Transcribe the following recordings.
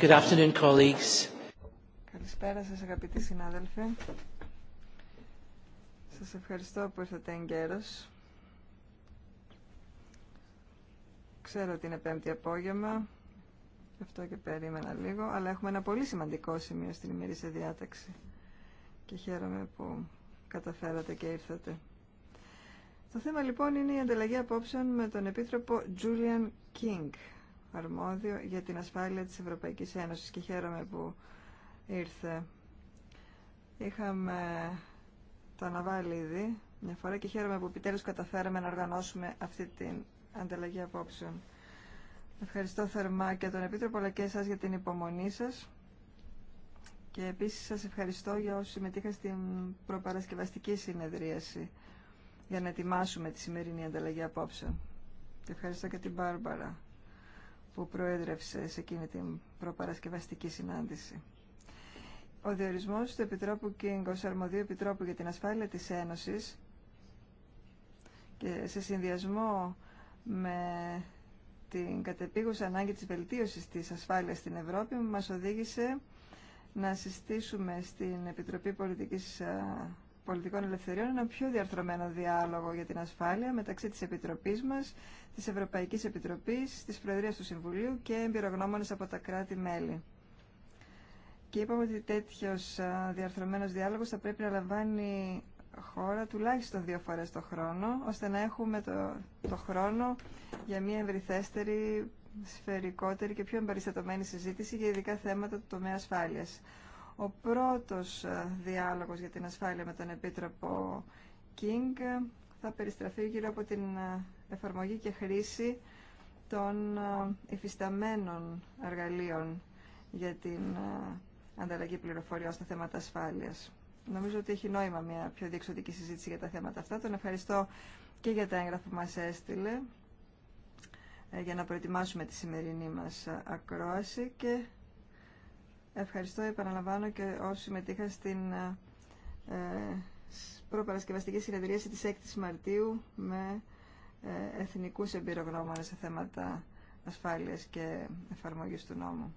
Good afternoon, colleagues. Καλησπέρα σας αγαπητοί συνάδελφοι. Σας ευχαριστώ που ήρθατε καιρός. Ξέρω ότι είναι πέμπτη απόγευμα, γι' αυτό και περίμενα λίγο, αλλά έχουμε ένα πολύ σημαντικό σημείο στην ημερήσια διάταξη και χαίρομαι που καταφέρατε και ήρθατε. Το θέμα λοιπόν είναι η ανταλλαγή απόψεων με τον Επίτροπο Julian King, αρμόδιο για την ασφάλεια της Ευρωπαϊκής Ένωσης και χαίρομαι που ήρθε. Είχαμε το αναβάλει ήδη μια φορά και χαίρομαι που επιτέλους καταφέραμε να οργανώσουμε αυτή την ανταλλαγή απόψεων. Ευχαριστώ θερμά και τον Επίτροπο αλλά και εσάς για την υπομονή σας και επίσης σας ευχαριστώ για όσοι συμμετείχαν στην προπαρασκευαστική συνεδρίαση για να ετοιμάσουμε τη σημερινή ανταλλαγή απόψεων. Και ευχαριστώ και την Μπάρμπαρα που προέδρευσε σε εκείνη την προπαρασκευαστική συνάντηση. Ο διορισμός του Επιτρόπου Κίνγκ ως αρμοδίου Επιτρόπου για την Ασφάλεια της Ένωσης και σε συνδυασμό με την κατεπίγουσα ανάγκη της βελτίωσης της ασφάλειας στην Ευρώπη μας οδήγησε να συστήσουμε στην Επιτροπή Πολιτικής πολιτικών ελευθεριών ένα πιο διαρθρωμένο διάλογο για την ασφάλεια μεταξύ της Επιτροπής μας, της Ευρωπαϊκής Επιτροπής, της Προεδρίας του Συμβουλίου και εμπειρογνώμονες από τα κράτη-μέλη. Και είπαμε ότι τέτοιος διαρθρωμένος διάλογος θα πρέπει να λαμβάνει χώρα τουλάχιστον δύο φορές το χρόνο, ώστε να έχουμε το, το χρόνο για μια ευρυθέστερη, σφαιρικότερη και πιο εμπαριστατωμένη συζήτηση για ειδικά θέματα του τομέα ασφάλειας ο πρώτος ε, διάλογος για την ασφάλεια με τον Επίτροπο King θα περιστραφεί γύρω από την ε, εφαρμογή και χρήση των ε, υφισταμένων εργαλείων για την ανταλλαγή πληροφοριών στα θέματα ασφάλειας. Νομίζω ότι έχει νόημα μια πιο διεξοδική συζήτηση για τα θέματα αυτά. Τον ευχαριστώ και για τα έγγραφα που μας έστειλε για να προετοιμάσουμε τη σημερινή μας ακρόαση και Ευχαριστώ, επαναλαμβάνω και όσοι συμμετείχαν στην ε, ε, προπαρασκευαστική συνεδρίαση της 6ης Μαρτίου με ε, εθνικούς εμπειρογνώμονες σε θέματα ασφάλειας και εφαρμογής του νόμου.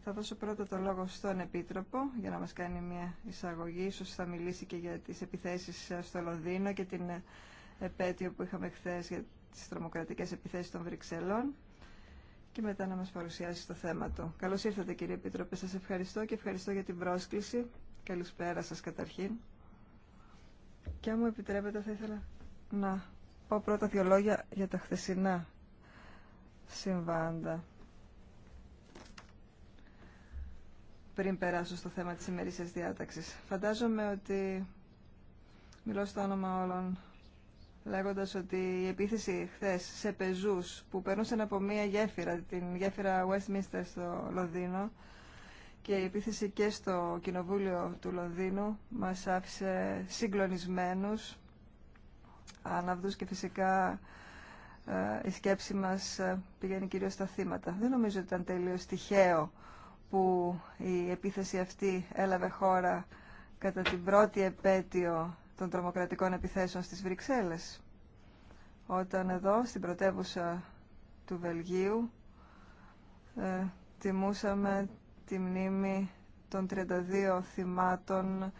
Θα δώσω πρώτα το λόγο στον Επίτροπο για να μας κάνει μια εισαγωγή. Ίσως θα μιλήσει και για τις επιθέσεις στο Λονδίνο και την επέτειο που είχαμε χθε για τις τρομοκρατικές επιθέσεις των Βρυξελών και μετά να μας παρουσιάσει το θέμα του. Καλώς ήρθατε κύριε Επίτροπε, σας ευχαριστώ και ευχαριστώ για την πρόσκληση. Καλησπέρα σας καταρχήν. Και αν μου επιτρέπετε θα ήθελα να πω πρώτα δύο λόγια για τα χθεσινά συμβάντα. Πριν περάσω στο θέμα της ημερήσιας διάταξης. Φαντάζομαι ότι μιλώ στο όνομα όλων Λέγοντα ότι η επίθεση χθε σε πεζούς που περνούσαν από μία γέφυρα, την γέφυρα Westminster στο Λονδίνο και η επίθεση και στο Κοινοβούλιο του Λονδίνου μας άφησε συγκλονισμένους, αναβδούς και φυσικά ε, η σκέψη μας ε, πηγαίνει κυρίως στα θύματα. Δεν νομίζω ότι ήταν τελείως τυχαίο που η επίθεση αυτή έλαβε χώρα κατά την πρώτη επέτειο των τρομοκρατικών επιθέσεων στις Βρυξέλλες. Όταν εδώ, στην πρωτεύουσα του Βελγίου, ε, τιμούσαμε τη μνήμη των 32 θυμάτων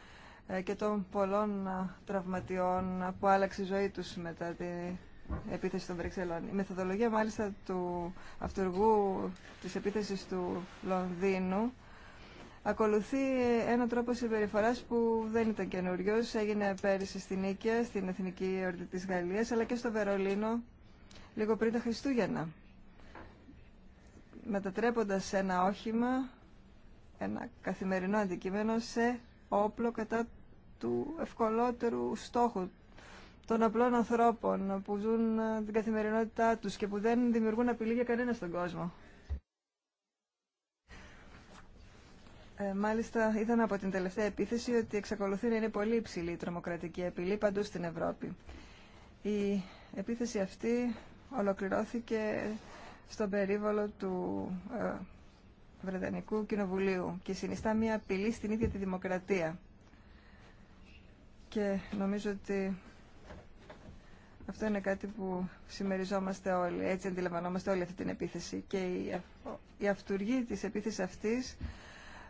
ε, και των πολλών ε, τραυματιών που άλλαξε η ζωή τους μετά την επίθεση των Βρυξελών. Η μεθοδολογία μάλιστα του αυτούργου της επίθεσης του Λονδίνου ακολουθεί ένα τρόπο συμπεριφορά που δεν ήταν καινούριο. Έγινε πέρυσι στην Νίκαια, στην Εθνική Ορτή τη Γαλλία, αλλά και στο Βερολίνο λίγο πριν τα Χριστούγεννα. μετατρέποντα ένα όχημα, ένα καθημερινό αντικείμενο, σε όπλο κατά του ευκολότερου στόχου των απλών ανθρώπων που ζουν την καθημερινότητά τους και που δεν δημιουργούν απειλή για κανένα στον κόσμο. Ε, μάλιστα, είδαμε από την τελευταία επίθεση ότι εξακολουθεί να είναι πολύ υψηλή η τρομοκρατική απειλή παντού στην Ευρώπη. Η επίθεση αυτή ολοκληρώθηκε στον περίβολο του ε, Βρετανικού Κοινοβουλίου και συνιστά μια απειλή στην ίδια τη δημοκρατία. Και νομίζω ότι αυτό είναι κάτι που συμμεριζόμαστε όλοι, έτσι αντιλαμβανόμαστε όλη αυτή την επίθεση. Και η, η αυτούργη της επίθεσης αυτής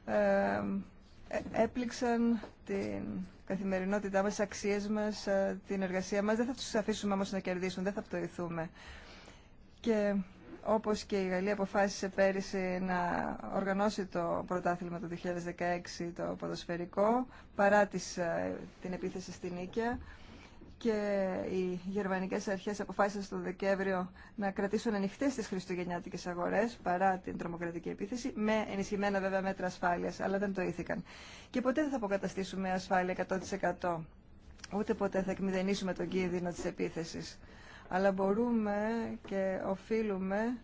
ε, έπληξαν την καθημερινότητά μας, τις αξίες μας, ε, την εργασία μας. Δεν θα τους αφήσουμε όμως να κερδίσουν, δεν θα πτωηθούμε. Και όπως και η Γαλλία αποφάσισε πέρυσι να οργανώσει το πρωτάθλημα του 2016 το ποδοσφαιρικό, παρά της, ε, την επίθεση στην Νίκαια, και οι γερμανικές αρχές αποφάσισαν στο Δεκέμβριο να κρατήσουν ανοιχτές τις χριστουγεννιάτικες αγορές παρά την τρομοκρατική επίθεση, με ενισχυμένα βέβαια μέτρα ασφάλειας, αλλά δεν το ήθηκαν. Και ποτέ δεν θα αποκαταστήσουμε ασφάλεια 100%. Ούτε ποτέ θα εκμηδενήσουμε τον κίνδυνο της επίθεσης. Αλλά μπορούμε και οφείλουμε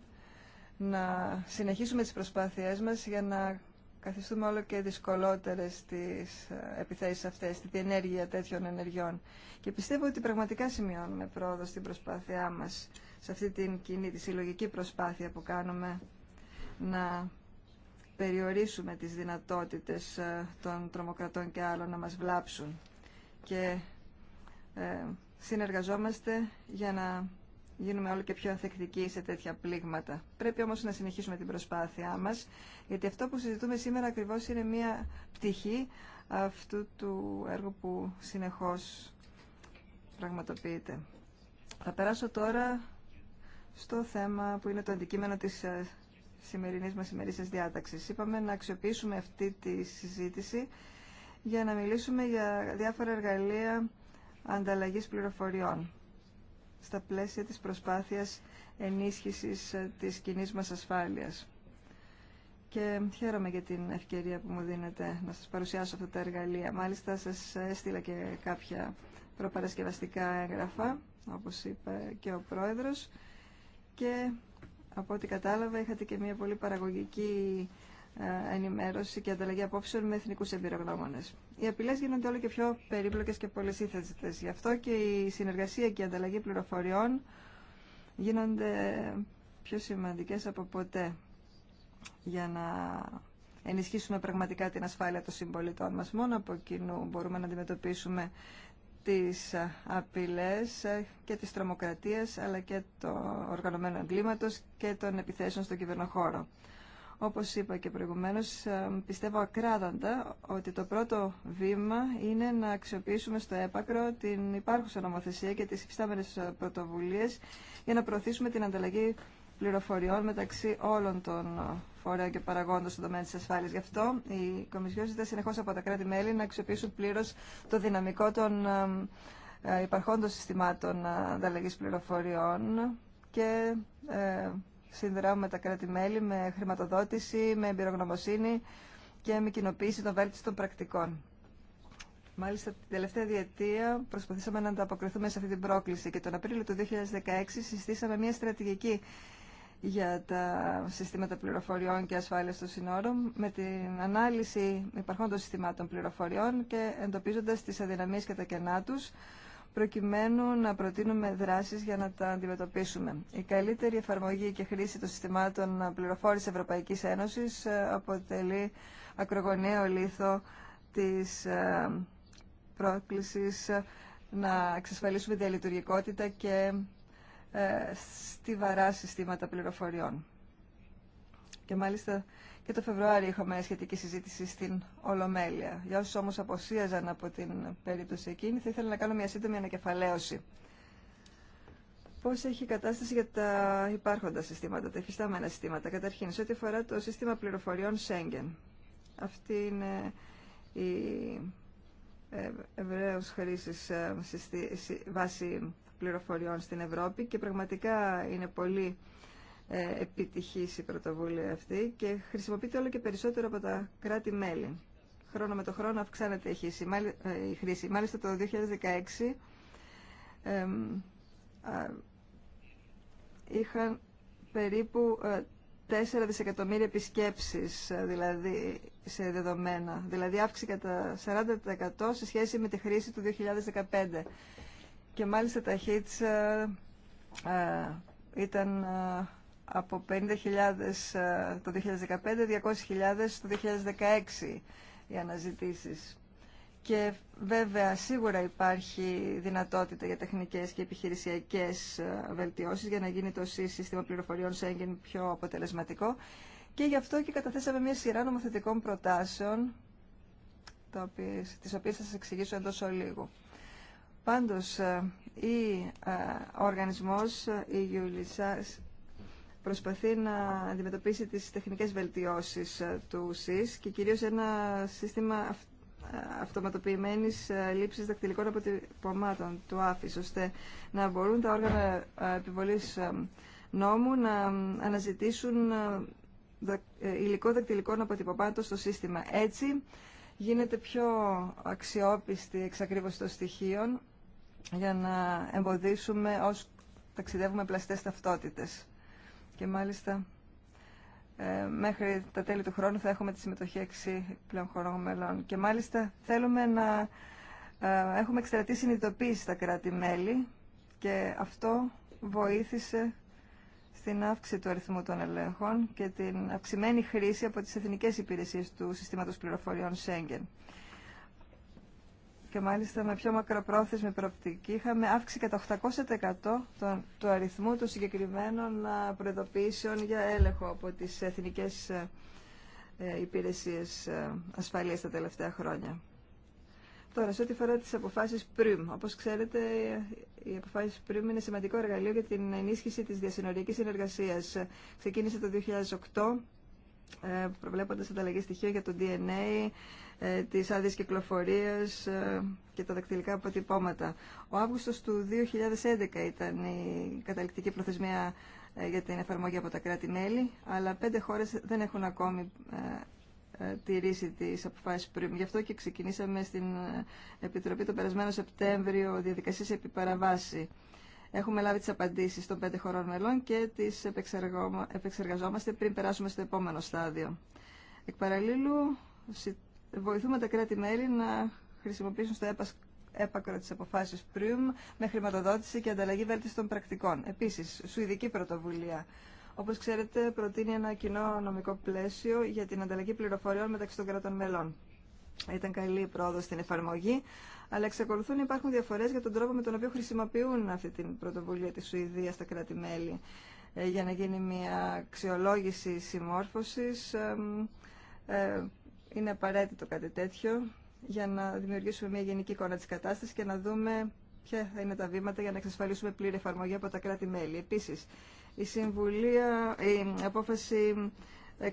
να συνεχίσουμε τις προσπάθειές μας για να καθιστούμε όλο και δυσκολότερες τις ε, επιθέσεις αυτές, την ενέργεια τέτοιων ενεργειών. Και πιστεύω ότι πραγματικά σημειώνουμε πρόοδο στην προσπάθειά μας, σε αυτή την κοινή, τη συλλογική προσπάθεια που κάνουμε να περιορίσουμε τις δυνατότητες ε, των τρομοκρατών και άλλων να μας βλάψουν. Και ε, συνεργαζόμαστε για να γίνουμε όλο και πιο ανθεκτικοί σε τέτοια πλήγματα. Πρέπει όμως να συνεχίσουμε την προσπάθειά μας, γιατί αυτό που συζητούμε σήμερα ακριβώς είναι μια πτυχή αυτού του έργου που συνεχώς πραγματοποιείται. Θα περάσω τώρα στο θέμα που είναι το αντικείμενο της ε, σημερινής μας ημερήσιας διάταξης. Είπαμε να αξιοποιήσουμε αυτή τη συζήτηση για να μιλήσουμε για διάφορα εργαλεία ανταλλαγής πληροφοριών στα πλαίσια της προσπάθειας ενίσχυσης ε, της κοινή μας ασφάλειας. Και χαίρομαι για την ευκαιρία που μου δίνετε να σας παρουσιάσω αυτά τα εργαλεία. Μάλιστα σας έστειλα και κάποια προπαρασκευαστικά έγγραφα, όπως είπε και ο Πρόεδρος. Και από ό,τι κατάλαβα είχατε και μια πολύ παραγωγική ενημέρωση και ανταλλαγή απόψεων με εθνικού εμπειρογνώμονε. Οι απειλέ γίνονται όλο και πιο περίπλοκε και πολυσύθετε. Γι' αυτό και η συνεργασία και η ανταλλαγή πληροφοριών γίνονται πιο σημαντικέ από ποτέ για να ενισχύσουμε πραγματικά την ασφάλεια των συμπολιτών μας. Μόνο από κοινού μπορούμε να αντιμετωπίσουμε τις απειλές και τις τρομοκρατίες αλλά και το οργανωμένο εγκλήματος και των επιθέσεων στον κυβερνοχώρο. Όπως είπα και προηγουμένως, ε, πιστεύω ακράδαντα ότι το πρώτο βήμα είναι να αξιοποιήσουμε στο έπακρο την υπάρχουσα νομοθεσία και τις υφιστάμενες ε, πρωτοβουλίες για να προωθήσουμε την ανταλλαγή πληροφοριών μεταξύ όλων των ε, φορέων και παραγόντων στον τομέα της ασφάλειας. Γι' αυτό η Κομισιόν ζητά συνεχώ από τα κράτη-μέλη να αξιοποιήσουν πλήρω το δυναμικό των υπαρχόντων συστημάτων ανταλλαγή πληροφοριών και συνδράμουμε τα κράτη-μέλη με χρηματοδότηση, με εμπειρογνωμοσύνη και με κοινοποίηση των βέλτιστων πρακτικών. Μάλιστα, την τελευταία διετία προσπαθήσαμε να ανταποκριθούμε σε αυτή την πρόκληση και τον Απρίλιο του 2016 συστήσαμε μια στρατηγική για τα συστήματα πληροφοριών και ασφάλεια των συνόρων με την ανάλυση υπαρχών των συστημάτων πληροφοριών και εντοπίζοντας τις αδυναμίες και τα κενά τους προκειμένου να προτείνουμε δράσεις για να τα αντιμετωπίσουμε. Η καλύτερη εφαρμογή και χρήση των συστημάτων πληροφόρησης Ευρωπαϊκής Ένωσης ε, αποτελεί ακρογωνιαίο λίθο της ε, πρόκλησης ε, να εξασφαλίσουμε τη λειτουργικότητα και στιβαρά συστήματα πληροφοριών. Και μάλιστα και το Φεβρουάριο είχαμε σχετική συζήτηση στην Ολομέλεια. Για όσου όμω αποσίαζαν από την περίπτωση εκείνη, θα ήθελα να κάνω μια σύντομη ανακεφαλαίωση. Πώ έχει η κατάσταση για τα υπάρχοντα συστήματα, τα υφιστάμενα συστήματα. Καταρχήν, σε ό,τι αφορά το σύστημα πληροφοριών Schengen. Αυτή είναι η ευρέω χρήση ε, βάση πληροφοριών στην Ευρώπη και πραγματικά είναι πολύ ε, επιτυχής η πρωτοβουλία αυτή και χρησιμοποιείται όλο και περισσότερο από τα κράτη-μέλη. Χρόνο με το χρόνο αυξάνεται η χρήση. Ε, μάλιστα το 2016 είχαν περίπου 4 ε, δισεκατομμύρια επισκέψεις δηλαδή σε δεδομένα. Δηλαδή αύξηση κατά 40% σε σχέση με τη χρήση του 2015. Και μάλιστα τα hits ήταν από 50.000 ε, το 2015, 200.000 το 2016 οι αναζητήσεις. Και βέβαια σίγουρα υπάρχει δυνατότητα για τεχνικές και επιχειρησιακές ε, βελτιώσεις για να γίνει το σύστημα πληροφοριών Σέγγεν πιο αποτελεσματικό. Και γι' αυτό και καταθέσαμε μια σειρά νομοθετικών προτάσεων, τις οποίες θα σας εξηγήσω εντός ολίγου. Πάντως, ε, η οργανισμός, η Γιουλισσάς, προσπαθεί να αντιμετωπίσει τις τεχνικές βελτιώσεις ε, του ΣΥΣ και κυρίως ένα σύστημα ε, αυτοματοποιημένης ε, λήψης δακτυλικών αποτυπωμάτων του ΑΦΙΣ, ώστε να μπορούν τα όργανα επιβολής νόμου να αναζητήσουν υλικό δακτυλικών αποτυπωμάτων στο σύστημα. Έτσι γίνεται πιο αξιόπιστη εξακρίβωση των στοιχείων για να εμποδίσουμε ως ταξιδεύουμε πλαστές ταυτότητες. Και μάλιστα ε, μέχρι τα τέλη του χρόνου θα έχουμε τη συμμετοχή 6 πλέον χωρών μελών. Και μάλιστα θέλουμε να ε, έχουμε εξτρατεί συνειδητοποίηση στα κράτη-μέλη και αυτό βοήθησε στην αύξηση του αριθμού των ελέγχων και την αυξημένη χρήση από τις εθνικές υπηρεσίες του συστήματος πληροφοριών Σέγγεν και μάλιστα με πιο μακροπρόθεσμη προοπτική είχαμε αύξηση κατά 800% του αριθμού των συγκεκριμένων προειδοποιήσεων για έλεγχο από τις εθνικές ε, υπηρεσίες ασφαλείας τα τελευταία χρόνια. Τώρα, σε ό,τι αφορά τις αποφάσεις ΠΡΙΜ, όπως ξέρετε, οι αποφάσεις ΠΡΙΜ είναι σημαντικό εργαλείο για την ενίσχυση της διασυνοριακής συνεργασίας. Ξεκίνησε το 2008, ε, προβλέποντας ανταλλαγή στοιχείων για το DNA, ε, της άδειας κυκλοφορίας ε, και τα δακτυλικά αποτυπώματα. Ο Αύγουστος του 2011 ήταν η καταληκτική προθεσμία ε, για την εφαρμογή από τα κράτη-μέλη, αλλά πέντε χώρες δεν έχουν ακόμη τηρήσει τις αποφάσεις πριν. Γι' αυτό και ξεκινήσαμε στην Επιτροπή το περασμένο Σεπτέμβριο διαδικασίες σε παραβάση. Έχουμε λάβει τις απαντήσεις των πέντε χωρών μελών και τις επεξεργαζόμαστε πριν περάσουμε στο επόμενο στάδιο. Εκ παραλλήλου, βοηθούμε τα κράτη-μέλη να χρησιμοποιήσουν στο έπακρο τις αποφάσεις Πριν με χρηματοδότηση και ανταλλαγή των πρακτικών. Επίσης, Σουηδική πρωτοβουλία. Όπως ξέρετε, προτείνει ένα κοινό νομικό πλαίσιο για την ανταλλαγή πληροφοριών μεταξύ των κρατών μελών. Ήταν καλή η πρόοδο στην εφαρμογή, αλλά εξακολουθούν να υπάρχουν διαφορές για τον τρόπο με τον οποίο χρησιμοποιούν αυτή την πρωτοβουλία της Σουηδία στα κράτη-μέλη ε, για να γίνει μια αξιολόγηση συμμόρφωσης ε, είναι απαραίτητο κάτι τέτοιο για να δημιουργήσουμε μια γενική εικόνα της κατάστασης και να δούμε ποια θα είναι τα βήματα για να εξασφαλίσουμε πλήρη εφαρμογή από τα κράτη-μέλη. Επίσης, η, συμβουλία, η απόφαση 671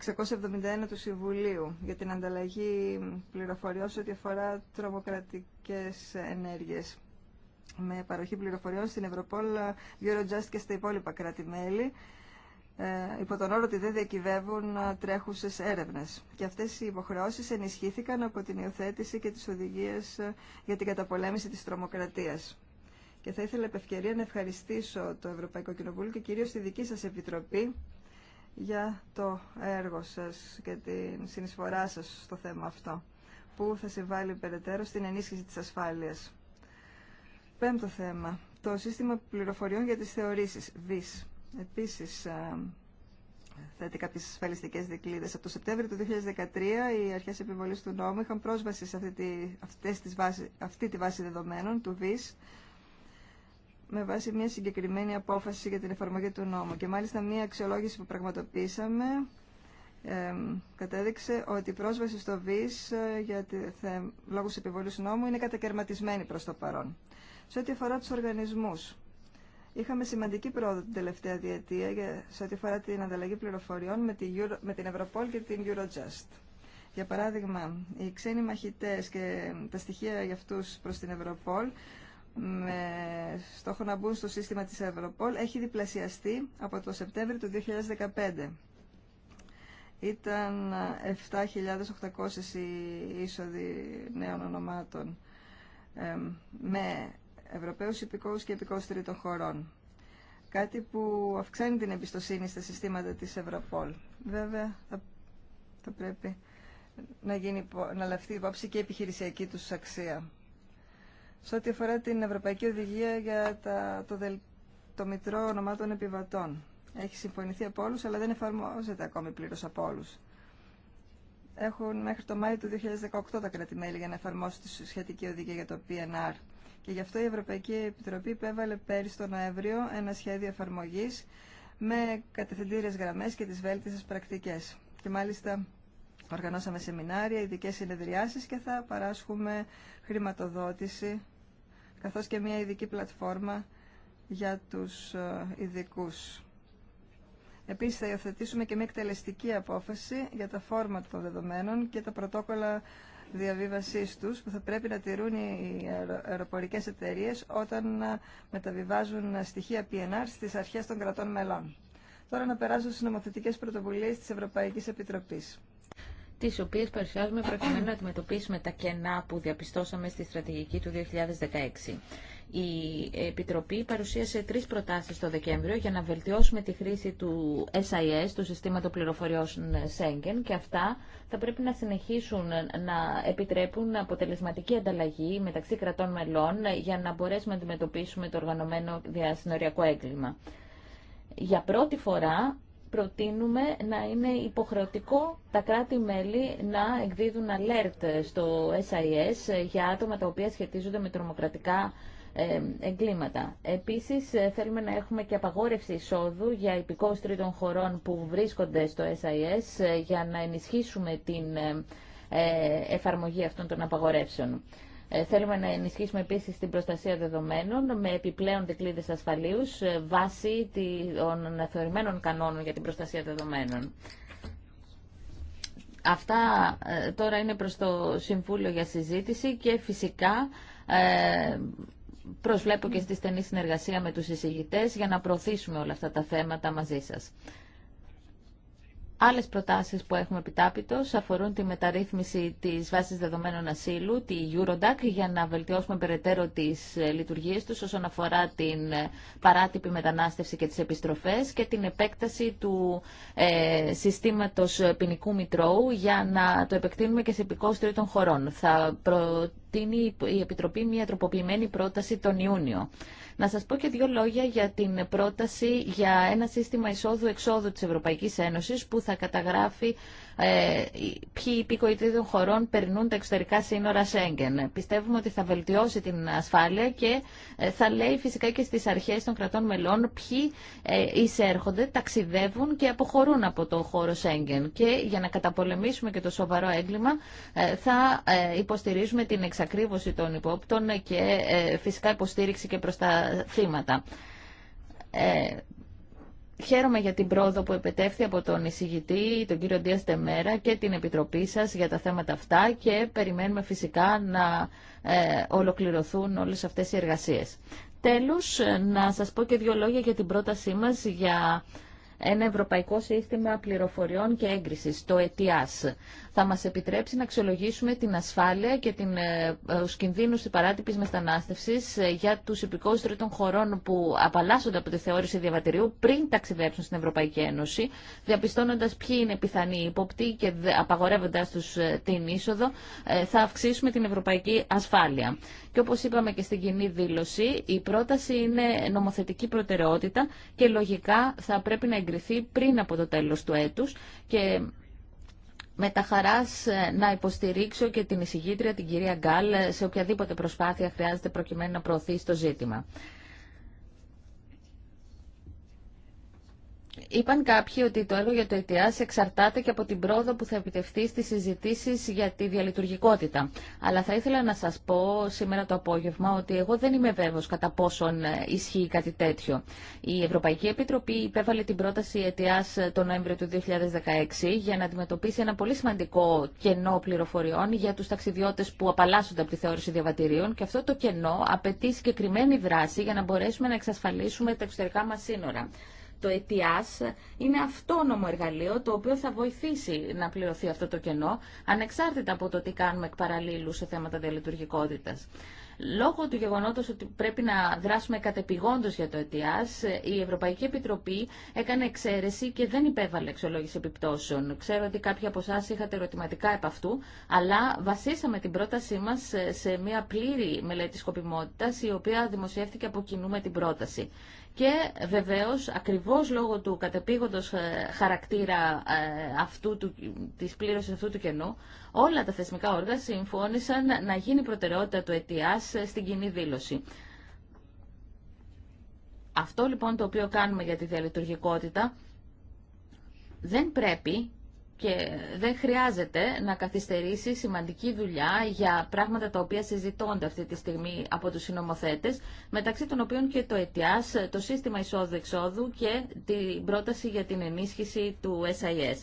του Συμβουλίου για την ανταλλαγή πληροφοριών σε ό,τι αφορά τρομοκρατικές ενέργειες με παροχή πληροφοριών στην Ευρωπόλα, Eurojust και στα υπόλοιπα κράτη-μέλη ε, υπό τον όρο ότι δεν διακυβεύουν ε, τρέχουσες έρευνες. Και αυτές οι υποχρεώσεις ενισχύθηκαν από την υιοθέτηση και τις οδηγίες ε, για την καταπολέμηση της τρομοκρατίας. Και θα ήθελα ευκαιρία να ευχαριστήσω το Ευρωπαϊκό Κοινοβούλιο και κυρίως τη δική σας Επιτροπή για το έργο σας και την συνεισφορά σας στο θέμα αυτό, που θα συμβάλλει περαιτέρω στην ενίσχυση της ασφάλειας. Πέμπτο θέμα, το σύστημα πληροφοριών για τις θεωρήσεις, VIS. Επίσης, θέτει κάποιες ασφαλιστικέ δικλείδε. Από το Σεπτέμβριο του 2013 οι αρχέ επιβολή του νόμου είχαν πρόσβαση σε αυτή τη, βάση, αυτή τη βάση δεδομένων του ΒΙΣ με βάση μια συγκεκριμένη απόφαση για την εφαρμογή του νόμου. Και μάλιστα μια αξιολόγηση που πραγματοποιήσαμε κατέδειξε ότι η πρόσβαση στο ΒΙΣ ε, για τη, θε, λόγους νόμου είναι κατακαιρματισμένη προς το παρόν. Σε ό,τι αφορά τους οργανισμούς, Είχαμε σημαντική πρόοδο την τελευταία διετία σε ό,τι αφορά την ανταλλαγή πληροφοριών με την, Euro, με την Ευρωπόλ και την Eurojust. Για παράδειγμα, οι ξένοι μαχητές και τα στοιχεία για αυτούς προς την Ευρωπόλ με στόχο να μπουν στο σύστημα της Ευρωπόλ έχει διπλασιαστεί από το Σεπτέμβριο του 2015. Ήταν 7.800 οι είσοδοι νέων ονομάτων με Ευρωπαίους υπηκόους και υπηκόους τρίτων χωρών. Κάτι που αυξάνει την εμπιστοσύνη στα συστήματα της Ευρωπόλ. Βέβαια, θα, πρέπει να, γίνει, να λαφθεί υπόψη και η επιχειρησιακή τους αξία. Σε ό,τι αφορά την Ευρωπαϊκή Οδηγία για τα, το, δελ, το Μητρό Ονομάτων Επιβατών. Έχει συμφωνηθεί από όλους, αλλά δεν εφαρμόζεται ακόμη πλήρως από όλους. Έχουν μέχρι το Μάιο του 2018 τα κράτη-μέλη για να εφαρμόσουν τη σχετική οδηγία για το PNR και γι' αυτό η Ευρωπαϊκή Επιτροπή υπέβαλε πέρυσι τον Νοέμβριο ένα σχέδιο εφαρμογή με κατευθυντήριε γραμμέ και τι βέλτιστε πρακτικέ. Και μάλιστα οργανώσαμε σεμινάρια, ειδικέ συνεδριάσει και θα παράσχουμε χρηματοδότηση καθώ και μια ειδική πλατφόρμα για του ε, ειδικού. Επίσης θα υιοθετήσουμε και μια εκτελεστική απόφαση για τα φόρμα των δεδομένων και τα πρωτόκολλα Διαβίβασή του που θα πρέπει να τηρούν οι αεροπορικέ εταιρείε όταν ε, μεταβιβάζουν στοιχεία PNR στι αρχές των κρατών μελών. Τώρα να περάσω στις νομοθετικές πρωτοβουλίε της Ευρωπαϊκής Επιτροπής τις οποίες παρουσιάζουμε προκειμένου να αντιμετωπίσουμε τα κενά που διαπιστώσαμε στη στρατηγική του 2016 η Επιτροπή παρουσίασε τρεις προτάσεις το Δεκέμβριο για να βελτιώσουμε τη χρήση του SIS, του Συστήματος Πληροφοριών Σέγγεν και αυτά θα πρέπει να συνεχίσουν να επιτρέπουν αποτελεσματική ανταλλαγή μεταξύ κρατών μελών για να μπορέσουμε να αντιμετωπίσουμε το οργανωμένο διασυνοριακό έγκλημα. Για πρώτη φορά προτείνουμε να είναι υποχρεωτικό τα κράτη-μέλη να εκδίδουν alert στο SIS για άτομα τα οποία σχετίζονται με τρομοκρατικά ε, εγκλήματα. Επίσης, ε, θέλουμε να έχουμε και απαγόρευση εισόδου για υπηκόους τρίτων χωρών που βρίσκονται στο SIS ε, για να ενισχύσουμε την εφαρμογή αυτών των απαγορεύσεων. Θέλουμε να ενισχύσουμε επίσης την προστασία δεδομένων με επιπλέον δικλείδες ασφαλείους βάσει των θεωρημένων κανόνων για την προστασία δεδομένων. Αυτά τώρα είναι προς το Συμβούλιο για συζήτηση και φυσικά προσβλέπω και στη στενή συνεργασία με τους εισηγητές για να προωθήσουμε όλα αυτά τα θέματα μαζί σας. Άλλες προτάσεις που έχουμε επιτάπητος αφορούν τη μεταρρύθμιση της βάσης δεδομένων ασύλου, τη Eurodac, για να βελτιώσουμε περαιτέρω τις ε, λειτουργίες τους όσον αφορά την ε, παράτυπη μετανάστευση και τις επιστροφές και την επέκταση του ε, συστήματος ποινικού μητρώου για να το επεκτείνουμε και σε επικόστριο των χωρών. Θα προ είναι η Επιτροπή μια τροποποιημένη πρόταση τον Ιούνιο. Να σας πω και δύο λόγια για την πρόταση για ένα σύστημα εισόδου-εξόδου της Ευρωπαϊκής Ένωσης που θα καταγράφει ε, ποιοι υπήκοοι των χωρών περνούν τα εξωτερικά σύνορα Σέγγεν. Πιστεύουμε ότι θα βελτιώσει την ασφάλεια και ε, θα λέει φυσικά και στις αρχές των κρατών μελών ποιοι ε, εισέρχονται, ταξιδεύουν και αποχωρούν από το χώρο Σέγγεν. Και για να καταπολεμήσουμε και το σοβαρό έγκλημα θα υποστηρίζουμε την εξακρίβωση των υπόπτων και φυσικά υποστήριξη και προς τα θύματα. Χαίρομαι για την πρόοδο που επετεύθη από τον εισηγητή, τον κύριο Ντίας Τεμέρα και την Επιτροπή σας για τα θέματα αυτά και περιμένουμε φυσικά να ε, ολοκληρωθούν όλες αυτές οι εργασίες. Τέλος, να σας πω και δύο λόγια για την πρότασή μας για ένα ευρωπαϊκό σύστημα πληροφοριών και έγκρισης, το ETIAS θα μας επιτρέψει να αξιολογήσουμε την ασφάλεια και την, ε, τους κινδύνους της παράτυπης ε, για τους υπηκόους τρίτων χωρών που απαλλάσσονται από τη θεώρηση διαβατηρίου πριν ταξιδέψουν στην Ευρωπαϊκή Ένωση, διαπιστώνοντας ποιοι είναι πιθανοί υποπτοί και απαγορεύοντας τους ε, την είσοδο, ε, θα αυξήσουμε την ευρωπαϊκή ασφάλεια. Και όπως είπαμε και στην κοινή δήλωση, η πρόταση είναι νομοθετική προτεραιότητα και λογικά θα πρέπει να εγκριθεί πριν από το τέλος του έτους και με τα χαράς ε, να υποστηρίξω και την εισηγήτρια, την κυρία Γκάλ, ε, σε οποιαδήποτε προσπάθεια χρειάζεται προκειμένου να προωθεί το ζήτημα. Είπαν κάποιοι ότι το έργο για το ΕΤΙΑΣ εξαρτάται και από την πρόοδο που θα επιτευχθεί στις συζητήσεις για τη διαλειτουργικότητα. Αλλά θα ήθελα να σας πω σήμερα το απόγευμα ότι εγώ δεν είμαι βέβαιος κατά πόσον ε, ισχύει κάτι τέτοιο. Η Ευρωπαϊκή Επιτροπή υπέβαλε την πρόταση ΕΤΙΑΣ το Νοέμβριο του 2016 για να αντιμετωπίσει ένα πολύ σημαντικό κενό πληροφοριών για τους ταξιδιώτες που απαλλάσσονται από τη θεώρηση διαβατηρίων και αυτό το κενό απαιτεί συγκεκριμένη δράση για να μπορέσουμε να εξασφαλίσουμε τα εξωτερικά μας σύνορα το ΕΤΙΑΣ είναι αυτόνομο εργαλείο το οποίο θα βοηθήσει να πληρωθεί αυτό το κενό, ανεξάρτητα από το τι κάνουμε εκ παραλλήλου σε θέματα διαλειτουργικότητας. Λόγω του γεγονότος ότι πρέπει να δράσουμε κατεπηγόντως για το ΕΤΙΑΣ, η Ευρωπαϊκή Επιτροπή έκανε εξαίρεση και δεν υπέβαλε εξολόγηση επιπτώσεων. Ξέρω ότι κάποιοι από εσά είχατε ερωτηματικά επ' αυτού, αλλά βασίσαμε την πρότασή μας σε μια πλήρη μελέτη σκοπιμότητας, η οποία δημοσιεύτηκε από κοινού με την πρόταση και βεβαίως ακριβώς λόγω του κατεπήγοντος ε, χαρακτήρα ε, αυτού του, της πλήρωσης αυτού του κενού όλα τα θεσμικά όργανα συμφώνησαν να γίνει προτεραιότητα του ΕΤΙΑΣ ε, στην κοινή δήλωση. Αυτό λοιπόν το οποίο κάνουμε για τη διαλειτουργικότητα δεν πρέπει και δεν χρειάζεται να καθυστερήσει σημαντική δουλειά για πράγματα τα οποία συζητώνται αυτή τη στιγμή από τους συνομοθέτες, μεταξύ των οποίων και το ΕΤΙΑΣ, το σύστημα εισόδου-εξόδου και την πρόταση για την ενίσχυση του SIS.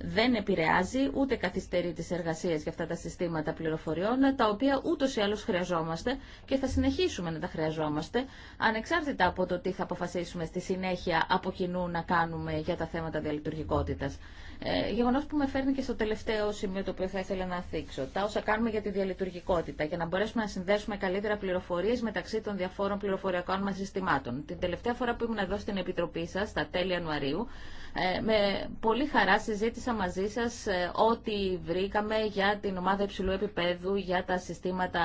Δεν επηρεάζει ούτε καθυστερεί τις εργασίες για αυτά τα συστήματα πληροφοριών, τα οποία ούτως ή άλλως χρειαζόμαστε και θα συνεχίσουμε να τα χρειαζόμαστε, ανεξάρτητα από το τι θα αποφασίσουμε στη συνέχεια από κοινού να κάνουμε για τα θέματα διαλειτουργικότητας. Ε, γεγονός που με φέρνει και στο τελευταίο σημείο το οποίο θα ήθελα να θίξω. Τα όσα κάνουμε για τη διαλειτουργικότητα, για να μπορέσουμε να συνδέσουμε καλύτερα πληροφορίες μεταξύ των διαφόρων πληροφοριακών μας συστημάτων. Την τελευταία φορά που ήμουν εδώ στην Επιτροπή σας, στα τέλη Ιανουαρίου, ε, με πολύ χαρά συζήτησα μαζί σας ε, ό,τι βρήκαμε για την ομάδα υψηλού επίπεδου για τα συστήματα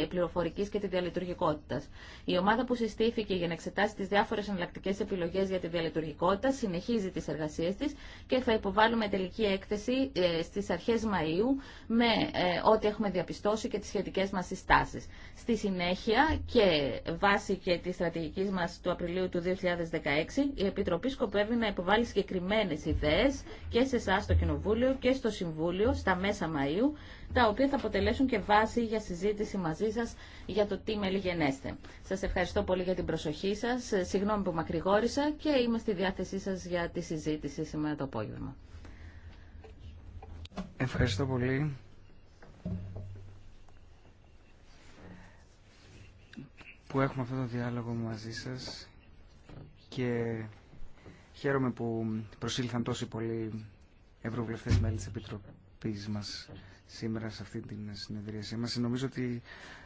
ε, πληροφορικής και τη διαλειτουργικότητα. Η ομάδα που συστήθηκε για να εξετάσει τις διάφορες εναλλακτικές επιλογές για τη διαλειτουργικότητα συνεχίζει τις εργασίες της και θα υποβάλουμε τελική έκθεση στις αρχές Μαΐου με ό,τι έχουμε διαπιστώσει και τις σχετικές μας συστάσεις. Στη συνέχεια και βάσει και τη στρατηγική μας του Απριλίου του 2016 η Επιτροπή σκοπεύει να υποβάλει συγκεκριμένε ιδέες και σε εσά στο Κοινοβούλιο και στο Συμβούλιο στα μέσα Μαΐου, τα οποία θα αποτελέσουν και βάση για συζήτηση μαζί σας για το τι μελιγενέστε. Σας ευχαριστώ πολύ για την προσοχή σας, συγγνώμη που μακρηγόρησα και είμαι στη διάθεσή σας για τη συζήτηση σήμερα το απόγευμα. Ευχαριστώ πολύ. που έχουμε αυτό το διάλογο μαζί σας και Χαίρομαι που προσήλθαν τόσοι πολλοί ευρωβουλευτές μέλη της Επιτροπής μας σήμερα σε αυτή την συνεδρίασή Μα Νομίζω ότι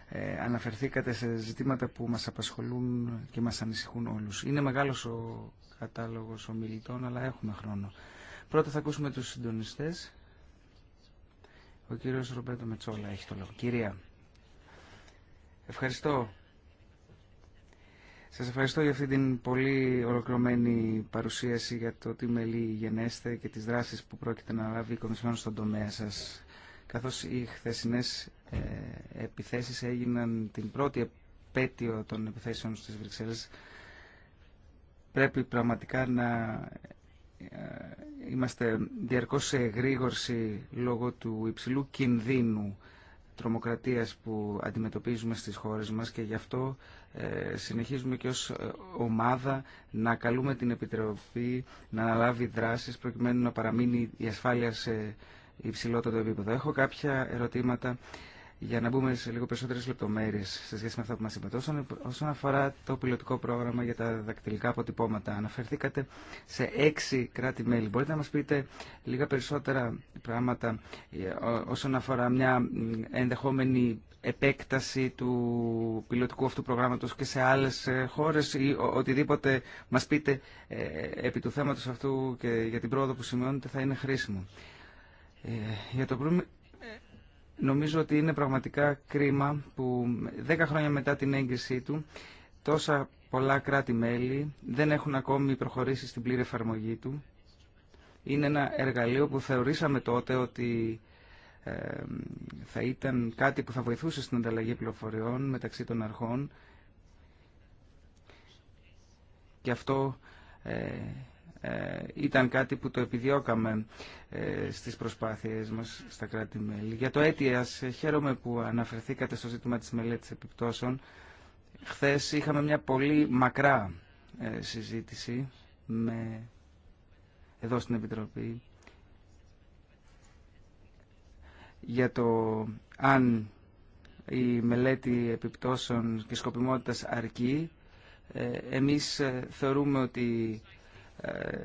ε, αναφερθήκατε σε ζητήματα που μας απασχολούν και μας ανησυχούν όλους. Είναι μεγάλος ο κατάλογος ομιλητών, αλλά έχουμε χρόνο. Πρώτα θα ακούσουμε τους συντονιστές. Ο κύριος Ρομπέτο Μετσόλα έχει το λόγο. Κυρία, ευχαριστώ Σα ευχαριστώ για αυτή την πολύ ολοκληρωμένη παρουσίαση για το τι μελή γενέστε και τις δράσεις που πρόκειται να λάβει η Κομισιόν στον τομέα σα. Καθώς οι χθεσινές ε, επιθέσεις έγιναν την πρώτη επέτειο των επιθέσεων στις Βρυξέλλες, πρέπει πραγματικά να ε, είμαστε διαρκώς σε εγρήγορση λόγω του υψηλού κινδύνου τρομοκρατίας που αντιμετωπίζουμε στις χώρες μας και γι' αυτό ε, συνεχίζουμε και ως ε, ομάδα να καλούμε την Επιτροπή να αναλάβει δράσεις προκειμένου να παραμείνει η ασφάλεια σε υψηλότερο επίπεδο. Έχω κάποια ερωτήματα για να μπούμε σε λίγο περισσότερε λεπτομέρειε σε σχέση με αυτά που μα είπατε. Όσον, αφορά το πιλωτικό πρόγραμμα για τα δακτυλικά αποτυπώματα, αναφερθήκατε σε έξι κράτη-μέλη. Μπορείτε να μα πείτε λίγα περισσότερα πράγματα όσον αφορά μια ενδεχόμενη επέκταση του πιλωτικού αυτού προγράμματος και σε άλλες ε, χώρες ή οτιδήποτε μας πείτε ε, επί του θέματος αυτού και για την πρόοδο που σημειώνεται θα είναι χρήσιμο. Ε, για το Νομίζω ότι είναι πραγματικά κρίμα που δέκα χρόνια μετά την έγκρισή του τόσα πολλά κράτη-μέλη δεν έχουν ακόμη προχωρήσει στην πλήρη εφαρμογή του. Είναι ένα εργαλείο που θεωρήσαμε τότε ότι ε, θα ήταν κάτι που θα βοηθούσε στην ανταλλαγή πληροφοριών μεταξύ των αρχών και αυτό ε, ε, ήταν κάτι που το επιδιώκαμε ε, στις προσπάθειές μας στα κράτη-μέλη. Για το αίτιας ε, χαίρομαι που αναφερθήκατε στο ζήτημα της μελέτης επιπτώσεων. Χθες είχαμε μια πολύ μακρά συζήτηση με, εδώ στην Επιτροπή για το αν η μελέτη επιπτώσεων και σκοπιμότητας αρκεί. Εμείς θεωρούμε ότι ε,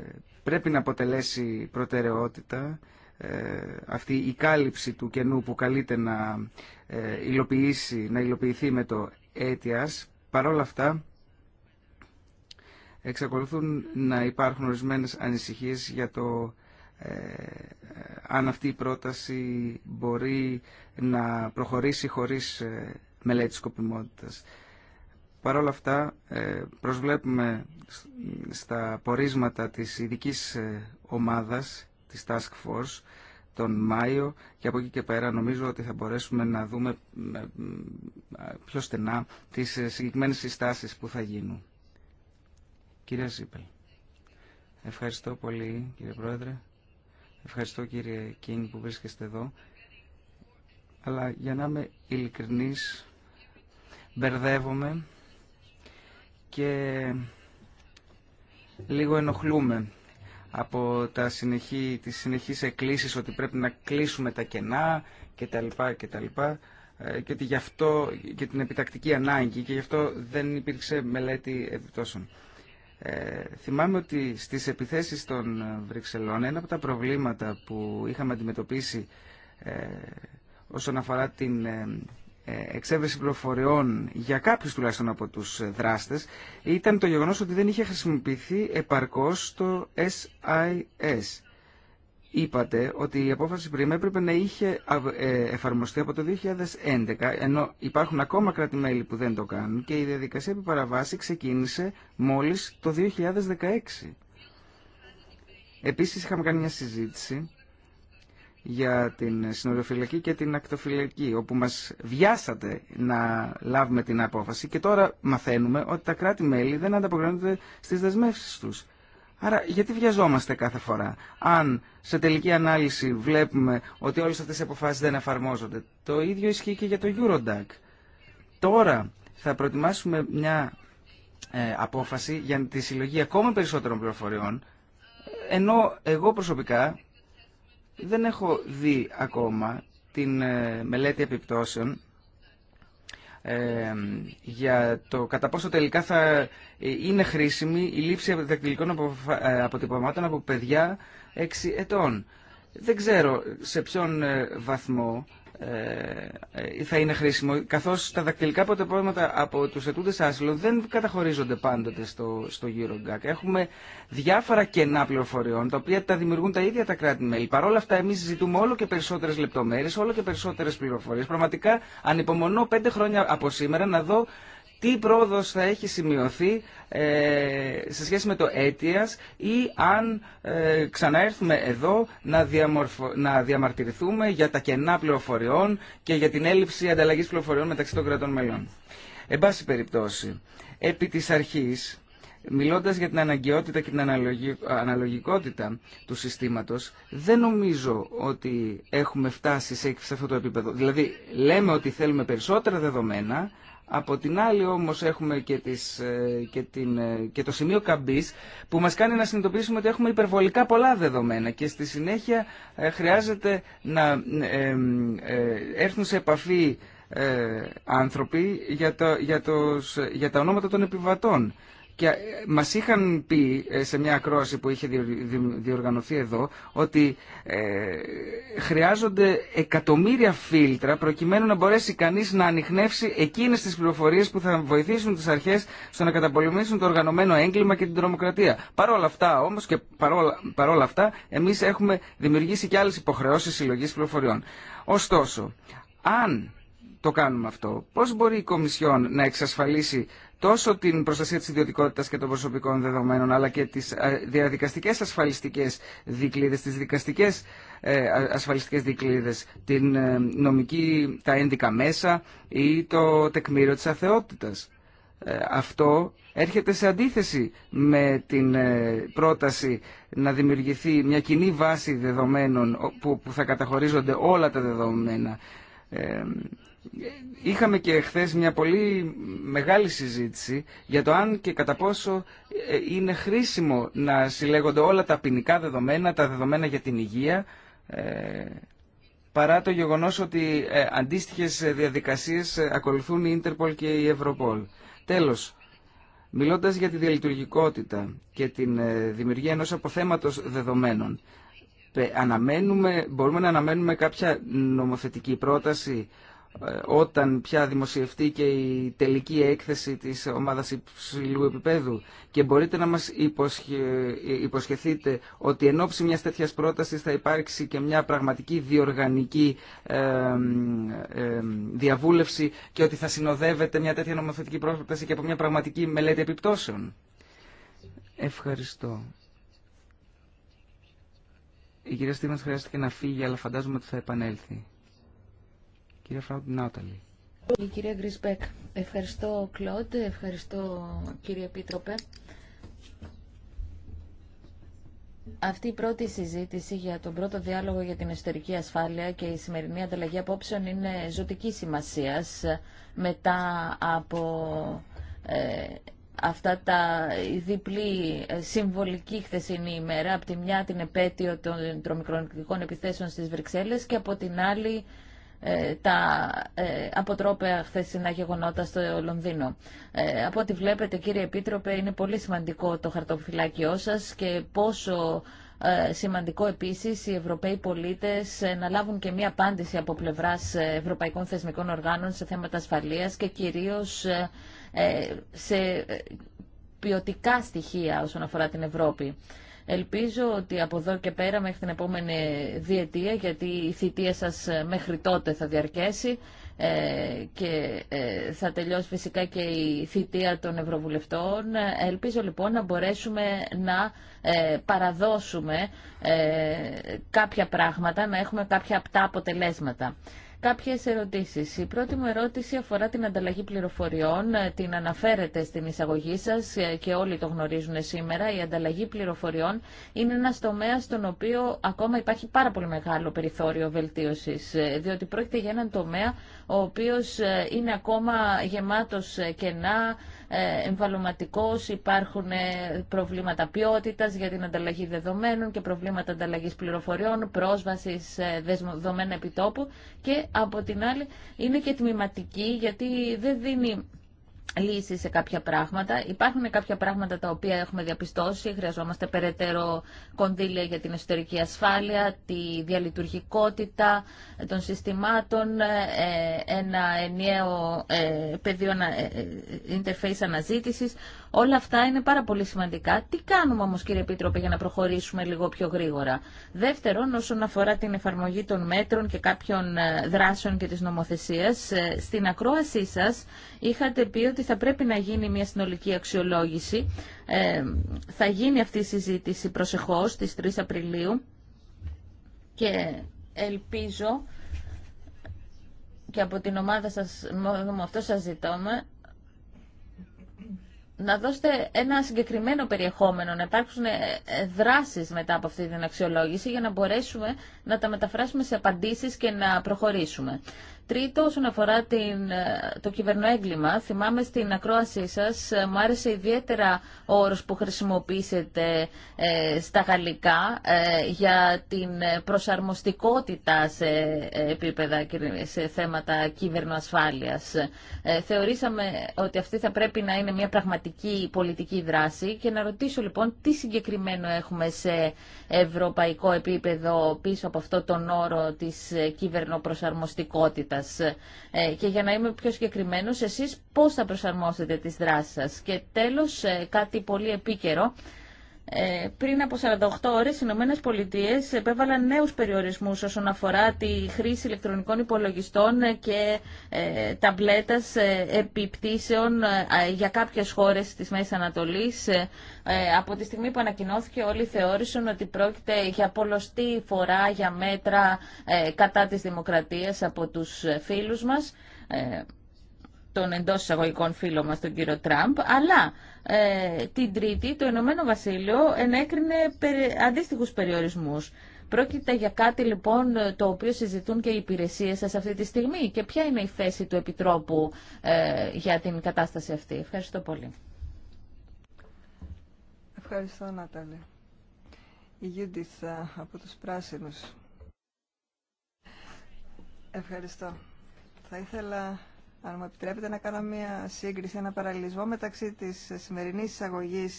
πρέπει να αποτελέσει προτεραιότητα ε, αυτή η κάλυψη του κενού που καλείται να, ε, υλοποιήσει, να υλοποιηθεί με το αίτιας. Παρόλα όλα αυτά, εξακολουθούν να υπάρχουν ορισμένες ανησυχίες για το αν αυτή η πρόταση μπορεί να προχωρήσει χωρίς μελέτη Παρ' όλα αυτά ε, προσβλέπουμε στα πορίσματα της ειδική ε, ομάδας της Task Force τον Μάιο και από εκεί και πέρα νομίζω ότι θα μπορέσουμε να δούμε πιο στενά τις ε, συγκεκριμένες συστάσεις που θα γίνουν. Κυρία Ζήπελ. Ευχαριστώ πολύ κύριε Πρόεδρε. Ευχαριστώ κύριε Κίνγκ που βρίσκεστε εδώ. Αλλά για να είμαι ειλικρινής, μπερδεύομαι και λίγο ενοχλούμε από τα συνεχή, τις συνεχείς εκκλήσεις ότι πρέπει να κλείσουμε τα κενά και τα και τα λοιπά ε, και ότι γι' αυτό και την επιτακτική ανάγκη και γι' αυτό δεν υπήρξε μελέτη επιπτώσεων. Ε, θυμάμαι ότι στις επιθέσεις των Βρυξελών ένα από τα προβλήματα που είχαμε αντιμετωπίσει ε, όσον αφορά την ε, εξέβρεση πληροφοριών για κάποιους τουλάχιστον από τους δράστες ήταν το γεγονός ότι δεν είχε χρησιμοποιηθεί επαρκώς το SIS. Είπατε ότι η απόφαση πριν έπρεπε να είχε ε, εφαρμοστεί από το 2011, ενώ υπάρχουν ακόμα κράτη-μέλη που δεν το κάνουν και η διαδικασία που παραβάσει ξεκίνησε μόλις το 2016. Επίσης είχαμε κάνει μια συζήτηση για την συνοριοφυλακή και την ακτοφυλακή, όπου μας βιάσατε να λάβουμε την απόφαση και τώρα μαθαίνουμε ότι τα κράτη-μέλη δεν ανταποκρίνονται στις δεσμεύσεις τους. Άρα γιατί βιαζόμαστε κάθε φορά, αν σε τελική ανάλυση βλέπουμε ότι όλες αυτές οι αποφάσεις δεν εφαρμόζονται. Το ίδιο ισχύει και για το Eurodac. Τώρα θα προετοιμάσουμε μια ε, απόφαση για τη συλλογή ακόμα περισσότερων πληροφοριών, ενώ εγώ προσωπικά δεν έχω δει ακόμα την ε, μελέτη επιπτώσεων ε, για το κατά πόσο τελικά θα ε, είναι χρήσιμη η λήψη δεκτυλικών αποτυπωμάτων από παιδιά 6 ετών. Δεν ξέρω σε ποιον βαθμό ε, θα είναι χρήσιμο, καθώς τα δακτυλικά αποτελέσματα από τους ετούντε άσυλων δεν καταχωρίζονται πάντοτε στο, στο Έχουμε διάφορα κενά πληροφοριών, τα οποία τα δημιουργούν τα ίδια τα κράτη-μέλη. Παρ' όλα αυτά, εμείς ζητούμε όλο και περισσότερες λεπτομέρειες, όλο και περισσότερες πληροφορίες. Πραγματικά, ανυπομονώ πέντε χρόνια από σήμερα να δω τι πρόοδο θα έχει σημειωθεί ε, σε σχέση με το αίτια ή αν ε, ξαναέρθουμε εδώ να, διαμορφω... να διαμαρτυρηθούμε για τα κενά πληροφοριών και για την έλλειψη ανταλλαγής πληροφοριών μεταξύ των κρατών μελών. Εν πάση περιπτώσει, επί της αρχής, μιλώντας για την αναγκαιότητα και την αναλογικότητα του συστήματος, δεν νομίζω ότι έχουμε φτάσει σε αυτό το επίπεδο. Δηλαδή, λέμε ότι θέλουμε περισσότερα δεδομένα, από την άλλη όμως έχουμε και, τις, ε, και, την, ε, και το σημείο καμπής που μας κάνει να συνειδητοποιήσουμε ότι έχουμε υπερβολικά πολλά δεδομένα και στη συνέχεια ε, χρειάζεται να έρθουν σε επαφή άνθρωποι για, το, για, για τα ονόματα των επιβατών. Και ε, μας είχαν πει ε, σε μια ακρόαση που είχε διοργανωθεί εδώ ότι ε, χρειάζονται εκατομμύρια φίλτρα προκειμένου να μπορέσει κανείς να ανοιχνεύσει εκείνες τις πληροφορίες που θα βοηθήσουν τις αρχές στο να καταπολεμήσουν το οργανωμένο έγκλημα και την τρομοκρατία. Παρ' όλα αυτά όμως και παρόλα, παρόλα αυτά εμείς έχουμε δημιουργήσει και άλλες υποχρεώσεις συλλογής πληροφοριών. Ωστόσο, αν το κάνουμε αυτό. Πώς μπορεί η Κομισιόν να εξασφαλίσει τόσο την προστασία της ιδιωτικότητας και των προσωπικών δεδομένων αλλά και τις ε, διαδικαστικές ασφαλιστικές δικλείδες, τις δικαστικές ε, ασφαλιστικές δικλείδες, την ε, νομική, τα ένδικα μέσα ή το τεκμήριο της αθεότητας. Αυτό έρχεται σε αντίθεση με την πρόταση να δημιουργηθεί μια κοινή βάση δεδομένων που θα καταχωρίζονται όλα τα δεδομένα Είχαμε και χθε μια πολύ μεγάλη συζήτηση για το αν και κατά πόσο ε, είναι χρήσιμο να συλλέγονται όλα τα ποινικά δεδομένα, τα δεδομένα για την υγεία, ε, παρά το γεγονός ότι ε, αντίστοιχες διαδικασίες ακολουθούν η Ιντερπολ και η Ευρωπόλ. Τέλος, μιλώντας για τη διαλειτουργικότητα και τη δημιουργία ενός αποθέματος δεδομένων, αναμένουμε, μπορούμε να αναμένουμε κάποια νομοθετική πρόταση ε, όταν πια δημοσιευτεί και η τελική έκθεση της ομάδας υψηλού επίπεδου και μπορείτε να μας ε, υποσχεθείτε ότι εν ώψη μιας τέτοιας πρότασης θα υπάρξει και μια πραγματική διοργανική ε, διαβούλευση και ότι θα συνοδεύεται μια τέτοια νομοθετική πρόταση και από μια πραγματική μελέτη επιπτώσεων. Ευχαριστώ. Η κυρία Στήμας χρειάστηκε να φύγει, αλλά φαντάζομαι ότι θα επανέλθει. Κυρία Φράουντ Νάταλη. Η κυρία Γκρισπέκ, Ευχαριστώ Κλοντ, ευχαριστώ κύριε πίτροπε. Αυτή η πρώτη συζήτηση για τον πρώτο διάλογο για την εσωτερική ασφάλεια και η σημερινή ανταλλαγή απόψεων είναι ζωτική σημασίας μετά από ε, αυτά τα διπλή ε, συμβολική χθεσινή ημέρα, από τη μια την επέτειο των τρομικρονικών επιθέσεων στις Βρυξέλλες και από την άλλη ε, τα ε, αποτρόπαια χθεσινά γεγονότα στο Λονδίνο. Ε, από ό,τι βλέπετε κύριε Επίτροπε είναι πολύ σημαντικό το χαρτοφυλάκιό σας και πόσο σημαντικό επίσης οι Ευρωπαίοι πολίτες να λάβουν και μία απάντηση από πλευράς ευρωπαϊκών θεσμικών οργάνων σε θέματα ασφαλείας και κυρίως σε ποιοτικά στοιχεία όσον αφορά την Ευρώπη. Ελπίζω ότι από εδώ και πέρα μέχρι την επόμενη διετία, γιατί η θητεία σας μέχρι τότε θα διαρκέσει ε, και ε, θα τελειώσει φυσικά και η θητεία των Ευρωβουλευτών. Ελπίζω λοιπόν να μπορέσουμε να ε, παραδώσουμε κάποια πράγματα, να έχουμε κάποια απτά αποτελέσματα κάποιες ερωτήσεις. Η πρώτη μου ερώτηση αφορά την ανταλλαγή πληροφοριών. Ε, την αναφέρετε στην εισαγωγή σας ε, και όλοι το γνωρίζουν σήμερα. Η ανταλλαγή πληροφοριών είναι ένας τομέας στον οποίο ακόμα υπάρχει πάρα πολύ μεγάλο περιθώριο βελτίωσης, ε, διότι πρόκειται για έναν τομέα ο οποίος είναι ακόμα γεμάτος κενά, ε, Εμβαλωματικό, υπάρχουν ε, προβλήματα ποιότητα για την ανταλλαγή δεδομένων και προβλήματα ανταλλαγή πληροφοριών, πρόσβασης ε, δεδομένα επιτόπου και από την άλλη είναι και τμηματική γιατί δεν δίνει λύσεις σε κάποια πράγματα. Υπάρχουν κάποια πράγματα τα οποία έχουμε διαπιστώσει. Χρειαζόμαστε περαιτέρω κονδύλια για την εσωτερική ασφάλεια, τη διαλειτουργικότητα των συστημάτων, ε, ένα ενιαίο ε, πεδίο ε, interface αναζήτησης. Όλα αυτά είναι πάρα πολύ σημαντικά. Τι κάνουμε όμω, κύριε Επίτροπε για να προχωρήσουμε λίγο πιο γρήγορα. Δεύτερον, όσον αφορά την εφαρμογή των μέτρων και κάποιων ε, δράσεων και τη νομοθεσία, ε, στην ακρόασή σας είχατε πει ότι θα πρέπει να γίνει μια συνολική αξιολόγηση. Ε, θα γίνει αυτή η συζήτηση προσεχώ στις 3 Απριλίου και ελπίζω και από την ομάδα σας, με αυτό σας ζητώμε, να δώσετε ένα συγκεκριμένο περιεχόμενο, να υπάρξουν ε, ε, δράσεις μετά από αυτή την αξιολόγηση για να μπορέσουμε να τα μεταφράσουμε σε απαντήσεις και να προχωρήσουμε. Τρίτο, όσον αφορά την, ε, το κυβερνοέγκλημα, θυμάμαι στην ακρόασή σας, ε, μου άρεσε ιδιαίτερα ο όρος που χρησιμοποιήσετε ε, στα γαλλικά για την προσαρμοστικότητα σε επίπεδα, σε θέματα κυβερνοασφάλειας. θεωρήσαμε ότι αυτή θα πρέπει να είναι μια πραγματική πολιτική δράση και να ρωτήσω λοιπόν τι συγκεκριμένο έχουμε σε ευρωπαϊκό επίπεδο πίσω από αυτό τον όρο της κυβερνοπροσαρμοστικότητας ε, και για να είμαι πιο συγκεκριμένος, εσείς πώς θα προσαρμόσετε τις δράσεις σας. Και τέλος, ε, κάτι πολύ επίκαιρο, ε, πριν από 48 ώρες, οι Ηνωμένε Πολιτείε επέβαλαν νέους περιορισμούς όσον αφορά τη χρήση ηλεκτρονικών υπολογιστών και ε, ταμπλέτας ε, επιπτήσεων ε, για κάποιες χώρες της Μέσης Ανατολής. Από τη στιγμή που ανακοινώθηκε όλοι θεώρησαν ότι πρόκειται για πολλωστή φορά για μέτρα κατά της δημοκρατίας από τους φίλους μας, τον εντός εισαγωγικών φίλο μας τον κύριο Τραμπ, αλλά ε, την Τρίτη το Ενωμένο Βασίλειο ενέκρινε αντίστοιχους περιορισμούς. Πρόκειται για κάτι λοιπόν το οποίο συζητούν και οι υπηρεσίες σας αυτή τη στιγμή και ποια είναι η θέση του Επιτρόπου ε, για την κατάσταση αυτή. Ευχαριστώ πολύ. Ευχαριστώ Νάταλη. Η Γιούντιθ ε, από τους Πράσινους. Ευχαριστώ. Θα ήθελα αν μου επιτρέπετε να κάνω μια σύγκριση, ένα παραλληλισμό μεταξύ της σημερινής εισαγωγή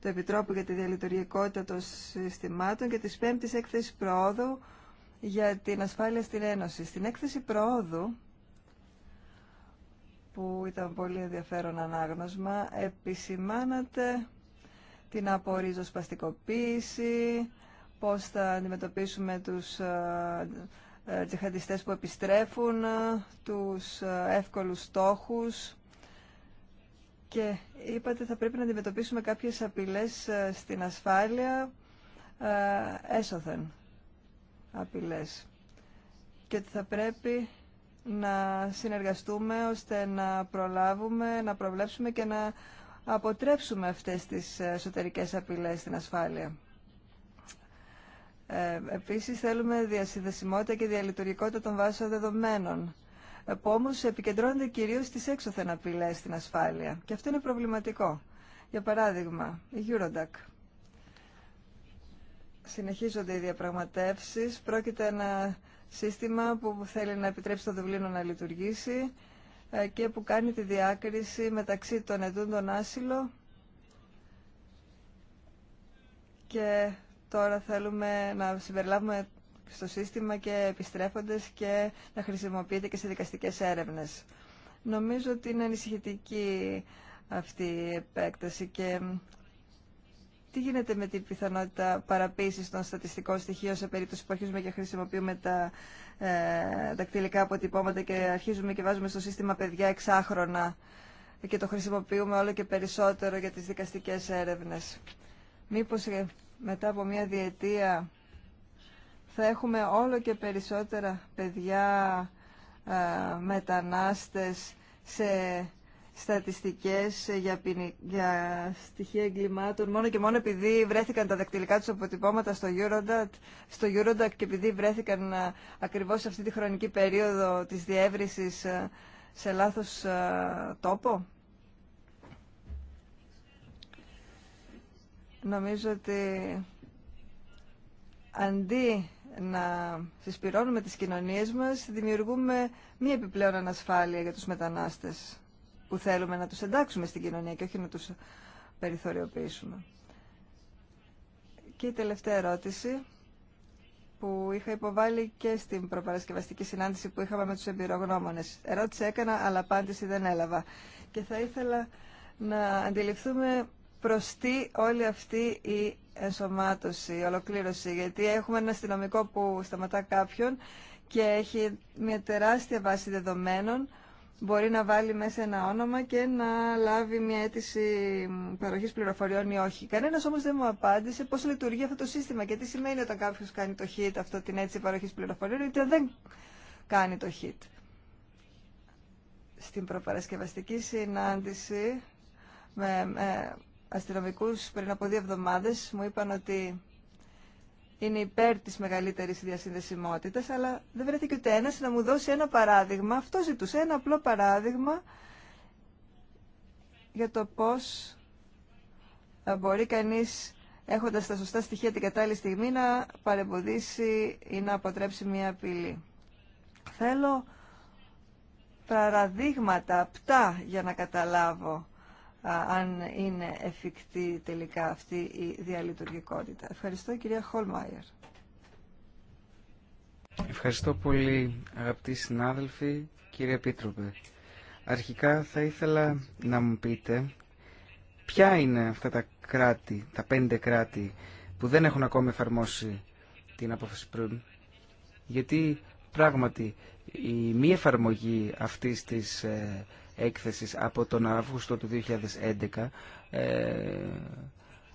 του Επιτρόπου για τη διαλειτουργικότητα των συστημάτων και της πέμπτης έκθεσης προόδου για την ασφάλεια στην Ένωση. Στην έκθεση προόδου, που ήταν πολύ ενδιαφέρον ανάγνωσμα, επισημάνατε την σπαστικοποίηση, πώς θα αντιμετωπίσουμε τους ε, ε, τζιχαντιστές που επιστρέφουν, ε, τους ε, εύκολους στόχους και είπατε θα πρέπει να αντιμετωπίσουμε κάποιες απειλές στην ασφάλεια έσωθεν απειλές και ότι θα πρέπει να συνεργαστούμε ώστε να προλάβουμε, να προβλέψουμε και να αποτρέψουμε αυτές τις εσωτερικές απειλές στην ασφάλεια. Ε, επίσης θέλουμε διασυνδεσιμότητα και διαλειτουργικότητα των βάσεων δεδομένων που όμως επικεντρώνονται κυρίως στις έξωθεν απειλές στην ασφάλεια. Και αυτό είναι προβληματικό. Για παράδειγμα, η Eurodac. Συνεχίζονται οι διαπραγματεύσεις. Πρόκειται ένα σύστημα που θέλει να επιτρέψει το Δουβλίνο να λειτουργήσει ε, και που κάνει τη διάκριση μεταξύ των ετούντων άσυλο και Τώρα θέλουμε να συμπεριλάβουμε στο σύστημα και επιστρέφοντες και να χρησιμοποιείται και σε δικαστικές έρευνες. Νομίζω ότι είναι ανησυχητική αυτή η επέκταση και τι γίνεται με την πιθανότητα παραποίησης των στατιστικών στοιχείων σε περίπτωση που αρχίζουμε και χρησιμοποιούμε τα ε, δακτυλικά αποτυπώματα και αρχίζουμε και βάζουμε στο σύστημα παιδιά εξάχρονα και το χρησιμοποιούμε όλο και περισσότερο για τις δικαστικές έρευνες. Μήπως ε, μετά από μια διετία θα έχουμε όλο και περισσότερα παιδιά ε, μετανάστες σε στατιστικές για, για στοιχεία εγκλημάτων μόνο και μόνο επειδή βρέθηκαν τα δακτυλικά τους αποτυπώματα στο Eurodac, στο Eurodac και επειδή βρέθηκαν ε, ακριβώς σε αυτή τη χρονική περίοδο της διεύρυνσης ε, σε λάθος τόπο. Νομίζω ότι αντί να συσπηρώνουμε τις κοινωνίες μας, δημιουργούμε μία επιπλέον ανασφάλεια για τους μετανάστες που θέλουμε να τους εντάξουμε στην κοινωνία και όχι να τους περιθωριοποιήσουμε. Και η τελευταία ερώτηση που είχα υποβάλει και στην προπαρασκευαστική συνάντηση που είχαμε με τους εμπειρογνώμονες. Ερώτηση έκανα, αλλά απάντηση δεν έλαβα. Και θα ήθελα να αντιληφθούμε προς όλη αυτή η ενσωμάτωση, η ολοκλήρωση. Γιατί έχουμε ένα αστυνομικό που σταματά κάποιον και έχει μια τεράστια βάση δεδομένων. Μπορεί να βάλει μέσα ένα όνομα και να λάβει μια αίτηση παροχή πληροφοριών ή όχι. Κανένα όμω δεν μου απάντησε πώ λειτουργεί αυτό το σύστημα και τι σημαίνει όταν κάποιο κάνει το hit αυτό την αίτηση παροχή πληροφοριών ή δεν κάνει το hit. Στην προπαρασκευαστική συνάντηση με αστυνομικούς πριν από δύο εβδομάδες μου είπαν ότι είναι υπέρ της μεγαλύτερης διασυνδεσιμότητας, αλλά δεν βρέθηκε ούτε ένας να μου δώσει ένα παράδειγμα. Αυτό ζητούσε ένα απλό παράδειγμα για το πώς μπορεί κανείς έχοντας τα σωστά στοιχεία την κατάλληλη στιγμή να παρεμποδίσει ή να αποτρέψει μια απειλή. Θέλω παραδείγματα απτά για να καταλάβω αν είναι εφικτή τελικά αυτή η διαλειτουργικότητα. Ευχαριστώ κυρία Χολμάιερ. Ευχαριστώ πολύ αγαπητοί συνάδελφοι, κύριε Επίτροπε. Αρχικά θα ήθελα να μου πείτε ποια είναι αυτά τα κράτη, τα πέντε κράτη που δεν έχουν ακόμη εφαρμόσει την απόφαση πριν. Γιατί πράγματι η μη εφαρμογή αυτής της ε, έκθεσης από τον Αύγουστο του 2011 ε,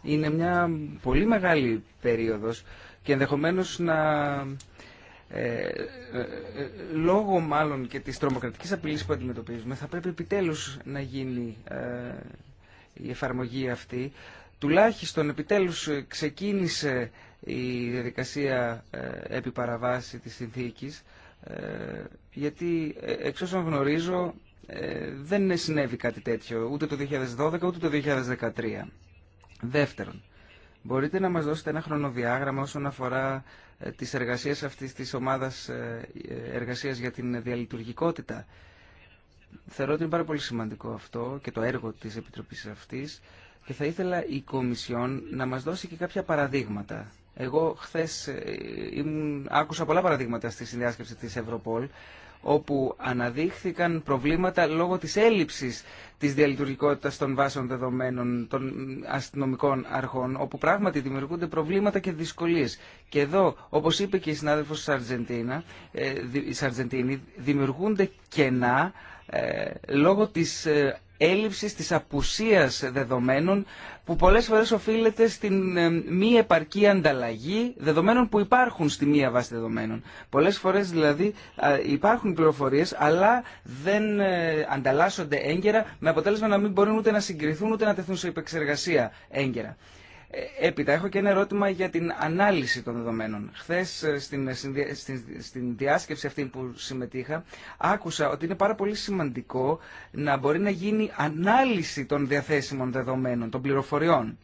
είναι μια πολύ μεγάλη περίοδος και ενδεχομένως να ε, ε, ε, λόγω μάλλον και της τρομοκρατικής απειλής που αντιμετωπίζουμε θα πρέπει επιτέλους να γίνει ε, η εφαρμογή αυτή. Τουλάχιστον επιτέλους ξεκίνησε η διαδικασία ε, επί παραβάση της συνθήκης γιατί εξ όσων γνωρίζω ε, δεν συνέβη κάτι τέτοιο ούτε το 2012 ούτε το 2013. Δεύτερον, μπορείτε να μας δώσετε ένα χρονοδιάγραμμα όσον αφορά ε, τις εργασίες αυτής της ομάδας ε, εργασίας για την διαλειτουργικότητα. Θεωρώ ότι είναι πάρα πολύ σημαντικό αυτό και το έργο της Επιτροπής αυτής και θα ήθελα η Κομισιόν να μας δώσει και κάποια παραδείγματα. Εγώ χθες άκουσα πολλά παραδείγματα στη συνδιάσκεψη της Ευρωπόλ όπου αναδείχθηκαν προβλήματα λόγω της έλλειψης της διαλειτουργικότητας των βάσεων δεδομένων των αστυνομικών αρχών, όπου πράγματι δημιουργούνται προβλήματα και δυσκολίες. Και εδώ, όπως είπε και η συνάδελφος τη ε, δημιουργούνται κενά ε, λόγω της ε, έλλειψης της απουσίας δεδομένων που πολλές φορές οφείλεται στην ε, μη επαρκή ανταλλαγή δεδομένων που υπάρχουν στη μία βάση δεδομένων. Πολλές φορές δηλαδή υπάρχουν πληροφορίες αλλά δεν ε, ανταλλάσσονται έγκαιρα με αποτέλεσμα να μην μπορούν ούτε να συγκριθούν ούτε να τεθούν σε υπεξεργασία έγκαιρα. Έπειτα έχω και ένα ερώτημα για την ανάλυση των δεδομένων. Χθε ε, στην, ε, στην, στην διάσκεψη αυτή που συμμετείχα άκουσα ότι είναι πάρα πολύ σημαντικό να μπορεί να γίνει ανάλυση των διαθέσιμων δεδομένων, των πληροφοριών.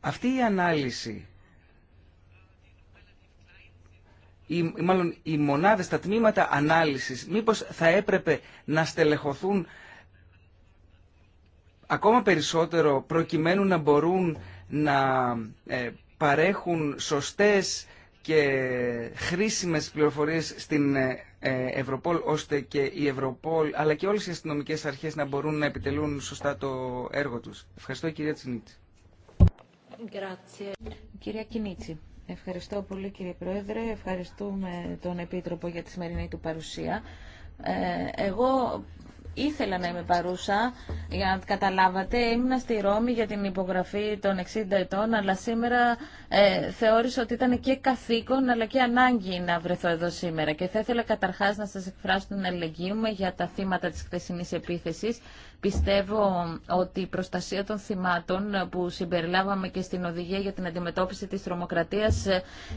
Αυτή η ανάλυση, ή μάλλον οι μονάδες, τα τμήματα ανάλυσης, μήπως θα έπρεπε να στελεχωθούν ακόμα περισσότερο προκειμένου να μπορούν να ε, παρέχουν σωστές και χρήσιμες πληροφορίες στην ε, ε, Ευρωπόλ, ώστε και η Ευρωπόλ, αλλά και όλες οι αστυνομικέ αρχές να μπορούν να επιτελούν σωστά το έργο τους. Ευχαριστώ, κυρία Τσινίτση. Κυρία Κινίτση, ευχαριστώ πολύ κύριε Πρόεδρε, ευχαριστούμε τον Επίτροπο για τη σημερινή του παρουσία. Εγώ ήθελα να είμαι παρούσα, για να καταλάβατε, ήμουν στη Ρώμη για την υπογραφή των 60 ετών, αλλά σήμερα ε, θεώρησα ότι ήταν και καθήκον, αλλά και ανάγκη να βρεθώ εδώ σήμερα. Και θα ήθελα καταρχάς να σας εκφράσω την αλληλεγγύη μου για τα θύματα της χθεσινής επίθεσης Πιστεύω ότι η προστασία των θυμάτων που συμπεριλάβαμε και στην οδηγία για την αντιμετώπιση της τρομοκρατίας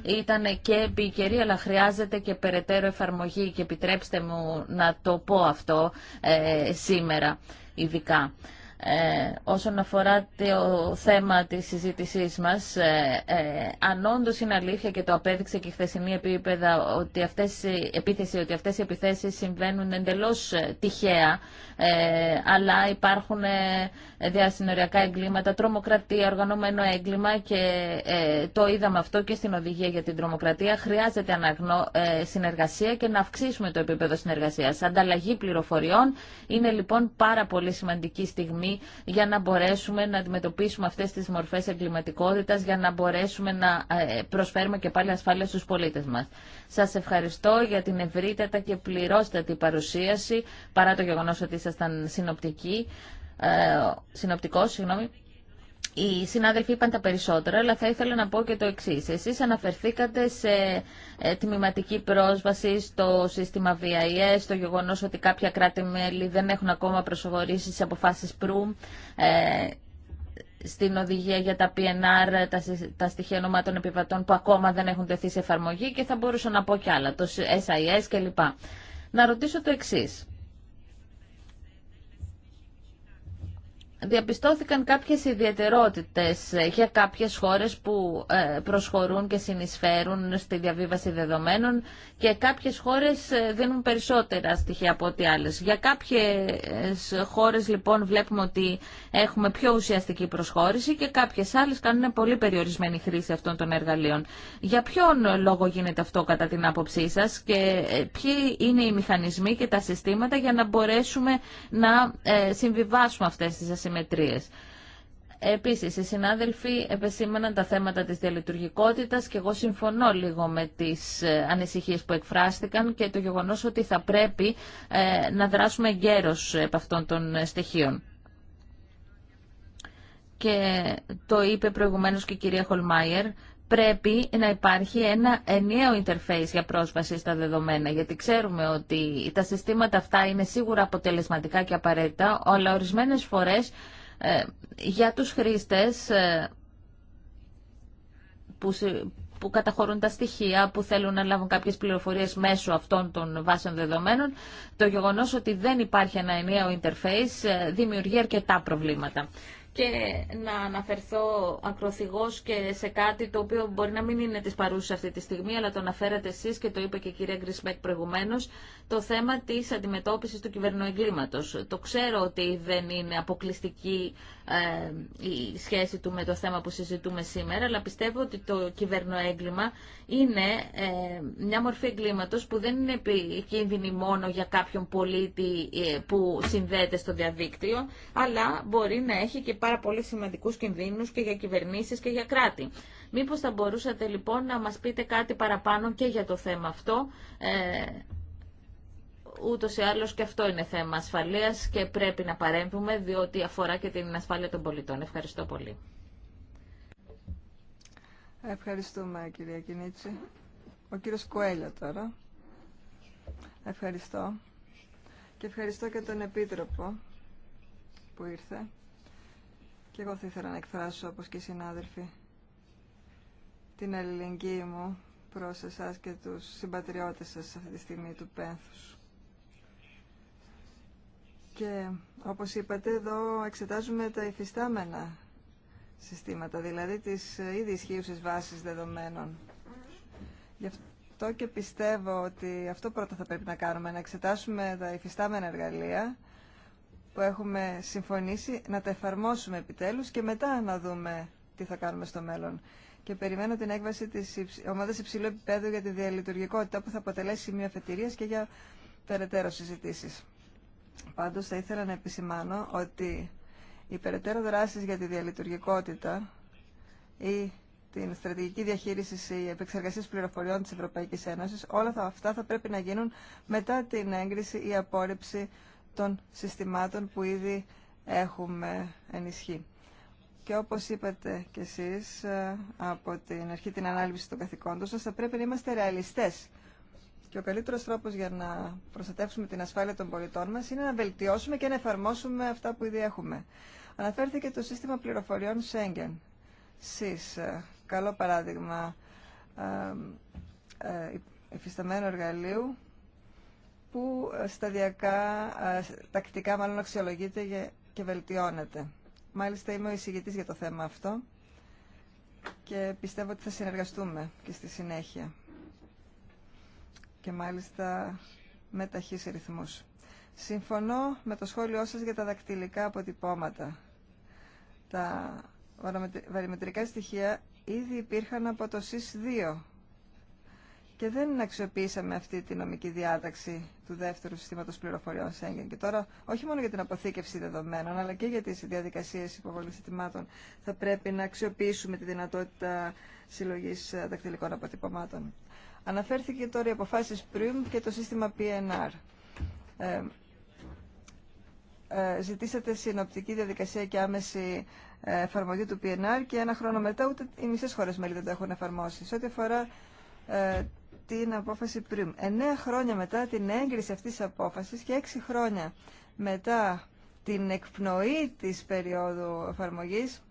ήταν και επικαιρή, αλλά χρειάζεται και περαιτέρω εφαρμογή και επιτρέψτε μου να το πω αυτό ε, σήμερα ειδικά ε, όσον αφορά το θέμα της συζήτησής μας. Ε, ε, αν όντω είναι αλήθεια και το απέδειξε και η χθεσινή επίπεδα ότι αυτές οι, επίθεση, ότι αυτές οι επιθέσεις συμβαίνουν εντελώς ε, τυχαία, ε, αλλά υπάρχουν ε, διασυνοριακά εγκλήματα, τρομοκρατία, οργανωμένο έγκλημα και το είδαμε αυτό και στην οδηγία για την τρομοκρατία. Χρειάζεται αναγνω, συνεργασία και να αυξήσουμε το επίπεδο συνεργασίας. Ανταλλαγή πληροφοριών είναι λοιπόν πάρα πολύ σημαντική στιγμή για να μπορέσουμε να αντιμετωπίσουμε αυτές τις μορφές εγκληματικότητας, για να μπορέσουμε να ε, προσφέρουμε και πάλι ασφάλεια στους πολίτες μας. Σας ευχαριστώ για την ευρύτερα και πληρόστατη παρουσίαση, παρά το γεγονός ότι ήσασταν συνοπτικοί, ε, συνοπτικός, συγγνώμη. Οι συνάδελφοι είπαν τα περισσότερα, αλλά θα ήθελα να πω και το εξή. Εσεί αναφερθήκατε σε ε, τμηματική πρόσβαση στο σύστημα VIS, στο γεγονό ότι κάποια κράτη-μέλη δεν έχουν ακόμα προσφορήσει σε αποφάσει προύμ ε, στην οδηγία για τα PNR, τα, τα στοιχεία ονομάτων επιβατών που ακόμα δεν έχουν τεθεί σε εφαρμογή και θα μπορούσα να πω κι άλλα, το SIS κλπ. Να ρωτήσω το εξή. διαπιστώθηκαν κάποιες ιδιαιτερότητες για κάποιες χώρες που ε, προσχωρούν και συνεισφέρουν στη διαβίβαση δεδομένων και κάποιες χώρες ε, δίνουν περισσότερα στοιχεία από ό,τι άλλες. Για κάποιες χώρες λοιπόν βλέπουμε ότι έχουμε πιο ουσιαστική προσχώρηση και κάποιες άλλες κάνουν πολύ περιορισμένη χρήση αυτών των εργαλείων. Για ποιον λόγο γίνεται αυτό κατά την άποψή σας και ε, ποιοι είναι οι μηχανισμοί και τα συστήματα για να μπορέσουμε να συμβιβάσουμε αυτές τις Επίση, Επίσης, οι συνάδελφοι επεσήμαναν τα θέματα της διαλειτουργικότητα και εγώ συμφωνώ λίγο με τις ε, ανησυχίες που εκφράστηκαν και το γεγονό ότι θα πρέπει ε, να δράσουμε γέρος από αυτών των ε, στοιχείων. Και το είπε προηγουμένως και η κυρία Χολμάιερ, πρέπει να υπάρχει ένα ενιαίο interface για πρόσβαση στα δεδομένα, γιατί ξέρουμε ότι τα συστήματα αυτά είναι σίγουρα αποτελεσματικά και απαραίτητα, αλλά ορισμένες φορές ε, για τους χρήστες ε, που, που καταχωρούν τα στοιχεία, που θέλουν να λάβουν κάποιες πληροφορίες μέσω αυτών των βάσεων δεδομένων, το γεγονός ότι δεν υπάρχει ένα ενιαίο interface ε, δημιουργεί αρκετά προβλήματα και να αναφερθώ ακροθυγός και σε κάτι το οποίο μπορεί να μην είναι της παρούσης αυτή τη στιγμή, αλλά το αναφέρατε εσείς και το είπε και η κυρία Γκρισμέκ προηγουμένως, το θέμα της αντιμετώπισης του κυβερνοεγκλήματος. Το ξέρω ότι δεν είναι αποκλειστική ε, η σχέση του με το θέμα που συζητούμε σήμερα, αλλά πιστεύω ότι το κυβερνοέγκλημα είναι ε, μια μορφή εγκλήματος που δεν είναι επικίνδυνη μόνο για κάποιον πολίτη ε, που συνδέεται στο διαδίκτυο, αλλά μπορεί να έχει και πάρα πολύ σημαντικού κινδύνους και για κυβερνήσεις και για κράτη. Μήπως θα μπορούσατε λοιπόν να μας πείτε κάτι παραπάνω και για το θέμα αυτό. Ε, ούτως ή άλλως και αυτό είναι θέμα ασφαλείας και πρέπει να παρέμβουμε διότι αφορά και την ασφάλεια των πολιτών. Ευχαριστώ πολύ. Ευχαριστούμε κυρία Κινίτση. Ο κύριος Κουέλιο τώρα. Ευχαριστώ. Και ευχαριστώ και τον Επίτροπο που ήρθε. Και εγώ θα ήθελα να εκφράσω, όπως και οι συνάδελφοι, την αλληλεγγύη μου προς εσάς και τους συμπατριώτες σας αυτή τη στιγμή του πένθους. Και όπως είπατε, εδώ εξετάζουμε τα υφιστάμενα συστήματα, δηλαδή τις ήδη ισχύουσες βάσεις δεδομένων. Γι' αυτό και πιστεύω ότι αυτό πρώτα θα πρέπει να κάνουμε, να εξετάσουμε τα υφιστάμενα εργαλεία που έχουμε συμφωνήσει να τα εφαρμόσουμε επιτέλους και μετά να δούμε τι θα κάνουμε στο μέλλον. Και περιμένω την έκβαση της ομάδας υψηλού επίπεδου για τη διαλειτουργικότητα που θα αποτελέσει σημείο αφετηρίας και για περαιτέρω συζητήσεις. Πάντως θα ήθελα να επισημάνω ότι οι περαιτέρω δράσεις για τη διαλειτουργικότητα ή την στρατηγική διαχείριση ή επεξεργασία πληροφοριών της Ευρωπαϊκής Ένωσης, όλα αυτά θα πρέπει να γίνουν μετά την έγκριση ή απόρριψη των συστημάτων που ήδη έχουμε ενισχύει. Και όπως είπατε κι εσείς ε, από την αρχή την ανάλυση των καθηκόντων σας, θα πρέπει να είμαστε ρεαλιστές. Και ο καλύτερος τρόπος για να προστατεύσουμε την ασφάλεια των πολιτών μας είναι να βελτιώσουμε και να εφαρμόσουμε αυτά που ήδη έχουμε. Αναφέρθηκε το σύστημα πληροφοριών Schengen. ΣΥΣ, ε, καλό παράδειγμα εφισταμένου ε, εργαλείου που ε, σταδιακά, ε, τακτικά μάλλον αξιολογείται και βελτιώνεται. Μάλιστα είμαι ο εισηγητής για το θέμα αυτό και πιστεύω ότι θα συνεργαστούμε και στη συνέχεια. Και μάλιστα με ταχύς ρυθμούς. Συμφωνώ με το σχόλιο σας για τα δακτυλικά αποτυπώματα. Τα βαριμετρικά στοιχεία ήδη υπήρχαν από το ΣΥΣ 2 και δεν αξιοποιήσαμε αυτή τη νομική διάταξη του δεύτερου συστήματο πληροφοριών Σέγγεν. Και τώρα, όχι μόνο για την αποθήκευση δεδομένων, αλλά και για τι διαδικασίε υποβολής ετοιμάτων, θα πρέπει να αξιοποιήσουμε τη δυνατότητα συλλογή δακτυλικών αποτυπωμάτων. Αναφέρθηκε τώρα η αποφάση PRIM και το σύστημα PNR. Ε, ε, ζητήσατε συνοπτική διαδικασία και άμεση ε, εφαρμογή του PNR και ένα χρόνο μετά ούτε οι μισές μέλη δεν το έχουν εφαρμόσει. Σε ό,τι αφορά ε, την απόφαση πριν. Εννέα χρόνια μετά την έγκριση αυτής της απόφασης και έξι χρόνια μετά την εκπνοή της περίοδου εφαρμογής,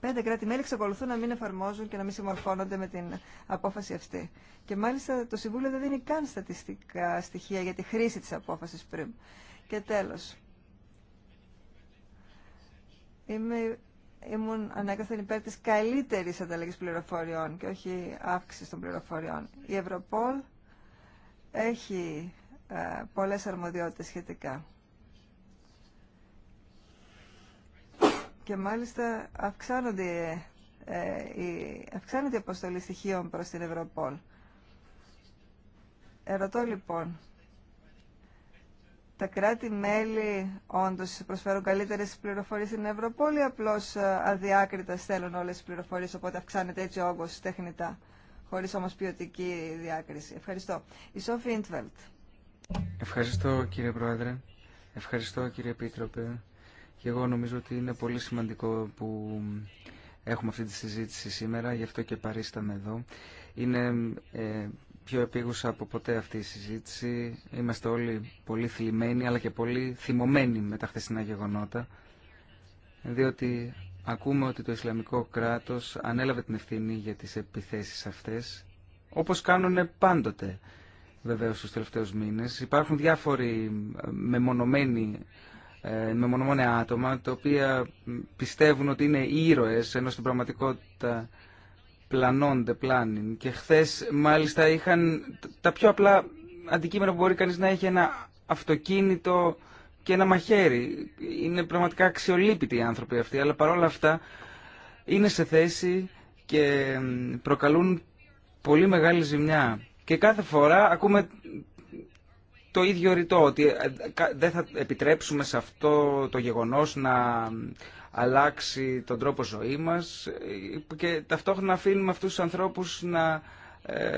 πέντε κράτη-μέλη εξακολουθούν να μην εφαρμόζουν και να μην συμμορφώνονται με την απόφαση αυτή. Και μάλιστα το Συμβούλιο δεν δίνει καν στατιστικά στοιχεία για τη χρήση της απόφασης πριν. Και τέλος, είμαι ήμουν ανέκαθεν υπέρ τη καλύτερη ανταλλαγής πληροφοριών και όχι αύξηση των πληροφοριών. Η Ευρωπόλ έχει ε, πολλές αρμοδιότητες σχετικά. Και μάλιστα αυξάνονται, ε, η, αυξάνεται αποστολή στοιχείων προς την Ευρωπόλ. Ερωτώ λοιπόν, τα κράτη-μέλη όντως προσφέρουν καλύτερες πληροφορίες στην Ευρωπόλη, απλώς ε, αδιάκριτα στέλνουν όλες τις πληροφορίες, οπότε αυξάνεται έτσι ο όγκος τεχνητά, χωρίς όμως ποιοτική διάκριση. Ευχαριστώ. Η Σόφη Ιντβελτ. Ευχαριστώ κύριε Πρόεδρε. Ευχαριστώ κύριε Επίτροπε. Και εγώ νομίζω ότι είναι πολύ σημαντικό που έχουμε αυτή τη συζήτηση σήμερα, γι' αυτό και παρίσταμε εδώ. Είναι ε, πιο επίγουσα από ποτέ αυτή η συζήτηση. Είμαστε όλοι πολύ θλιμμένοι αλλά και πολύ θυμωμένοι με τα χθεσινά γεγονότα διότι ακούμε ότι το Ισλαμικό κράτος ανέλαβε την ευθύνη για τις επιθέσεις αυτές όπως κάνουν πάντοτε βεβαίω στους τελευταίους μήνες. Υπάρχουν διάφοροι ε, μεμονωμένοι ε, άτομα τα οποία πιστεύουν ότι είναι ήρωες ενώ στην πραγματικότητα πλανώνται, πλάνιν. Και χθε μάλιστα είχαν τα πιο απλά αντικείμενα που μπορεί κανείς να έχει ένα αυτοκίνητο και ένα μαχαίρι. Είναι πραγματικά αξιολύπητοι οι άνθρωποι αυτοί, αλλά παρόλα αυτά είναι σε θέση και προκαλούν πολύ μεγάλη ζημιά. Και κάθε φορά ακούμε το ίδιο ρητό, ότι δεν θα επιτρέψουμε σε αυτό το γεγονός να αλλάξει τον τρόπο ζωή μας και ταυτόχρονα αφήνουμε αυτούς τους ανθρώπους να ε,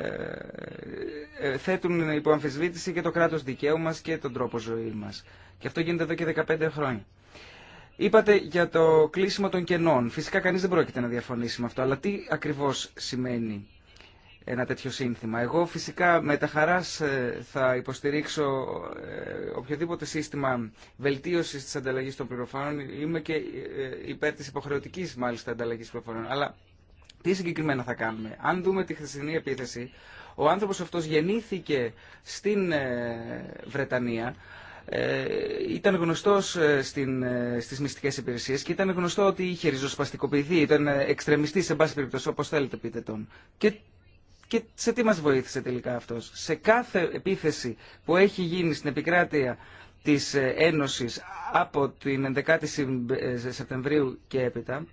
ε, θέτουν υπό αμφισβήτηση και το κράτος δικαίου μας και τον τρόπο ζωή μας. Και αυτό γίνεται εδώ και 15 χρόνια. Είπατε για το κλείσιμο των κενών. Φυσικά κανείς δεν πρόκειται να διαφωνήσει με αυτό, αλλά τι ακριβώς σημαίνει ένα τέτοιο σύνθημα. Εγώ φυσικά με τα χαράς ε, θα υποστηρίξω ε, οποιοδήποτε σύστημα βελτίωσης της ανταλλαγής των πληροφορών Είμαι και ε, υπέρ της υποχρεωτικής μάλιστα ανταλλαγής πληροφοριών. Αλλά τι συγκεκριμένα θα κάνουμε. Αν δούμε τη χθεσινή επίθεση, ο άνθρωπος αυτός γεννήθηκε στην Βρετανία, ήταν γνωστός στην, στις μυστικές υπηρεσίες και ήταν γνωστό ότι είχε ριζοσπαστικοποιηθεί, ήταν εξτρεμιστής σε πάση περιπτώσει, όπως θέλετε πείτε τον. Και και σε τι μας βοήθησε τελικά αυτός. Σε κάθε επίθεση που έχει γίνει στην επικράτεια της ε, Ένωσης από την 11η ε, Σεπτεμβρίου και έπειτα,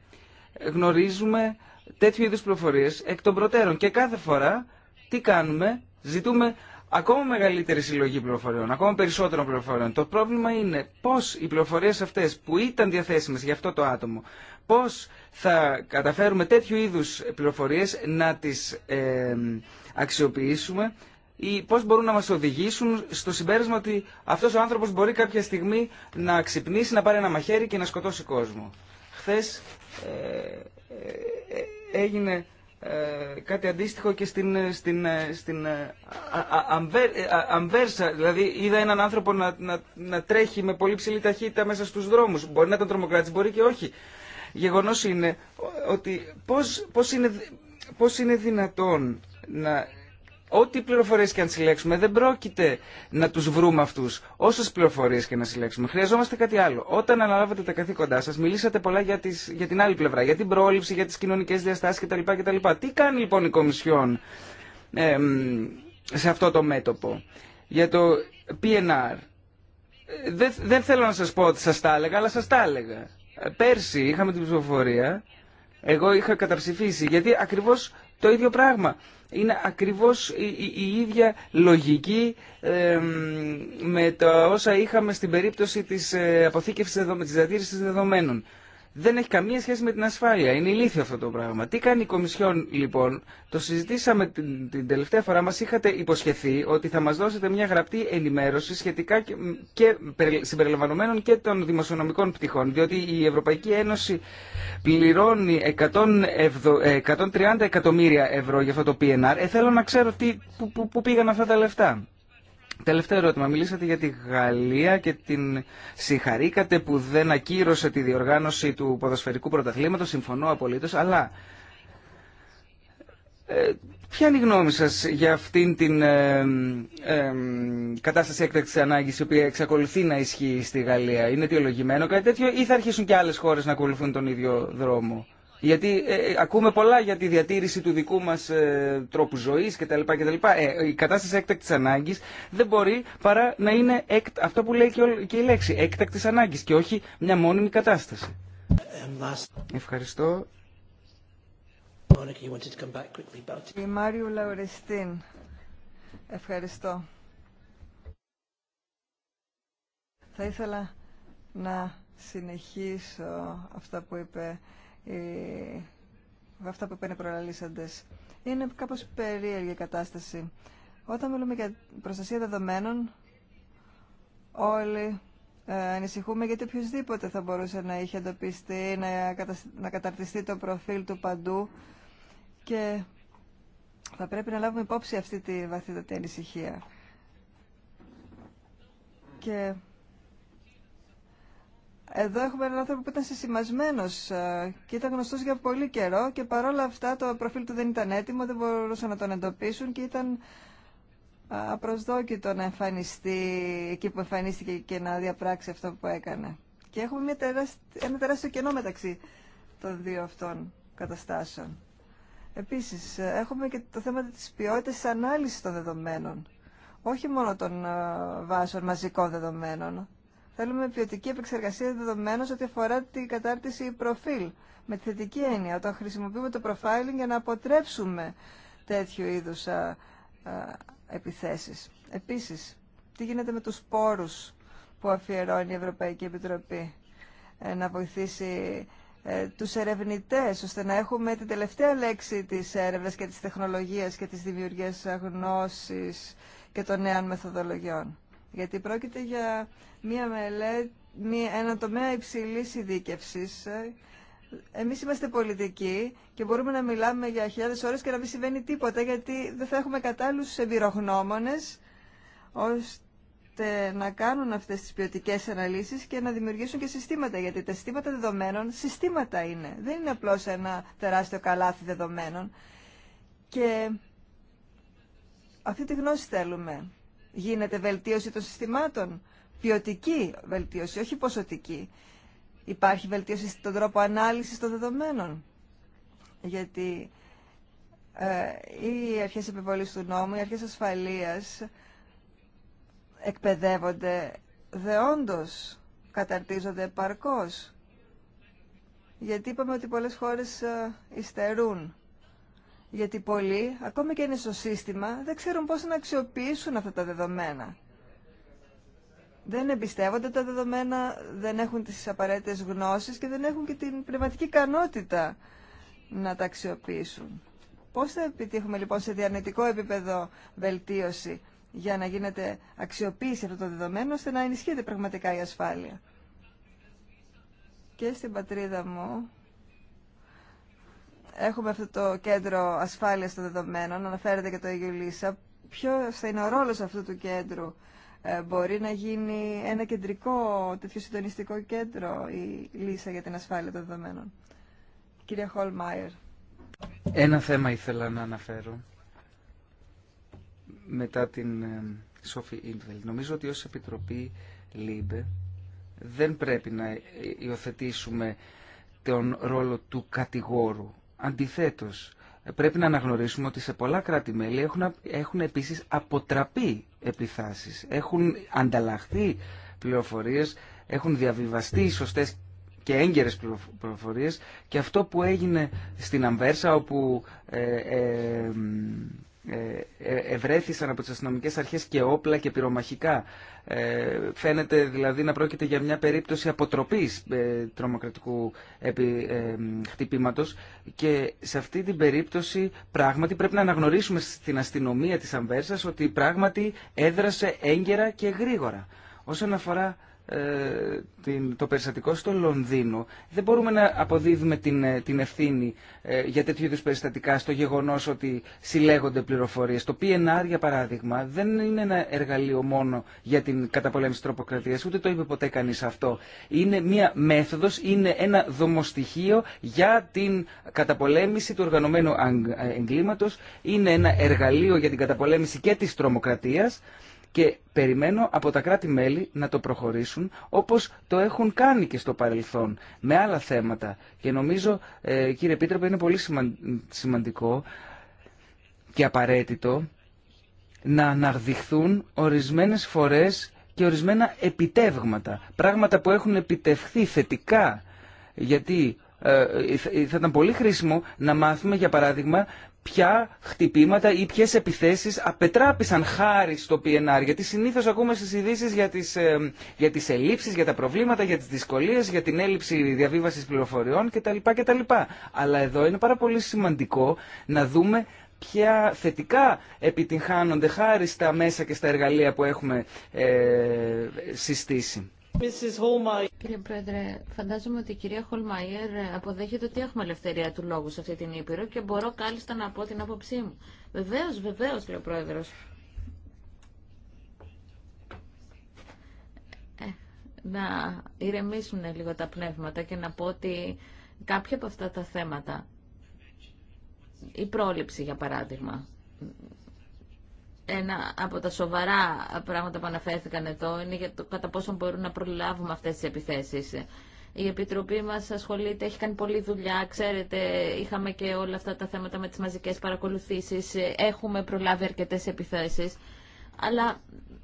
γνωρίζουμε τέτοιου είδους πληροφορίες εκ των προτέρων. Και κάθε φορά τι κάνουμε, ζητούμε ακόμα μεγαλύτερη συλλογή πληροφοριών, ακόμα περισσότερων πληροφοριών. Το πρόβλημα είναι πώς οι πληροφορίε αυτές που ήταν διαθέσιμες για αυτό το άτομο, πώς θα καταφέρουμε τέτοιου είδους πληροφορίε να τις ε, αξιοποιήσουμε ή πώς μπορούν να μας οδηγήσουν στο συμπέρασμα ότι αυτός ο άνθρωπος μπορεί κάποια στιγμή να ξυπνήσει, να πάρει ένα μαχαίρι και να σκοτώσει κόσμο. Χθες ε, ε, έγινε ε, κάτι αντίστοιχο και στην, στην, στην ε, ε, Αμβέρσα. Δηλαδή είδα έναν άνθρωπο να, να, να τρέχει με πολύ ψηλή ταχύτητα μέσα στους δρόμους. Μπορεί να ήταν τρομοκράτης, μπορεί και όχι. Γεγονός είναι ότι πώς, πώς, είναι, πώς είναι δυνατόν να ό,τι πληροφορίες και αν συλλέξουμε δεν πρόκειται να τους βρούμε αυτούς όσες πληροφορίες και να συλλέξουμε. Χρειαζόμαστε κάτι άλλο. Όταν αναλάβατε τα καθήκοντά σας μιλήσατε πολλά για, τις, για την άλλη πλευρά, για την πρόληψη, για τις κοινωνικές διαστάσεις κτλ. κτλ. Τι κάνει λοιπόν η Κομισιόν σε αυτό το μέτωπο. Για το PNR. Δεν, δεν θέλω να σας πω ότι σας τα έλεγα, αλλά σας τα έλεγα. Πέρσι είχαμε την ψηφοφορία, εγώ είχα καταψηφίσει, γιατί ακριβώς το ίδιο πράγμα είναι ακριβώς η, ίδια λογική με τα όσα είχαμε στην περίπτωση της ε, αποθήκευσης δεδομένων, της δεδομένων δεν έχει καμία σχέση με την ασφάλεια. Είναι ηλίθιο αυτό το πράγμα. Τι κάνει η Κομισιόν λοιπόν, το συζητήσαμε την, τελευταία φορά, μας είχατε υποσχεθεί ότι θα μας δώσετε μια γραπτή ενημέρωση σχετικά και, και συμπεριλαμβανομένων και των δημοσιονομικών πτυχών, διότι η Ευρωπαϊκή Ένωση πληρώνει 130 ε, εκατομμύρια ευρώ για αυτό το PNR. Ε, θέλω να ξέρω τι, που, που πήγαν αυτά τα λεφτά. Τελευταίο ερώτημα. Μιλήσατε για τη Γαλλία και την συγχαρήκατε που δεν ακύρωσε τη διοργάνωση του ποδοσφαιρικού πρωταθλήματος. Συμφωνώ απολύτως, αλλά ε, ποια είναι η γνώμη σας για αυτήν την ε, ε, κατάσταση έκτακτης ανάγκης η οποία εξακολουθεί να ισχύει στη Γαλλία. Είναι αιτιολογημένο κάτι τέτοιο ή θα αρχίσουν και άλλες χώρες να ακολουθούν τον ίδιο δρόμο. Γιατί ε, ε, ακούμε πολλά για τη διατήρηση του δικού μας ε, τρόπου ζωής κτλ. Ε, η κατάσταση έκτακτης ανάγκης δεν μπορεί παρά να είναι εκ, αυτό που λέει και, η λέξη έκτακτης ανάγκης και όχι μια μόνιμη κατάσταση. Ευχαριστώ. Η Μάριου Λαουρεστίν. Ευχαριστώ. Θα ήθελα να συνεχίσω αυτά που είπε αυτά που είπαν οι προλαλήσαντες. Είναι κάπως περίεργη η κατάσταση. Όταν μιλούμε για προστασία δεδομένων, όλοι ε, ανησυχούμε γιατί οποιοδήποτε θα μπορούσε να είχε εντοπιστεί, να, να καταρτιστεί το προφίλ του παντού και θα πρέπει να λάβουμε υπόψη αυτή τη βαθύτατη ανησυχία. Και εδώ έχουμε έναν άνθρωπο που ήταν συσημασμένο ε, και ήταν γνωστό για πολύ καιρό και παρόλα αυτά το προφίλ του δεν ήταν έτοιμο, δεν μπορούσαν να τον εντοπίσουν και ήταν ε, απροσδόκητο να εμφανιστεί εκεί που εμφανίστηκε και να διαπράξει αυτό που έκανε. Και έχουμε μια τεράστι... ένα τεράστιο κενό μεταξύ των δύο αυτών καταστάσεων. Επίση, ε, έχουμε και το θέμα τη ποιότητα τη ανάλυση των δεδομένων. Όχι μόνο των βάσεων μαζικών δεδομένων, Θέλουμε ποιοτική επεξεργασία δεδομένων ό,τι αφορά την κατάρτιση προφίλ. Με τη θετική έννοια, όταν χρησιμοποιούμε το profiling για να αποτρέψουμε τέτοιου είδους επιθέσει. Επίση, επιθέσεις. Επίσης, τι γίνεται με τους πόρου που αφιερώνει η Ευρωπαϊκή Επιτροπή ε, να βοηθήσει ε, τους ερευνητές, ώστε να έχουμε την τελευταία λέξη της έρευνας και της τεχνολογίας και της δημιουργίας γνώσης και των νέων μεθοδολογιών γιατί πρόκειται για μία μελέτη, μία, ένα τομέα υψηλής ειδίκευσης. Εμείς είμαστε πολιτικοί και μπορούμε να μιλάμε για χιλιάδες ώρες και να μην συμβαίνει τίποτα, γιατί δεν θα έχουμε κατάλληλους εμπειρογνώμονες, ώστε να κάνουν αυτές τις ποιοτικέ αναλύσεις και να δημιουργήσουν και συστήματα, γιατί τα συστήματα δεδομένων συστήματα είναι. Δεν είναι απλώς ένα τεράστιο καλάθι δεδομένων. Και αυτή τη γνώση θέλουμε γίνεται βελτίωση των συστημάτων. Ποιοτική βελτίωση, όχι ποσοτική. Υπάρχει βελτίωση στον τρόπο ανάλυσης των δεδομένων. Γιατί ε, οι αρχές επιβολής του νόμου, οι αρχές ασφαλείας εκπαιδεύονται δεόντως, καταρτίζονται επαρκώς. Γιατί είπαμε ότι πολλές χώρες ε, γιατί πολλοί, ακόμη και είναι στο σύστημα, δεν ξέρουν πώς να αξιοποιήσουν αυτά τα δεδομένα. Δεν εμπιστεύονται τα δεδομένα, δεν έχουν τις απαραίτητες γνώσεις και δεν έχουν και την πνευματική ικανότητα να τα αξιοποιήσουν. Πώς θα επιτύχουμε λοιπόν σε διανοητικό επίπεδο βελτίωση για να γίνεται αξιοποίηση αυτό το δεδομένο ώστε να ενισχύεται πραγματικά η ασφάλεια. Και στην πατρίδα μου έχουμε αυτό το κέντρο ασφάλειας των δεδομένων, αναφέρεται και το Λίσσα, ποιος θα είναι ο ρόλος αυτού του κέντρου. Ε, μπορεί να γίνει ένα κεντρικό, τέτοιο συντονιστικό κέντρο η Λίσσα για την ασφάλεια των δεδομένων. Κυρία Χολμάιερ. Ένα θέμα ήθελα να αναφέρω μετά την ε, Σόφη Ίντβελ. Νομίζω ότι ως Επιτροπή ΛΥΜΠΕ δεν πρέπει να υιοθετήσουμε τον ρόλο του κατηγόρου Αντιθέτως, πρέπει να αναγνωρίσουμε ότι σε πολλά κράτη-μέλη έχουν, επίσης αποτραπεί επιθάσεις, έχουν ανταλλαχθεί πληροφορίες, έχουν διαβιβαστεί σωστές και έγκαιρες πληροφορίες και αυτό που έγινε στην Αμβέρσα όπου ε, ε, ε, ε, ευρέθησαν από τις αστυνομικές αρχές και όπλα και πυρομαχικά. Ε, φαίνεται δηλαδή να πρόκειται για μια περίπτωση αποτροπής τρομοκρατικού χτυπήματος και σε αυτή την περίπτωση πράγματι πρέπει να αναγνωρίσουμε στην αστυνομία της Αμβέρσας ότι πράγματι έδρασε έγκαιρα και γρήγορα. Όσον αφορά ε, το περιστατικό στο Λονδίνο, δεν μπορούμε να αποδίδουμε την, ε, την ευθύνη ε, για τέτοιου είδου περιστατικά στο γεγονό ότι συλλέγονται πληροφορίε. Το PNR, για παράδειγμα, δεν είναι ένα εργαλείο μόνο για την καταπολέμηση τροποκρατία, ούτε το είπε ποτέ κανεί αυτό. Είναι μία μέθοδο, είναι ένα δομοστοιχείο για την καταπολέμηση του οργανωμένου εγκλήματο, είναι ένα εργαλείο για την καταπολέμηση και τη τρομοκρατία και περιμένω από τα κράτη-μέλη να το προχωρήσουν όπως το έχουν κάνει και στο παρελθόν με άλλα θέματα. Και νομίζω, ε, κύριε Επίτροπε, είναι πολύ σημαντικό και απαραίτητο να αναδειχθούν ορισμένες φορές και ορισμένα επιτεύγματα. Πράγματα που έχουν επιτευχθεί θετικά. Γιατί ε, ε, θα ήταν πολύ χρήσιμο να μάθουμε για παράδειγμα ποια χτυπήματα ή ποιες επιθέσεις απετράπησαν χάρη στο PNR. Γιατί συνήθως ακούμε στις ειδήσει για τις, ε, για τις ελλείψεις, για τα προβλήματα, για τις δυσκολίες, για την έλλειψη διαβίβασης πληροφοριών κτλ. κτλ. Αλλά εδώ είναι πάρα πολύ σημαντικό να δούμε ποια θετικά επιτυγχάνονται χάρη στα μέσα και στα εργαλεία που έχουμε ε, συστήσει. Κύριε Πρόεδρε, φαντάζομαι ότι η κυρία Χολμαϊέρ αποδέχεται ότι έχουμε ελευθερία του λόγου σε αυτή την Ήπειρο και μπορώ κάλλιστα να πω την άποψή μου. Βεβαίω, βεβαίω, λέει ο Πρόεδρο. Ε, να ηρεμήσουν λίγο τα πνεύματα και να πω ότι κάποια από αυτά τα θέματα, η πρόληψη για παράδειγμα, ένα από τα σοβαρά πράγματα που αναφέρθηκαν εδώ είναι για το κατά πόσο μπορούν να προλάβουμε αυτές τις επιθέσεις. Η Επιτροπή μας ασχολείται, έχει κάνει πολλή δουλειά, ξέρετε, είχαμε και όλα αυτά τα θέματα με τις μαζικές παρακολουθήσεις, έχουμε προλάβει αρκετές επιθέσεις, αλλά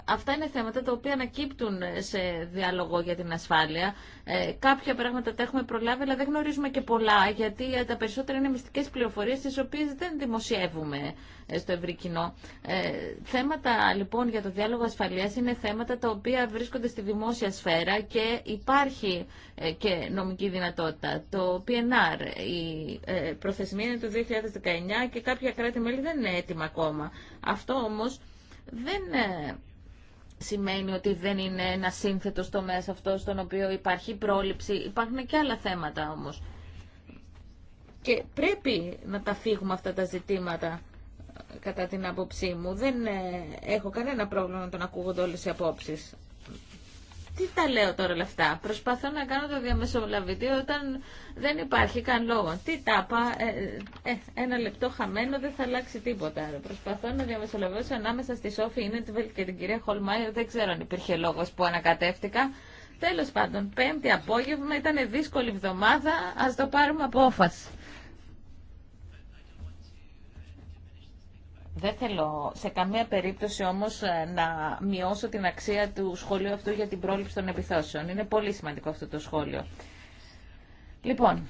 Αυτά είναι θέματα τα οποία ανακύπτουν σε διάλογο για την ασφάλεια. Ε, κάποια πράγματα τα έχουμε προλάβει, αλλά δεν γνωρίζουμε και πολλά, γιατί τα περισσότερα είναι μυστικέ πληροφορίε τι οποίε δεν δημοσιεύουμε ε, στο ευρύ κοινό. Ε, θέματα λοιπόν για το διάλογο ασφαλείας είναι θέματα τα οποία βρίσκονται στη δημόσια σφαίρα και υπάρχει ε, και νομική δυνατότητα. Το PNR, η ε, προθεσμία είναι το 2019 και κάποια κράτη-μέλη δεν είναι έτοιμα ακόμα. Αυτό όμως δεν σημαίνει ότι δεν είναι ένα σύνθετος τομέας αυτό στον οποίο υπάρχει πρόληψη. Υπάρχουν και άλλα θέματα όμως. Και πρέπει να τα φύγουμε αυτά τα ζητήματα κατά την άποψή μου. Δεν ε, έχω κανένα πρόβλημα να τον ακούγονται όλες οι απόψεις. Τι τα λέω τώρα λεφτά; αυτά. Προσπαθώ να κάνω το διαμεσολαβητή όταν δεν υπάρχει καν λόγο. Τι τα είπα. Ε, ε, ε ένα λεπτό χαμένο δεν θα αλλάξει τίποτα. Προσπαθώ να διαμεσολαβήσω ανάμεσα στη Σόφη Ινέτβελτ και την κυρία Χολμάιερ. Δεν ξέρω αν υπήρχε λόγο που ανακατεύτηκα. Τέλος πάντων, πέμπτη απόγευμα ήταν δύσκολη εβδομάδα. α το πάρουμε απόφαση. Δεν θέλω σε καμία περίπτωση όμως ε, να μειώσω την αξία του σχολείου αυτού για την πρόληψη των επιθώσεων. Είναι πολύ σημαντικό αυτό το σχόλιο. Λοιπόν,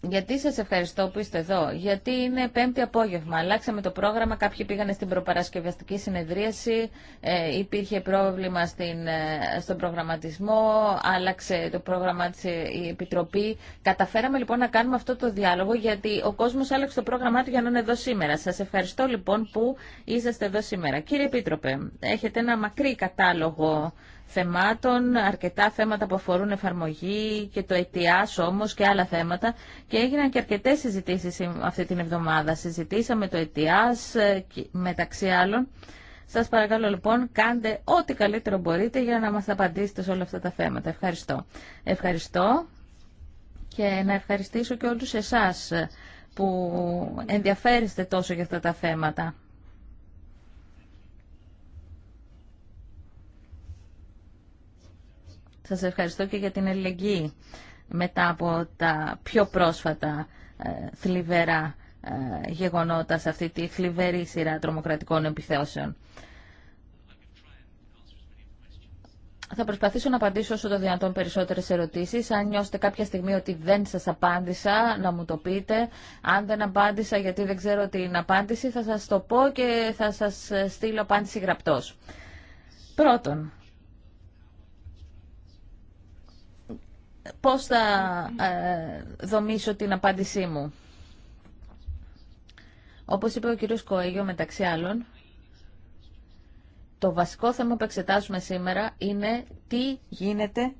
γιατί σα ευχαριστώ που είστε εδώ. Γιατί είναι πέμπτη απόγευμα. Αλλάξαμε το πρόγραμμα. Κάποιοι πήγαν στην προπαρασκευαστική συνεδρίαση. Ε, υπήρχε πρόβλημα ε, στον προγραμματισμό. Άλλαξε το πρόγραμμα της ε, η Επιτροπή. Καταφέραμε λοιπόν να κάνουμε αυτό το διάλογο γιατί ο κόσμο άλλαξε το πρόγραμμά του για να είναι εδώ σήμερα. Σα ευχαριστώ λοιπόν που είσαστε εδώ σήμερα. Κύριε Επίτροπε, έχετε ένα μακρύ κατάλογο θεμάτων, αρκετά θέματα που αφορούν εφαρμογή και το ETIAS όμως και άλλα θέματα και έγιναν και αρκετές συζητήσεις αυτή την εβδομάδα. Συζητήσαμε το ETIAS ε, μεταξύ άλλων. Σας παρακαλώ λοιπόν κάντε ό,τι καλύτερο μπορείτε για να μας απαντήσετε σε όλα αυτά τα θέματα. Ευχαριστώ. Ευχαριστώ και να ευχαριστήσω και όλους εσάς που ενδιαφέρεστε τόσο για αυτά τα θέματα. Σας ευχαριστώ και για την ελεγγύη μετά από τα πιο πρόσφατα ε, θλιβερά ε, γεγονότα σε αυτή τη θλιβερή σειρά τρομοκρατικών επιθέσεων. Θα προσπαθήσω να απαντήσω όσο το δυνατόν περισσότερε ερωτήσει. Αν νιώσετε κάποια στιγμή ότι δεν σα απάντησα, να μου το πείτε. Αν δεν απάντησα γιατί δεν ξέρω την απάντηση, θα σα το πω και θα σα ε, στείλω απάντηση γραπτό. Πρώτον, πώς θα ε, δομήσω την απάντησή μου. Όπως είπε ο κύριος Κοέγιο, μεταξύ άλλων, το βασικό θέμα που εξετάζουμε σήμερα είναι τι γίνεται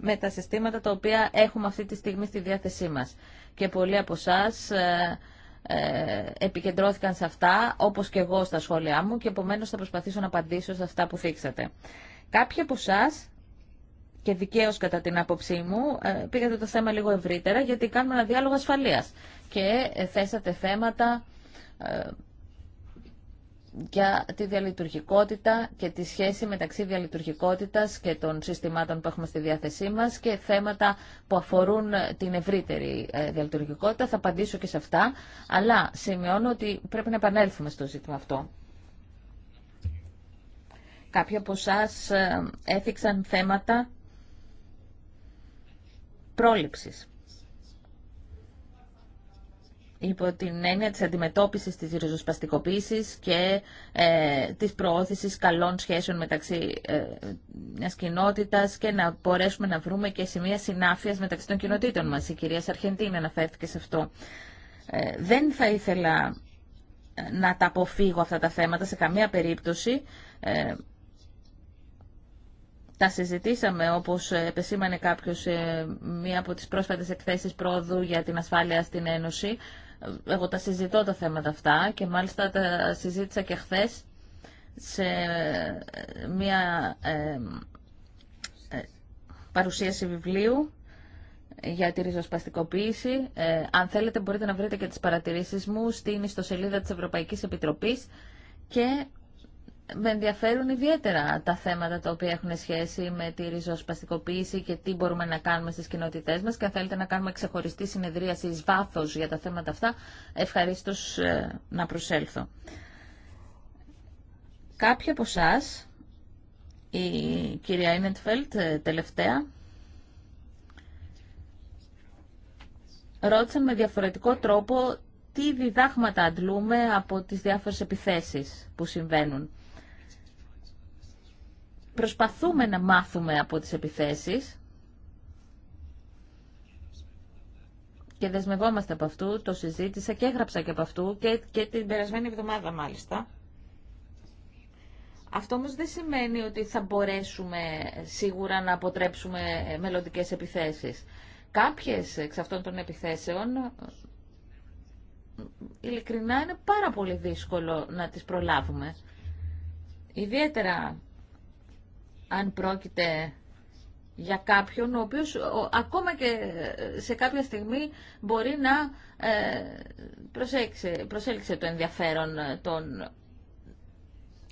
με τα συστήματα τα οποία έχουμε αυτή τη στιγμή στη διάθεσή μας. Και πολλοί από εσά ε, ε, επικεντρώθηκαν σε αυτά, όπως και εγώ στα σχόλιά μου, και επομένως θα προσπαθήσω να απαντήσω σε αυτά που θίξατε. Κάποιοι από εσά και δικαίω κατά την άποψή μου, ε, πήγατε το θέμα λίγο ευρύτερα γιατί κάνουμε ένα διάλογο ασφαλεία. και ε, θέσατε θέματα ε, για τη διαλειτουργικότητα και τη σχέση μεταξύ διαλειτουργικότητας και των συστημάτων που έχουμε στη διάθεσή μας και θέματα που αφορούν την ευρύτερη διαλειτουργικότητα. Θα απαντήσω και σε αυτά, αλλά σημειώνω ότι πρέπει να επανέλθουμε στο ζήτημα αυτό. Κάποιοι από εσά έθιξαν θέματα πρόληψης. Υπό την έννοια της αντιμετώπισης της ριζοσπαστικοποίησης και ε, της προώθησης καλών σχέσεων μεταξύ ε, μιας κοινότητας και να μπορέσουμε να βρούμε και σημεία συνάφειας μεταξύ των κοινοτήτων μας. Η κυρία Σαρχεντίνη αναφέρθηκε σε αυτό. Ε, δεν θα ήθελα ε, να τα αποφύγω αυτά τα θέματα σε καμία περίπτωση. Ε, τα συζητήσαμε, όπως επεσήμανε κάποιο σε μία από τις πρόσφατες εκθέσεις πρόοδου για την ασφάλεια στην Ένωση. Εγώ τα συζητώ τα θέματα αυτά και μάλιστα τα συζήτησα και χθε σε μία ε, ε, παρουσίαση βιβλίου για τη ριζοσπαστικοποίηση. Ε, αν θέλετε μπορείτε να βρείτε και τις παρατηρήσεις μου στην ιστοσελίδα της Ευρωπαϊκής Επιτροπής και με ενδιαφέρουν ιδιαίτερα τα θέματα τα οποία έχουν σχέση με τη ριζοσπαστικοποίηση και τι μπορούμε να κάνουμε στις κοινότητές μας και αν θέλετε να κάνουμε ξεχωριστή συνεδρίαση εις βάθος για τα θέματα αυτά, ευχαρίστως ε, να προσέλθω. Κάποιοι από εσά, η κυρία Ίνετφελτ ε, τελευταία, ρώτησαν με διαφορετικό τρόπο τι διδάγματα αντλούμε από τις διάφορες επιθέσεις που συμβαίνουν. Προσπαθούμε να μάθουμε από τις επιθέσεις και δεσμευόμαστε από αυτού, το συζήτησα και έγραψα και από αυτού και, την περασμένη εβδομάδα μάλιστα. Αυτό όμως δεν σημαίνει ότι θα μπορέσουμε σίγουρα να αποτρέψουμε μελλοντικές επιθέσεις. Κάποιες εξ αυτών των επιθέσεων, ειλικρινά είναι πάρα πολύ δύσκολο να τις προλάβουμε. Ιδιαίτερα αν πρόκειται για κάποιον ο οποίος ακόμα και σε κάποια στιγμή μπορεί να ε, προσέξε, προσέλξε το ενδιαφέρον των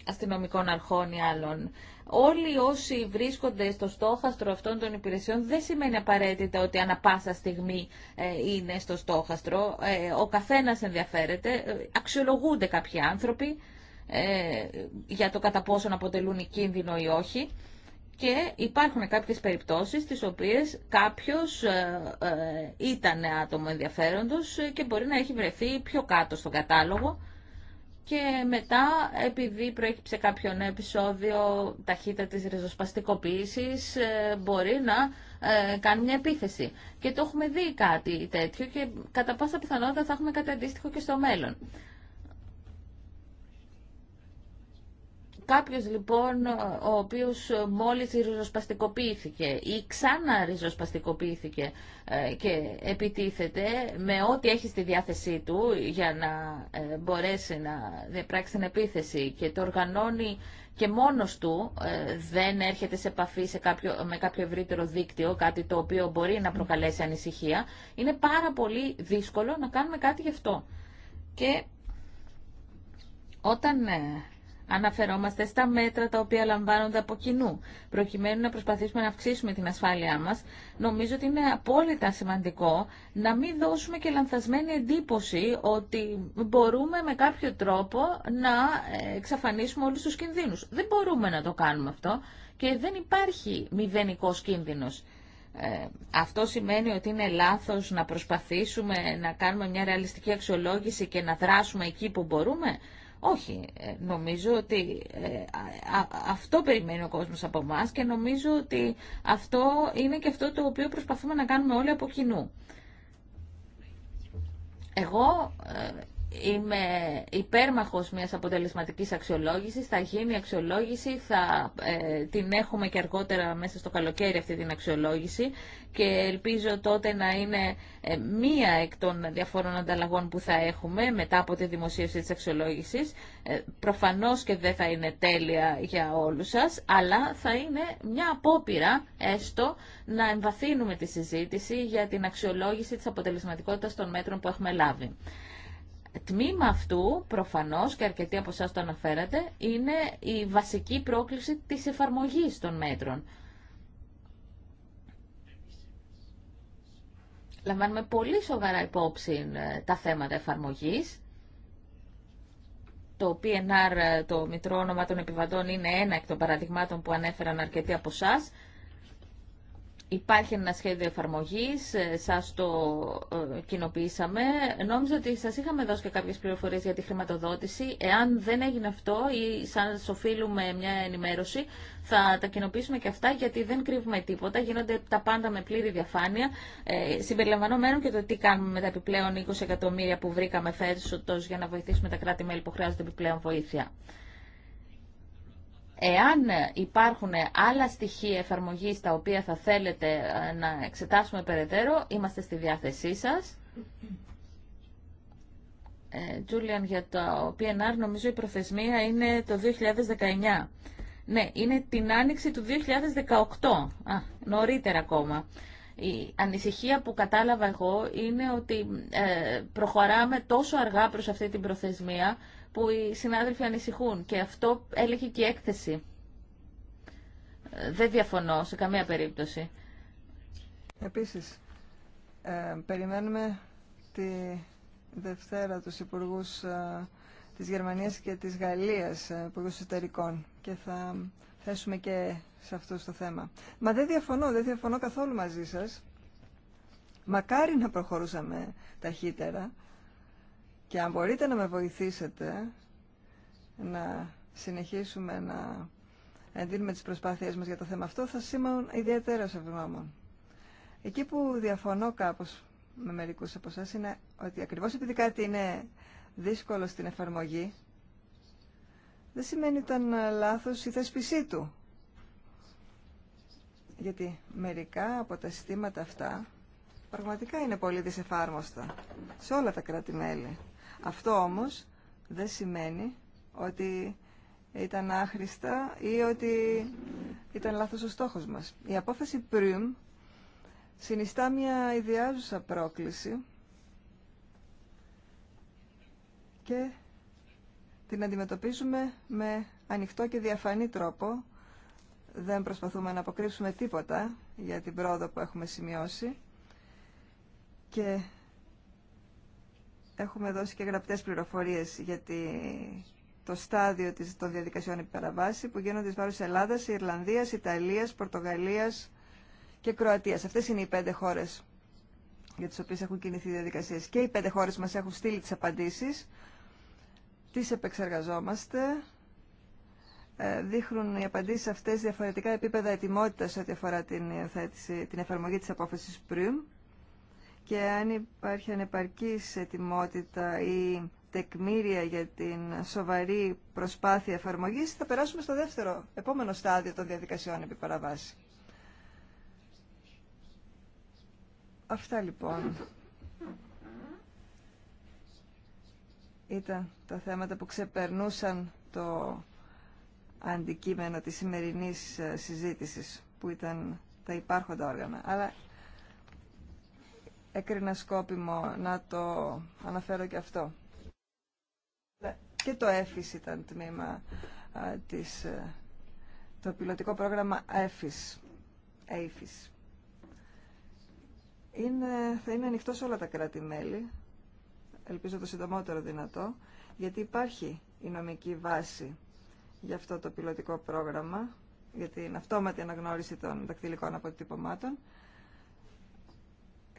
αστυνομικών αρχών ή άλλων. Όλοι όσοι βρίσκονται στο στόχαστρο αυτών των υπηρεσιών δεν σημαίνει απαραίτητα ότι ανα πάσα στιγμή ε, είναι στο στόχαστρο. Ε, ο καθένας ενδιαφέρεται, ε, αξιολογούνται κάποιοι άνθρωποι ε, για το κατά να αποτελούν κίνδυνο ή όχι. Και υπάρχουν κάποιες περιπτώσεις τις οποίες κάποιος ε, ε, ήταν άτομο ενδιαφέροντος και μπορεί να έχει βρεθεί πιο κάτω στον κατάλογο και μετά επειδή προέκυψε κάποιον επεισόδιο ταχύτητα της ριζοσπαστικοποίησης μπορεί να κάνει μια επίθεση. Και το έχουμε δει κάτι τέτοιο και κατά πάσα πιθανότητα θα έχουμε κάτι αντίστοιχο και στο μέλλον. Κάποιος λοιπόν ο οποίος μόλις ριζοσπαστικοποιήθηκε ή ξανά ριζοσπαστικοποιήθηκε ε, και επιτίθεται με ό,τι έχει στη διάθεσή του για να ε, μπορέσει να διαπράξει την επίθεση και το οργανώνει και μόνος του ε, δεν έρχεται σε επαφή σε κάποιο, με κάποιο ευρύτερο δίκτυο, κάτι το οποίο μπορεί να προκαλέσει ανησυχία, είναι πάρα πολύ δύσκολο να κάνουμε κάτι γι' αυτό. Και όταν Αναφερόμαστε στα μέτρα τα οποία λαμβάνονται από κοινού, προκειμένου να προσπαθήσουμε να αυξήσουμε την ασφάλειά μας. Νομίζω ότι είναι απόλυτα σημαντικό να μην δώσουμε και λανθασμένη εντύπωση ότι μπορούμε με κάποιο τρόπο να εξαφανίσουμε όλου του κίνδυνου. Δεν μπορούμε να το κάνουμε αυτό και δεν υπάρχει μηδενικό κίνδυνος. Ε, αυτό σημαίνει ότι είναι λάθος να προσπαθήσουμε να κάνουμε μια ρεαλιστική αξιολόγηση και να δράσουμε εκεί που μπορούμε. Όχι, ε, νομίζω ότι ε, αυτό περιμένει ο κόσμος από εμά και νομίζω ότι αυτό είναι και αυτό το οποίο προσπαθούμε να κάνουμε όλοι από κοινού. Εγώ ε, είμαι υπέρμαχος μιας αποτελεσματικής αξιολόγησης, θα γίνει αξιολόγηση, θα ε, την έχουμε και αργότερα μέσα στο καλοκαίρι αυτή την αξιολόγηση και ελπίζω τότε να είναι ε, μία εκ των διαφόρων ανταλλαγών που θα έχουμε μετά από τη δημοσίευση της αξιολόγησης. Ε, προφανώς και δεν θα είναι τέλεια για όλους σας, αλλά θα είναι μια απόπειρα έστω να εμβαθύνουμε τη συζήτηση για την αξιολόγηση της αποτελεσματικότητας των μέτρων που έχουμε λάβει τμήμα αυτού, προφανώς και αρκετοί από εσάς το αναφέρατε, είναι η βασική πρόκληση της εφαρμογής των μέτρων. Λαμβάνουμε πολύ σοβαρά υπόψη ε, τα θέματα εφαρμογής. Το PNR, ε, το μητρό όνομα των επιβατών, είναι ένα εκ των παραδειγμάτων που ανέφεραν αρκετοί από εσά Υπάρχει ένα σχέδιο εφαρμογής, ε, σας το ε, κοινοποιήσαμε. Νόμιζα ότι σας είχαμε δώσει και κάποιες πληροφορίες για τη χρηματοδότηση. Εάν δεν έγινε αυτό ή σας οφείλουμε μια ενημέρωση, θα τα κοινοποιήσουμε και αυτά γιατί δεν κρύβουμε τίποτα. Γίνονται τα πάντα με πλήρη διαφάνεια, ε, και το τι κάνουμε με τα επιπλέον 20 εκατομμύρια που βρήκαμε φέτο για να βοηθήσουμε τα κράτη-μέλη που χρειάζονται επιπλέον βοήθεια. Εάν υπάρχουν άλλα στοιχεία εφαρμογής τα οποία θα θέλετε ε, να εξετάσουμε περαιτέρω, είμαστε στη διάθεσή σας. Ε, Τζούλιαν, για το PNR νομίζω η προθεσμία είναι το 2019. Ναι, είναι την άνοιξη του 2018. Α, νωρίτερα ακόμα. Η ανησυχία που κατάλαβα εγώ είναι ότι ε, προχωράμε τόσο αργά προς αυτή την προθεσμία που οι συνάδελφοι ανησυχούν και αυτό έλεγε και η έκθεση. Δεν διαφωνώ σε καμία περίπτωση. Επίσης, ε, περιμένουμε τη Δευτέρα τους Υπουργούς ε, της Γερμανίας και της Γαλλίας, ε, Υπουργούς Εσωτερικών και θα θέσουμε και σε αυτό το θέμα. Μα δεν διαφωνώ, δεν διαφωνώ καθόλου μαζί σας. Μακάρι να προχωρούσαμε ταχύτερα, και αν μπορείτε να με βοηθήσετε να συνεχίσουμε να εντείνουμε τις προσπάθειές μας για το θέμα αυτό, θα σήμαν ιδιαίτερα σε ευγνώμων. Εκεί που διαφωνώ κάπως με μερικούς από εσάς είναι ότι ακριβώς επειδή κάτι είναι δύσκολο στην εφαρμογή, δεν σημαίνει ότι ήταν λάθος η θέσπισή του. Γιατί μερικά από τα συστήματα αυτά πραγματικά είναι πολύ δυσεφάρμοστα σε όλα τα κράτη-μέλη. Αυτό όμως δεν σημαίνει ότι ήταν άχρηστα ή ότι ήταν λάθος ο στόχος μας. Η απόφαση πριν συνιστά μια ιδιάζουσα πρόκληση και την αντιμετωπίζουμε με ανοιχτό και διαφανή τρόπο. Δεν προσπαθούμε να αποκρύψουμε τίποτα για την πρόοδο που έχουμε σημειώσει και έχουμε δώσει και γραπτές πληροφορίες για το στάδιο της, των διαδικασιών υπεραβάση που γίνονται εις βάρος Ελλάδας, Ιρλανδίας, Ιταλίας, Πορτογαλίας και Κροατίας. Αυτές είναι οι πέντε χώρες για τις οποίες έχουν κινηθεί οι διαδικασίες. Και οι πέντε χώρες μας έχουν στείλει τις απαντήσεις, τις επεξεργαζόμαστε. Ε, δείχνουν οι απαντήσεις αυτές διαφορετικά επίπεδα ετοιμότητας ό,τι αφορά την, ε, την εφαρμογή της απόφασης πριν και αν υπάρχει ανεπαρκής ετοιμότητα ή τεκμήρια για την σοβαρή προσπάθεια εφαρμογής, θα περάσουμε στο δεύτερο, επόμενο στάδιο των διαδικασιών επί παραβάση. Αυτά λοιπόν ήταν τα θέματα που ξεπερνούσαν το αντικείμενο της σημερινής ε, συζήτησης που ήταν τα υπάρχοντα όργανα. Αλλά έκρινα σκόπιμο να το αναφέρω και αυτό. Και το ΕΦΙΣ ήταν τμήμα της, ε, το πιλωτικό πρόγραμμα ΕΦΙΣ. ΕΦΙΣ. θα είναι ανοιχτό σε όλα τα κράτη-μέλη, ελπίζω το συντομότερο δυνατό, γιατί υπάρχει η νομική βάση για αυτό το πιλωτικό πρόγραμμα, για την αυτόματη αναγνώριση των δακτυλικών αποτυπωμάτων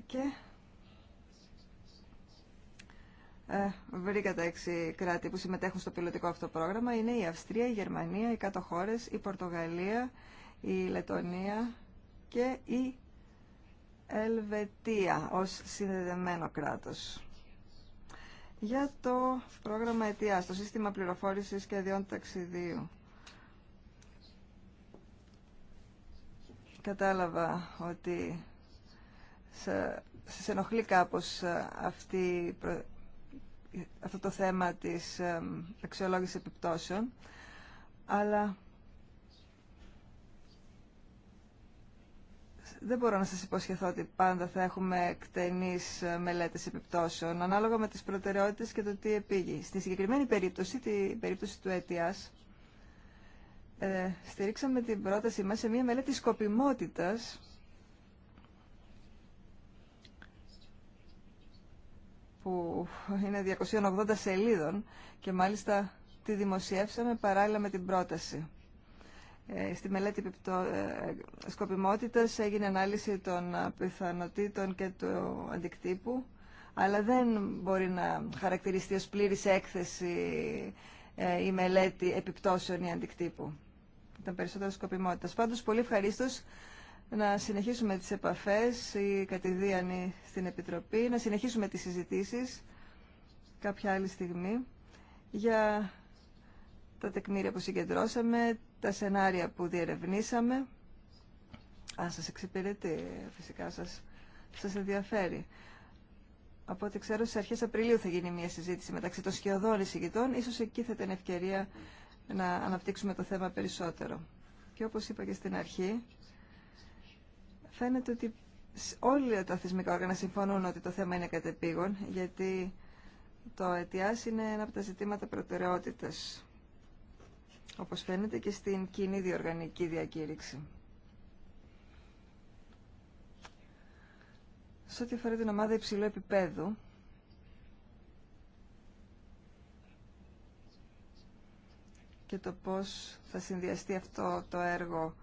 και ε, βρήκα τα έξι κράτη που συμμετέχουν στο πιλωτικό αυτό πρόγραμμα. Είναι η Αυστρία, η Γερμανία, οι κάτω χώρες, η Πορτογαλία, η Λετωνία και η Ελβετία ως συνδεδεμένο κράτος. Για το πρόγραμμα ΕΤΙΑ, το σύστημα πληροφόρησης και αδειών ταξιδίου. Κατάλαβα ότι σε ενοχλεί κάπως ε, αυτή, αυτό το θέμα της ε, αξιολόγησης επιπτώσεων, αλλά δεν μπορώ να σας υποσχεθώ ότι πάντα θα έχουμε εκτενείς ε, μελέτες επιπτώσεων, ανάλογα με τις προτεραιότητες και το τι επήγει. Στη συγκεκριμένη περίπτωση, την περίπτωση του αιτίας, ε, στηρίξαμε την πρότασή μας σε μια μελέτη σκοπιμότητας που είναι 280 σελίδων και μάλιστα τη δημοσιεύσαμε παράλληλα με την πρόταση. Ε, στη μελέτη ε, σκοπιμότητας έγινε ανάλυση των πιθανότητων και του αντικτύπου, αλλά δεν μπορεί να χαρακτηριστεί ως πλήρης έκθεση ε, η μελέτη επιπτώσεων ή αντικτύπου. Ήταν περισσότερο σκοπιμότητας. Πάντως, πολύ ευχαρίστως να συνεχίσουμε τις επαφές ή κατηδίαν στην Επιτροπή, να συνεχίσουμε τις συζητήσεις κάποια άλλη στιγμή για τα τεκμήρια που συγκεντρώσαμε, τα σενάρια που διερευνήσαμε. Αν σας εξυπηρετεί, φυσικά σας, σας ενδιαφέρει. Από ό,τι ξέρω, στις αρχές Απριλίου θα γίνει μια συζήτηση μεταξύ των σκιωδών εισηγητών. Ίσως εκεί θα ήταν ευκαιρία να αναπτύξουμε το θέμα περισσότερο. Και όπως είπα και στην αρχή, Φαίνεται ότι όλοι τα θεσμικά όργανα συμφωνούν ότι το θέμα είναι κατεπήγον, γιατί το ΕΤΙΑΣ είναι ένα από τα ζητήματα προτεραιότητας, όπως φαίνεται και στην κοινή διοργανική διακήρυξη. Σε ό,τι αφορά την ομάδα υψηλού επίπεδου, και το πώς θα συνδυαστεί αυτό το έργο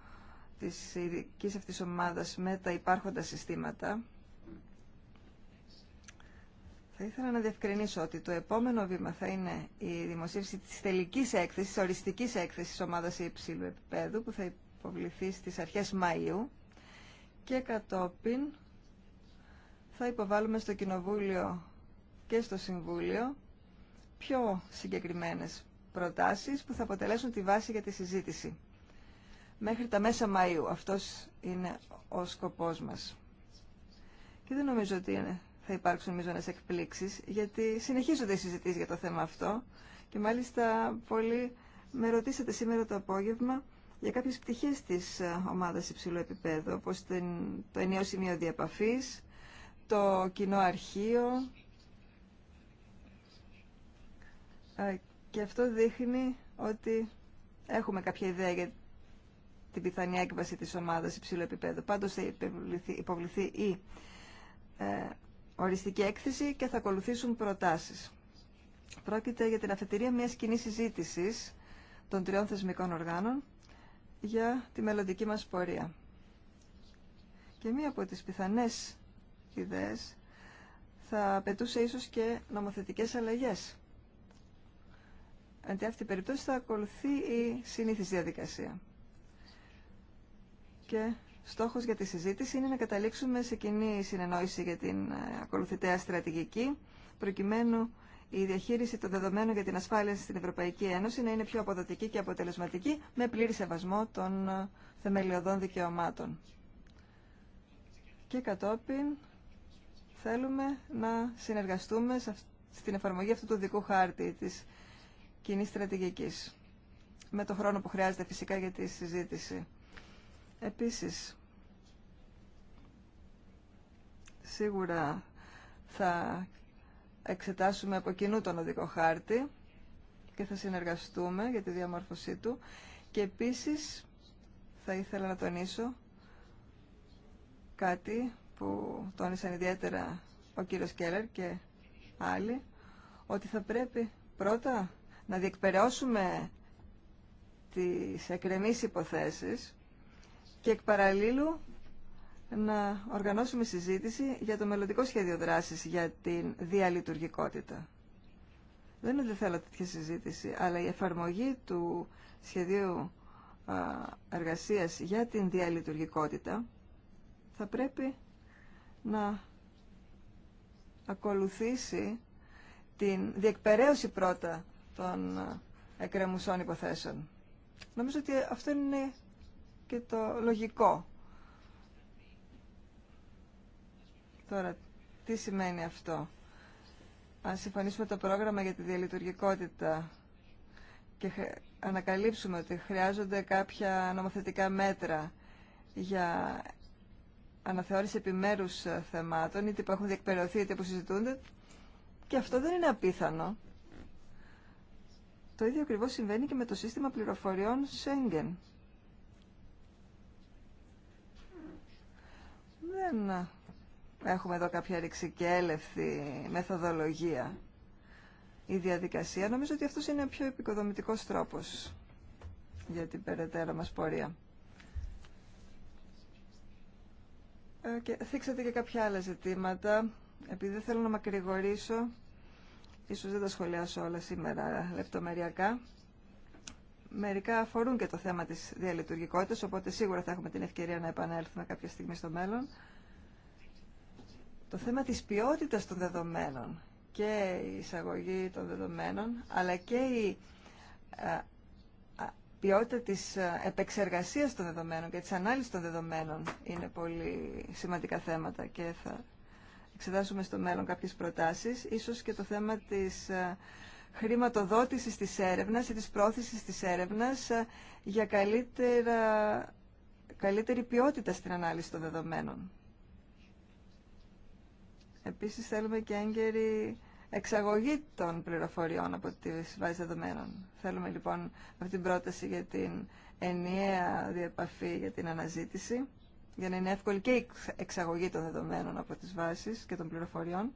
της ειδικής αυτής ομάδας με τα υπάρχοντα συστήματα, θα ήθελα να διευκρινίσω ότι το επόμενο βήμα θα είναι η δημοσίευση της τελικής έκθεσης, οριστικής έκθεσης ομάδας υψηλού επίπεδου που θα υποβληθεί στις αρχές Μαΐου και κατόπιν θα υποβάλουμε στο Κοινοβούλιο και στο Συμβούλιο πιο συγκεκριμένες προτάσεις που θα αποτελέσουν τη βάση για τη συζήτηση μέχρι τα μέσα Μαΐου. Αυτός είναι ο σκοπός μας. Και δεν νομίζω ότι θα υπάρξουν μείζονες εκπλήξεις, γιατί συνεχίζονται οι συζητήσεις για το θέμα αυτό και μάλιστα πολύ με ρωτήσατε σήμερα το απόγευμα για κάποιες πτυχές της ε, ομάδας υψηλού επίπεδου, όπως το ενιαίο σημείο διαπαφής, το κοινό αρχείο ε, και αυτό δείχνει ότι έχουμε κάποια ιδέα για την πιθανή έκβαση της ομάδας υψηλού επίπεδου. Πάντως θα υποβληθεί, η ε, οριστική έκθεση και θα ακολουθήσουν προτάσεις. Πρόκειται για την αφετηρία μιας κοινή συζήτηση των τριών θεσμικών οργάνων για τη μελλοντική μας πορεία. Και μία από τις πιθανές ιδέες θα απαιτούσε ίσως και νομοθετικές αλλαγές. Αντί αυτή περίπτωση θα ακολουθεί η διαδικασία και στόχος για τη συζήτηση είναι να καταλήξουμε σε κοινή συνεννόηση για την ε, ακολουθητέα στρατηγική, προκειμένου η διαχείριση των δεδομένων για την ασφάλεια στην Ευρωπαϊκή Ένωση να είναι πιο αποδοτική και αποτελεσματική, με πλήρη σεβασμό των ε, θεμελιωδών δικαιωμάτων. Και κατόπιν θέλουμε να συνεργαστούμε στην εφαρμογή αυτού του δικού χάρτη της κοινή στρατηγικής, με το χρόνο που χρειάζεται φυσικά για τη συζήτηση. Επίσης, σίγουρα θα εξετάσουμε από κοινού τον οδικό χάρτη και θα συνεργαστούμε για τη διαμόρφωσή του. Και επίσης θα ήθελα να τονίσω κάτι που τόνισαν ιδιαίτερα ο κύριος Κέλλερ και άλλοι, ότι θα πρέπει πρώτα να διεκπαιρεώσουμε τις εκκρεμείς υποθέσεις και εκ παραλίλου να οργανώσουμε συζήτηση για το μελλοντικό σχέδιο δράσης για την διαλειτουργικότητα. Δεν είναι ότι θέλω τέτοια συζήτηση, αλλά η εφαρμογή του σχεδίου εργασίας για την διαλειτουργικότητα θα πρέπει να ακολουθήσει την διεκπαιρέωση πρώτα των εκκρεμουσών υποθέσεων. Νομίζω ότι αυτό είναι και το λογικό. Τώρα, τι σημαίνει αυτό. Αν συμφωνήσουμε το πρόγραμμα για τη διαλειτουργικότητα και ανακαλύψουμε ότι χρειάζονται κάποια νομοθετικά μέτρα για αναθεώρηση επιμέρους ε, θεμάτων, είτε που έχουν διεκπαιρεωθεί είτε που συζητούνται, και αυτό δεν είναι απίθανο. Το ίδιο ακριβώς συμβαίνει και με το σύστημα πληροφοριών Schengen. δεν έχουμε εδώ κάποια ρηξικέλευθη μεθοδολογία η διαδικασία. Νομίζω ότι αυτός είναι ο πιο επικοδομητικός τρόπος για την περαιτέρω μας πορεία. Ε, και θίξατε και κάποια άλλα ζητήματα. Επειδή δεν θέλω να μακρηγορήσω, ίσως δεν τα σχολιάσω όλα σήμερα λεπτομεριακά. Μερικά αφορούν και το θέμα της διαλειτουργικότητας, οπότε σίγουρα θα έχουμε την ευκαιρία να επανέλθουμε κάποια στιγμή στο μέλλον. Το θέμα της ποιότητας των δεδομένων και η εισαγωγή των δεδομένων, αλλά και η ε, ποιότητα της ε, επεξεργασίας των δεδομένων και της ανάλυσης των δεδομένων είναι πολύ σημαντικά θέματα και θα εξετάσουμε στο μέλλον κάποιες προτάσεις, ίσως και το θέμα της ε, χρηματοδότησης της έρευνας ή της πρόθεσης της έρευνας για καλύτερα, καλύτερη ποιότητα στην ανάλυση των δεδομένων. Επίσης θέλουμε και έγκαιρη εξαγωγή των πληροφοριών από τις βάσεις δεδομένων. Θέλουμε λοιπόν αυτή την πρόταση για την ενιαία διαπαφή για την αναζήτηση, για να είναι εύκολη και η εξαγωγή των δεδομένων από τις βάσεις και των πληροφοριών.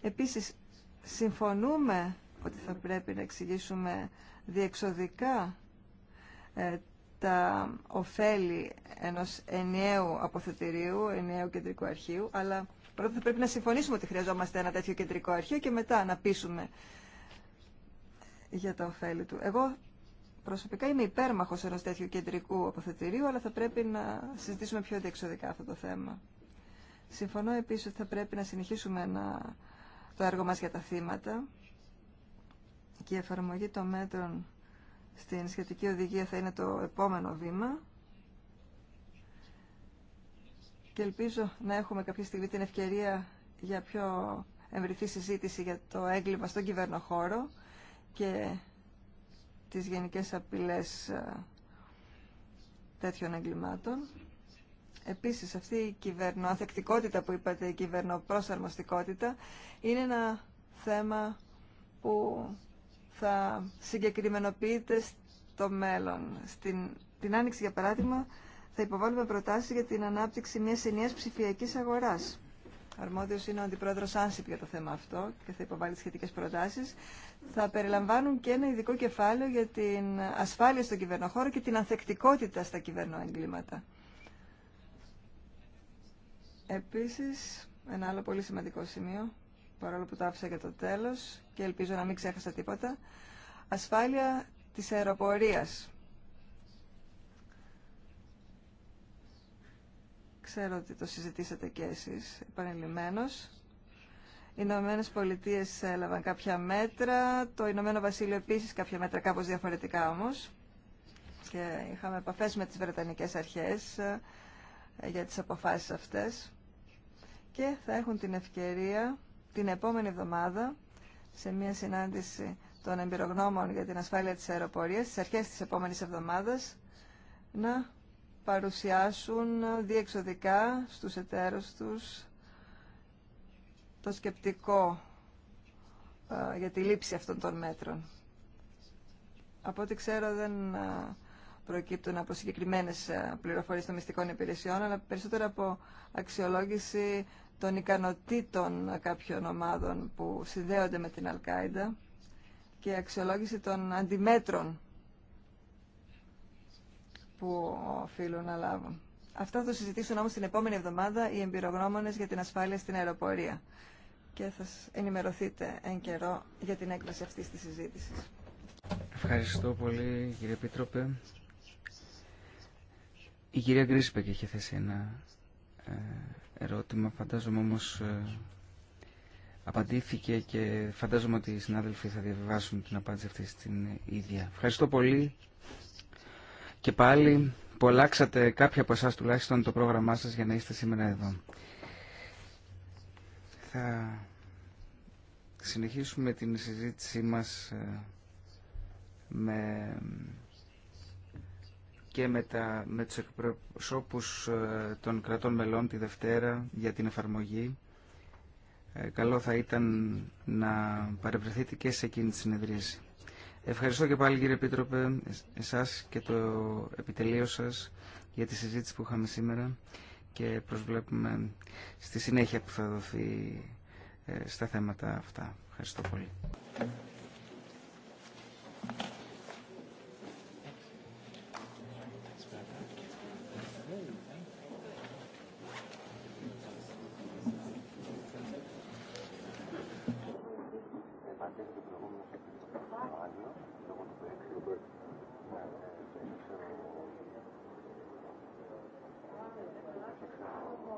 Επίσης, συμφωνούμε ότι θα πρέπει να εξηγήσουμε διεξοδικά ε, τα ωφέλη ενός ενιαίου αποθετηρίου, ενιαίου κεντρικού αρχείου, αλλά πρώτα θα πρέπει να συμφωνήσουμε ότι χρειαζόμαστε ένα τέτοιο κεντρικό αρχείο και μετά να πείσουμε για τα ωφέλη του. Εγώ προσωπικά είμαι υπέρμαχος ενός τέτοιου κεντρικού αποθετηρίου, αλλά θα πρέπει να συζητήσουμε πιο διεξοδικά αυτό το θέμα. Συμφωνώ επίσης ότι θα πρέπει να συνεχίσουμε να... το έργο μας για τα θύματα και η εφαρμογή των μέτρων στην σχετική οδηγία θα είναι το επόμενο βήμα και ελπίζω να έχουμε κάποια στιγμή την ευκαιρία για πιο εμβριθή συζήτηση για το έγκλημα στον κυβερνοχώρο και τις γενικές απειλές ε, τέτοιων εγκλημάτων. Επίσης, αυτή η κυβερνοαθεκτικότητα που είπατε, η κυβερνοπροσαρμοστικότητα, είναι ένα θέμα που θα συγκεκριμενοποιείται στο μέλλον. Στην, την Άνοιξη, για παράδειγμα, θα υποβάλουμε προτάσεις για την ανάπτυξη μιας ενιαίας ψηφιακής αγοράς. Αρμόδιος είναι ο Αντιπρόεδρος Άνσιπ για το θέμα αυτό και θα υποβάλει σχετικές προτάσεις. Θα περιλαμβάνουν και ένα ειδικό κεφάλαιο για την ασφάλεια στον κυβερνοχώρο και την ανθεκτικότητα στα κυβερνοεγκλήματα. Επίσης, ένα άλλο πολύ σημαντικό σημείο παρόλο που το άφησα για το τέλος και ελπίζω να μην ξέχασα τίποτα. Ασφάλεια της αεροπορίας. Ξέρω ότι το συζητήσατε και εσείς επανελειμμένως. Οι Ηνωμένε Πολιτείε έλαβαν κάποια μέτρα, το Ηνωμένο Βασίλειο επίσης κάποια μέτρα, κάπως διαφορετικά όμως. Και είχαμε επαφές με τις Βρετανικές αρχές ε, για τις αποφάσεις αυτές. Και θα έχουν την ευκαιρία την επόμενη εβδομάδα σε μια συνάντηση των εμπειρογνώμων για την ασφάλεια της αεροπορίας στις αρχές της επόμενης εβδομάδας να παρουσιάσουν διεξοδικά στους εταίρους τους το σκεπτικό ε, για τη λήψη αυτών των μέτρων. Από ό,τι ξέρω δεν ε, προκύπτουν από συγκεκριμένε ε, πληροφορίες των μυστικών υπηρεσιών, αλλά περισσότερο από αξιολόγηση των ικανοτήτων κάποιων ομάδων που συνδέονται με την Αλκάιντα και αξιολόγηση των αντιμέτρων που οφείλουν να λάβουν. Αυτά θα το συζητήσουν όμως την επόμενη εβδομάδα οι εμπειρογνώμονες για την ασφάλεια στην αεροπορία και θα ενημερωθείτε εν καιρό για την έκβαση αυτής της συζήτησης. Ευχαριστώ πολύ κύριε Επίτροπε. Η κυρία Γκρίσπεκ είχε θέσει ένα ε, ερώτημα. Φαντάζομαι όμως ε, απαντήθηκε και φαντάζομαι ότι οι συνάδελφοι θα διαβιβάσουν την απάντηση αυτή στην ίδια. Ευχαριστώ πολύ και πάλι που αλλάξατε κάποια από εσά τουλάχιστον το πρόγραμμά σας για να είστε σήμερα εδώ. Θα συνεχίσουμε την συζήτησή μας ε, με και με, τα, με τους εκπροσώπους ε, των κρατών μελών τη Δευτέρα για την εφαρμογή. Ε, καλό θα ήταν να παρευρεθείτε και σε εκείνη τη συνεδρίαση. Ευχαριστώ και πάλι κύριε Επίτροπε, εσάς και το επιτελείο σας για τη συζήτηση που είχαμε σήμερα και προσβλέπουμε στη συνέχεια που θα δοθεί ε, στα θέματα αυτά. Ευχαριστώ πολύ.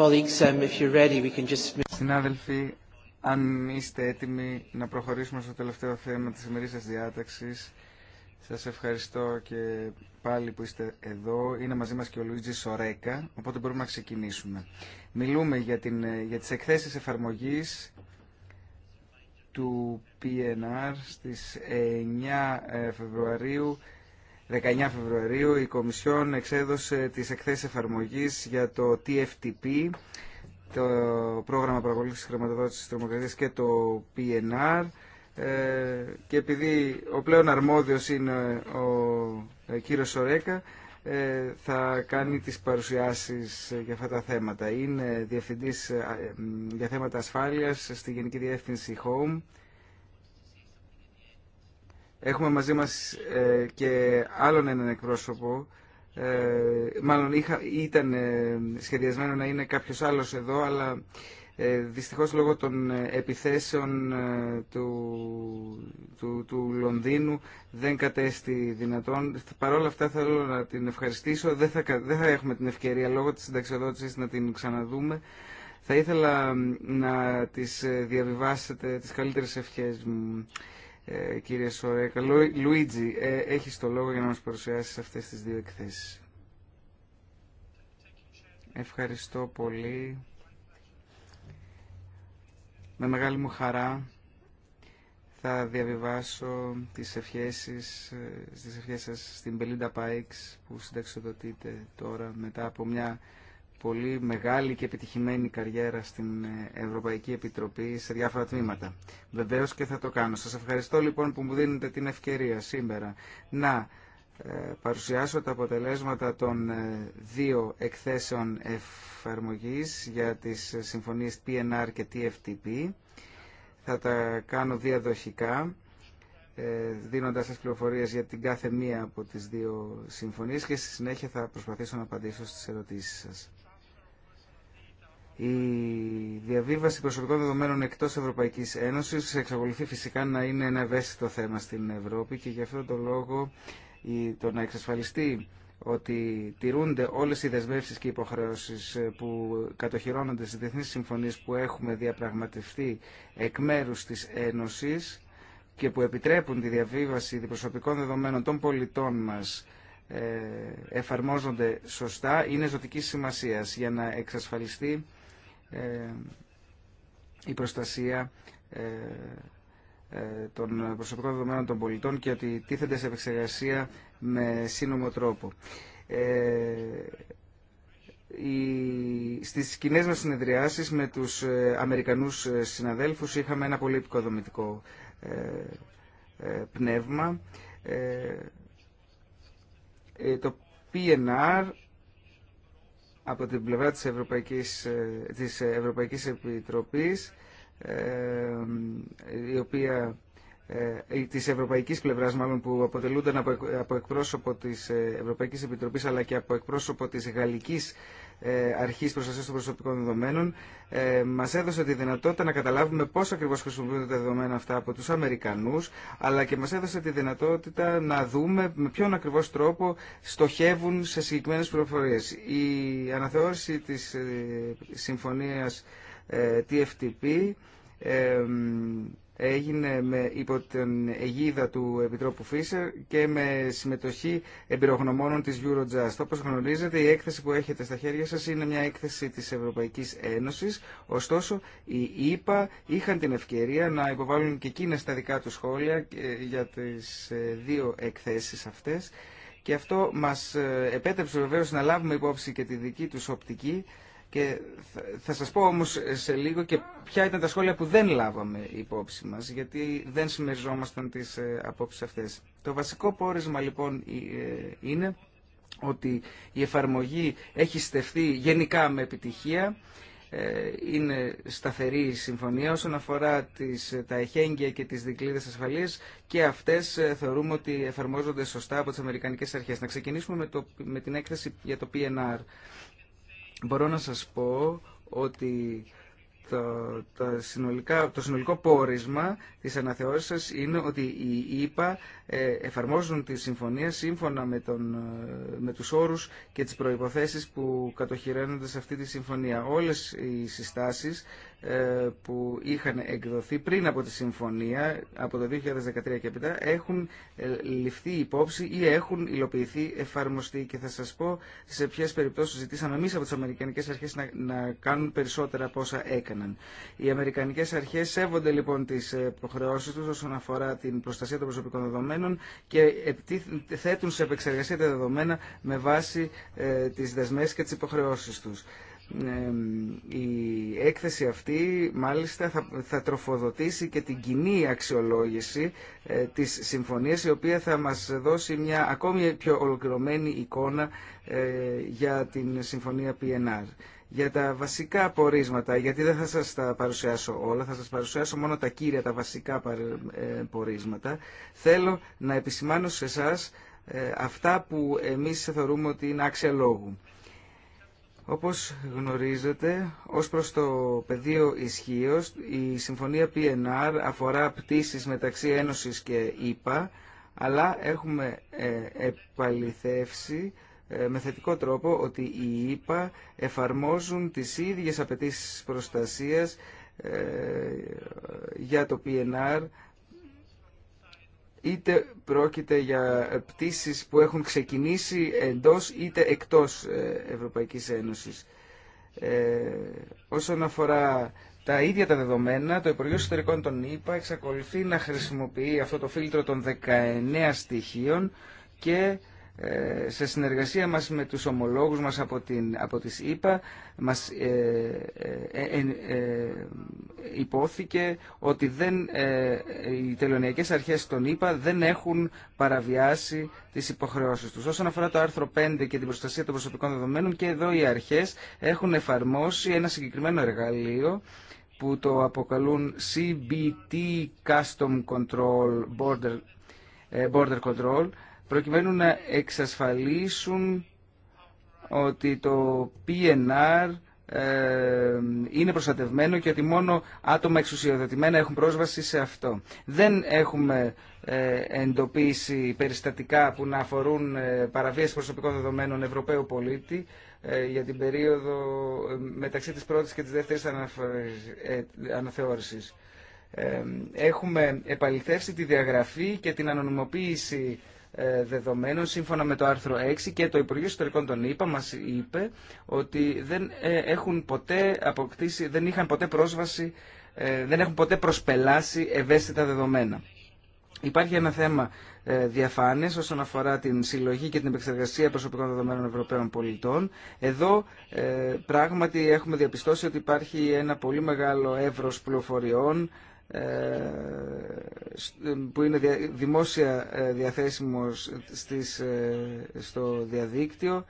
Um, Συνάδελφοι, αν είστε έτοιμοι να προχωρήσουμε στο τελευταίο θέμα της σας διάταξης, σας ευχαριστώ και πάλι που είστε εδώ. Είναι μαζί μας και ο Λουίτζι Σορέκα, οπότε μπορούμε να ξεκινήσουμε. Μιλούμε για, την, ε, για τις εκθέσεις εφαρμογής του PNR στις 9 ε, Φεβρουαρίου 19 Φεβρουαρίου η Κομισιόν εξέδωσε τις εκθέσεις εφαρμογής για το TFTP, το πρόγραμμα παρακολούθησης χρηματοδότησης τρομοκρατίας και το PNR ε, και επειδή ο πλέον αρμόδιος είναι ο ε, κύριος Σορέκα ε, θα κάνει τις παρουσιάσεις για αυτά τα θέματα. Είναι διευθυντής για θέματα ασφάλειας στη Γενική Διεύθυνση HOME Έχουμε μαζί μας ε, και άλλον έναν εκπρόσωπο. Ε, μάλλον ήταν ε, σχεδιασμένο να είναι κάποιος άλλος εδώ, αλλά ε, δυστυχώς λόγω των επιθέσεων του, του, του Λονδίνου δεν κατέστη δυνατόν. Παρ' όλα αυτά θέλω να την ευχαριστήσω. Δεν θα, δεν θα έχουμε την ευκαιρία λόγω της συνταξιοδότησης να την ξαναδούμε. Θα ήθελα να της διαβιβάσετε τις καλύτερες ευχές μου. Ε, κύριε Σορέκα. Λουίτζι, ε, έχεις το λόγο για να μας παρουσιάσει αυτές τις δύο εκθέσεις. Ευχαριστώ πολύ. Με μεγάλη μου χαρά θα διαβιβάσω τις ευχές, ε, τις ευχές σας στην Πελίντα Πάιξ που συνταξιοδοτείται τώρα μετά από μια πολύ μεγάλη και επιτυχημένη καριέρα στην Ευρωπαϊκή Επιτροπή σε διάφορα τμήματα. Βεβαίω και θα το κάνω. Σας ευχαριστώ λοιπόν που μου δίνετε την ευκαιρία σήμερα να ε, παρουσιάσω τα αποτελέσματα των ε, δύο εκθέσεων εφαρμογής για τις συμφωνίες PNR και TFTP. Θα τα κάνω διαδοχικά ε, δίνοντας σας πληροφορίες για την κάθε μία από τις δύο συμφωνίες και στη συνέχεια θα προσπαθήσω να απαντήσω στις ερωτήσεις σας. Η διαβίβαση προσωπικών δεδομένων εκτό Ευρωπαϊκή Ένωση εξακολουθεί φυσικά να είναι ένα ευαίσθητο θέμα στην Ευρώπη και γι' αυτόν τον λόγο το να εξασφαλιστεί ότι τηρούνται όλε οι δεσμεύσει και υποχρεώσει ε, που κατοχυρώνονται στι διεθνεί συμφωνίε που έχουμε διαπραγματευτεί εκ μέρου της Ένωσης και που επιτρέπουν τη διαβίβαση προσωπικών δεδομένων των πολιτών μα, ε, εφαρμόζονται σωστά είναι ζωτική σημασία για να εξασφαλιστεί ε, η προστασία ε, ε, των προσωπικών δεδομένων των πολιτών και ότι τίθενται σε επεξεργασία με σύνομο τρόπο. Οι, στις κοινέ μας συνεδριάσεις με τους Αμερικανούς συναδέλφους είχαμε ένα πολύ επικοδομητικό πνεύμα. το PNR από την πλευρά της Ευρωπαϊκής, ε, της Ευρωπαϊκής Επιτροπής ε, η οποία ε, της ευρωπαϊκής πλευράς μάλλον που αποτελούνταν από εκπρόσωπο της Ευρωπαϊκής Επιτροπής αλλά και από εκπρόσωπο της γαλλικής ε, αρχής προστασία των Προσωπικών Δεδομένων ε, μας έδωσε τη δυνατότητα να καταλάβουμε πώ ακριβώς χρησιμοποιούνται τα δεδομένα αυτά από τους Αμερικανούς αλλά και μας έδωσε τη δυνατότητα να δούμε με ποιον ακριβώς τρόπο στοχεύουν σε συγκεκριμένες πληροφορίε. Η αναθεώρηση της ε, συμφωνίας TFTP έγινε με, υπό την αιγίδα του Επιτρόπου Φίσερ και με συμμετοχή εμπειρογνωμόνων της Eurojust. Όπως γνωρίζετε, η έκθεση που έχετε στα χέρια σας είναι μια έκθεση της Ευρωπαϊκής Ένωσης. Ωστόσο, οι ΗΠΑ είχαν την ευκαιρία να υποβάλουν και εκείνες τα δικά του σχόλια για τις ε, δύο εκθέσεις αυτές. Και αυτό μας ε, επέτρεψε βεβαίως να λάβουμε υπόψη και τη δική τους οπτική και θα σας πω όμως σε λίγο και ποια ήταν τα σχόλια που δεν λάβαμε υπόψη μας, γιατί δεν συμμεριζόμασταν τις ε, απόψεις αυτές. Το βασικό πόρισμα λοιπόν ε, είναι ότι η εφαρμογή έχει στεφθεί γενικά με επιτυχία, ε, είναι σταθερή η συμφωνία όσον αφορά τις, τα εχέγγυα και τις δικλείδες ασφαλείας και αυτές θεωρούμε ότι εφαρμόζονται σωστά από τις Αμερικανικές Αρχές. Να ξεκινήσουμε με, το, με την έκθεση για το PNR μπορώ να σας πω ότι το, το, συνολικά, το συνολικό πόρισμα της αναθεώρησης είναι ότι οι ΙΠΑ ε, εφαρμόζουν τη συμφωνία σύμφωνα με, τον, ε, με τους όρους και τις προϋποθέσεις που κατοχυρένονται σε αυτή τη συμφωνία. Όλες οι συστάσεις ε, που είχαν εκδοθεί πριν από τη συμφωνία από το 2013 και έπειτα έχουν ε, ληφθεί υπόψη ή έχουν υλοποιηθεί εφαρμοστεί και θα σας πω σε ποιες περιπτώσεις ζητήσαμε εμείς από τις Αμερικανικές Αρχές να, κάνουν περισσότερα από όσα έκαναν. Οι Αμερικανικές Αρχές σέβονται λοιπόν τις ε, προχρεώσεις τους όσον αφορά την προστασία των προσωπικών δεδομένων και θέτουν σε επεξεργασία τα δεδομένα με βάση ε, τις δεσμές και τις υποχρεώσεις τους. Ε, η έκθεση αυτή μάλιστα θα, θα τροφοδοτήσει και την κοινή αξιολόγηση ε, της συμφωνίας η οποία θα μας δώσει μια ακόμη πιο ολοκληρωμένη εικόνα ε, για την συμφωνία PNR. Για τα βασικά πορίσματα, γιατί δεν θα σας τα παρουσιάσω όλα, θα σας παρουσιάσω μόνο τα κύρια, τα βασικά πορίσματα, θέλω να επισημάνω σε εσά αυτά που εμείς θεωρούμε ότι είναι άξια λόγου. Όπως γνωρίζετε, ως προς το πεδίο ισχύω, η Συμφωνία PNR αφορά πτήσεις μεταξύ Ένωσης και ίπα αλλά έχουμε ε, επαληθεύσει ε, με θετικό τρόπο ότι οι ίπα εφαρμόζουν τις ίδιες απαιτήσεις προστασίας ε, για το PNR είτε πρόκειται για πτήσεις που έχουν ξεκινήσει εντός είτε εκτός ε, Ευρωπαϊκής Ένωσης. Ε, όσον αφορά τα ίδια τα δεδομένα, το Υπουργείο Συντερικών των ΗΠΑ εξακολουθεί να χρησιμοποιεί αυτό το φίλτρο των 19 στοιχείων και ε, σε συνεργασία μας με τους ομολόγους μας από, την, από τις ΙΠΑ, μας ε, ε, ε, υπόθηκε ότι δεν, οι τελωνιακές αρχές των ΙΠΑ δεν έχουν παραβιάσει τις υποχρεώσεις τους. Όσον αφορά το άρθρο 5 και την προστασία των προσωπικών δεδομένων και εδώ οι αρχές έχουν εφαρμόσει ένα συγκεκριμένο εργαλείο που το αποκαλούν CBT Custom Control Border, Border Control προκειμένου να εξασφαλίσουν ότι το PNR ε, είναι προστατευμένο και ότι μόνο άτομα εξουσιοδοτημένα έχουν πρόσβαση σε αυτό. Δεν έχουμε ε, εντοπίσει περιστατικά που να αφορούν ε, παραβίαση προσωπικών δεδομένων Ευρωπαίου πολίτη για την περίοδο μεταξύ της πρώτης και της δεύτερης αναθεώρησης. Έχουμε επαληθεύσει τη διαγραφή και την ανωνυμοποίηση ε, δεδομένων σύμφωνα με το άρθρο 6 και το Υπουργείο Ιστορικών των ΗΠΑ μας είπε ότι δεν, ε, έχουν ποτέ αποκτήσει, δεν είχαν ποτέ πρόσβαση, ε, δεν έχουν ποτέ προσπελάσει ευαίσθητα δεδομένα. Υπάρχει ένα θέμα διαφάνειας όσον αφορά την συλλογή και την επεξεργασία προσωπικών δεδομένων Ευρωπαίων πολιτών. Εδώ πράγματι έχουμε διαπιστώσει ότι υπάρχει ένα πολύ μεγάλο εύρος πληροφοριών ε, που είναι δημόσια ε, διαθέσιμος στις, ε, στο διαδίκτυο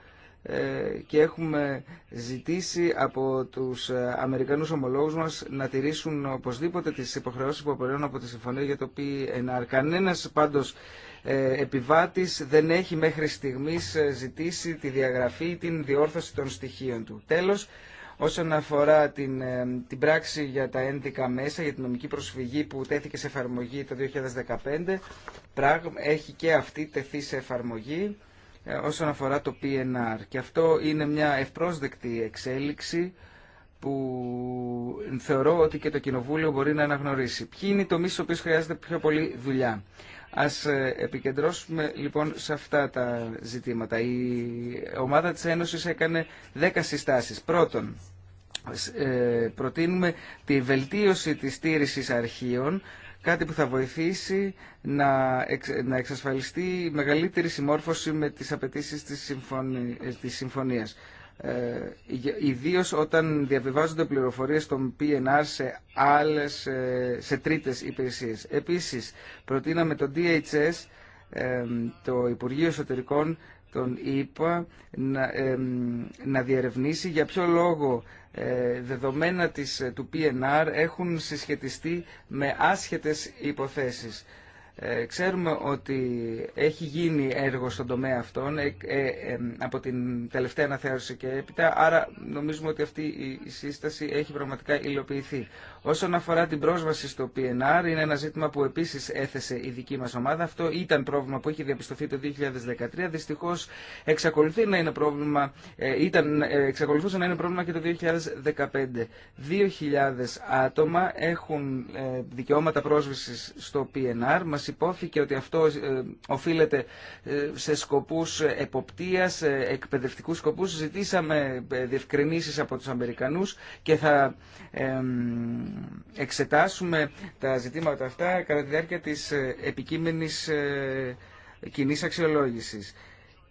και έχουμε ζητήσει από τους Αμερικανούς ομολόγους μας να τηρήσουν οπωσδήποτε τις υποχρεώσεις που απορρέουν από τη Συμφωνία για το PNR. Κανένας πάντως επιβάτης δεν έχει μέχρι στιγμής ζητήσει τη διαγραφή ή την διόρθωση των στοιχείων του. Τέλος, Όσον αφορά την, ε, την πράξη για τα ένδικα μέσα, για την νομική προσφυγή που τέθηκε σε εφαρμογή το 2015, πράγμα, έχει και αυτή τεθεί σε εφαρμογή ε, όσον αφορά το PNR. Και αυτό είναι μια ευπρόσδεκτη εξέλιξη που θεωρώ ότι και το Κοινοβούλιο μπορεί να αναγνωρίσει. Ποιοι είναι οι τομείς στους οποίους χρειάζεται πιο πολύ δουλειά. Ας ε, επικεντρώσουμε λοιπόν σε αυτά τα ζητήματα. Η ομάδα της Ένωσης έκανε δέκα συστάσεις. Πρώτον, ε, προτείνουμε τη βελτίωση της στήρισης αρχείων, κάτι που θα βοηθήσει να, να εξασφαλιστεί η μεγαλύτερη συμμόρφωση με τις απαιτήσεις της, ε, συμφωνίας. Ε, Ιδίω όταν διαβιβάζονται πληροφορίες των PNR σε άλλες, ε, σε τρίτες υπηρεσίες. Επίσης, προτείναμε το DHS, ε, το Υπουργείο Εσωτερικών, τον είπα να, να διερευνήσει για ποιο λόγο δεδομένα της, του PNR έχουν συσχετιστεί με άσχετες υποθέσεις. Ε, ξέρουμε ότι έχει γίνει έργο στον τομέα αυτόν ε, ε, από την τελευταία αναθεώρηση και έπειτα, άρα νομίζουμε ότι αυτή η σύσταση έχει πραγματικά υλοποιηθεί. Όσον αφορά την πρόσβαση στο PNR, είναι ένα ζήτημα που επίσης έθεσε η δική μα ομάδα. Αυτό ήταν πρόβλημα που είχε διαπιστωθεί το 2013. Δυστυχώς εξακολουθεί να είναι πρόβλημα, ε, ήταν, ε, εξακολουθούσε να είναι πρόβλημα και το 2015. 2.000 άτομα έχουν ε, δικαιώματα πρόσβασης στο PNR. Μας υπόθηκε ότι αυτό οφείλεται σε σκοπούς εποπτείας, εκπαιδευτικού σκοπού. Ζητήσαμε διευκρινήσει από του Αμερικανού και θα εξετάσουμε τα ζητήματα αυτά κατά τη διάρκεια της ε, επικείμενης ε, κοινή αξιολόγησης.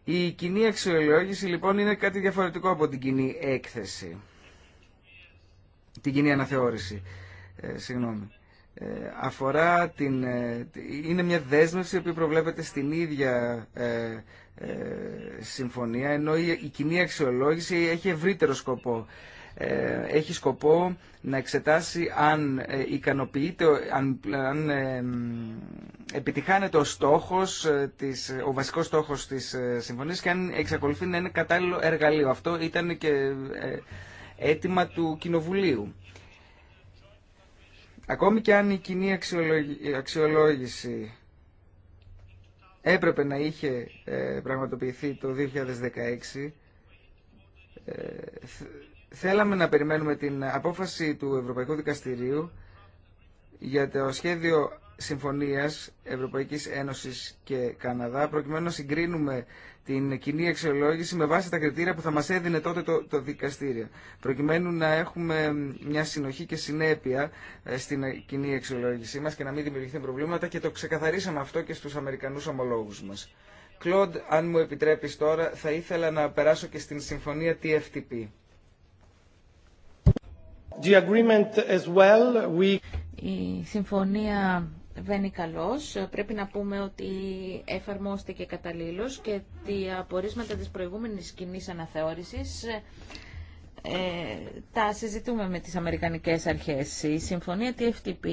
Η κοινή αξιολόγηση λοιπόν είναι κάτι διαφορετικό από την κοινή έκθεση. Την κοινή αναθεώρηση. Ε, συγγνώμη. αφορά την... είναι μια δέσμευση που προβλέπεται στην ίδια συμφωνία, ενώ η, η κοινή αξιολόγηση έχει ευρύτερο σκοπό. Ε, έχει σκοπό να εξετάσει αν ε, ικανοποιείται, αν, αν ε, επιτυχάνεται ο στόχος, της, ο βασικός στόχος της συμφωνίας και αν εξακολουθεί να είναι κατάλληλο εργαλείο. Αυτό ήταν και αίτημα του Κοινοβουλίου. Ακόμη και αν η κοινή αξιολόγηση έπρεπε να είχε πραγματοποιηθεί το 2016, θέλαμε να περιμένουμε την απόφαση του Ευρωπαϊκού Δικαστηρίου για το σχέδιο συμφωνίας Ευρωπαϊκής Ένωσης και Καναδά προκειμένου να συγκρίνουμε την κοινή αξιολόγηση με βάση τα κριτήρια που θα μας έδινε τότε το, δικαστήριο προκειμένου να έχουμε μια συνοχή και συνέπεια ε, στην κοινή αξιολόγησή μας και να μην δημιουργηθούν προβλήματα και το ξεκαθαρίσαμε αυτό και στους Αμερικανούς ομολόγους μας. Κλοντ, αν μου επιτρέπεις τώρα, θα ήθελα να περάσω και στην συμφωνία TFTP agreement as well, we... Η συμφωνία βαίνει καλώς. Πρέπει να πούμε ότι εφαρμόστηκε καταλήλως και τα απορίσματα της προηγούμενης κοινή αναθεώρησης ε, τα συζητούμε με τις Αμερικανικές αρχές. Η συμφωνία TFTP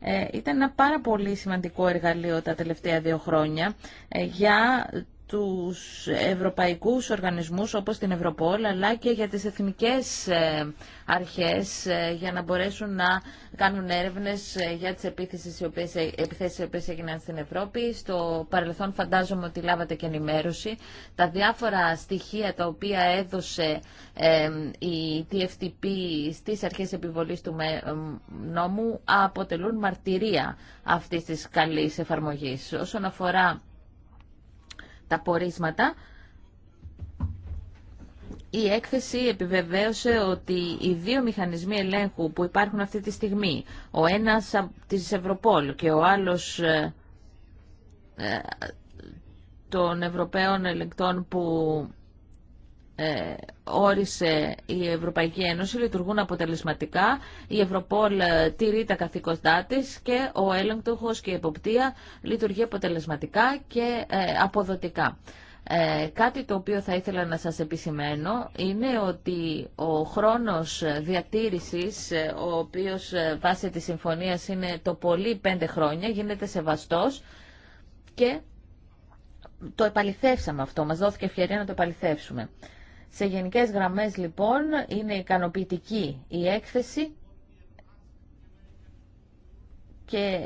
ε, ήταν ένα πάρα πολύ σημαντικό εργαλείο τα τελευταία δύο χρόνια ε, για τους ευρωπαϊκούς οργανισμούς όπως την Ευρωπόλ αλλά και για τις εθνικές ε, αρχές ε, για να μπορέσουν να κάνουν έρευνες ε, για τις επιθέσεις οι οποίες, επιθέσεις οι οποίες έγιναν στην Ευρώπη. Στο παρελθόν φαντάζομαι ότι λάβατε και ενημέρωση. Τα διάφορα στοιχεία τα οποία έδωσε η TFTP στις αρχές επιβολής του νόμου αποτελούν μαρτυρία αυτής της καλής εφαρμογής. Όσον αφορά τα πορίσματα, η έκθεση επιβεβαίωσε ότι οι δύο μηχανισμοί ελέγχου που υπάρχουν αυτή τη στιγμή, ο ένας της Ευρωπόλ και ο άλλος ε, ε, των Ευρωπαίων ελεγκτών που ε, όρισε η Ευρωπαϊκή Ένωση λειτουργούν αποτελεσματικά, η Ευρωπόλ ε, τηρεί τα καθήκοντά τη και ο έλεγκτοχος και η εποπτεία λειτουργεί αποτελεσματικά και ε, αποδοτικά. κάτι το οποίο θα ήθελα να σας επισημαίνω είναι ότι ο χρόνος διατήρησης, ο οποίος βάσει της συμφωνίας είναι το πολύ πέντε χρόνια, γίνεται σεβαστός και το επαληθεύσαμε αυτό, μας δόθηκε ευκαιρία να το επαληθεύσουμε. Σε γενικές γραμμές λοιπόν είναι ικανοποιητική η έκθεση και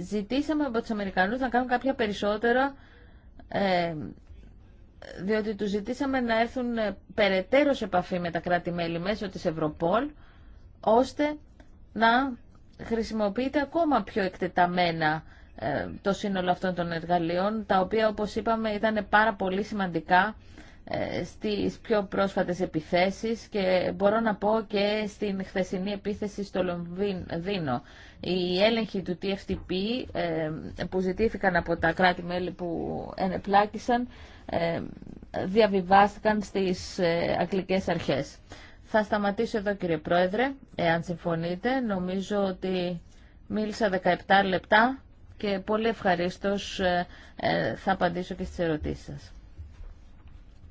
ζητήσαμε από τους Αμερικανούς να κάνουν κάποια περισσότερα ε, διότι τους ζητήσαμε να έρθουν ε, περαιτέρω σε επαφή με τα κράτη-μέλη μέσω της Ευρωπόλ ώστε να χρησιμοποιείται ακόμα πιο εκτεταμένα ε, το σύνολο αυτών των εργαλείων, τα οποία όπως είπαμε ήταν πάρα πολύ σημαντικά ε, στις πιο πρόσφατες επιθέσεις και μπορώ να πω και στην χθεσινή επίθεση στο Λονδίνο. Οι έλεγχοι του TFTP ε, που ζητήθηκαν από τα κράτη-μέλη που ενεπλάκησαν ε, διαβιβάστηκαν στις αγγλικές αρχές. Θα σταματήσω εδώ κύριε Πρόεδρε, εάν συμφωνείτε. Νομίζω ότι μίλησα 17 λεπτά και πολύ ευχαρίστως θα απαντήσω και στις ερωτήσεις σας.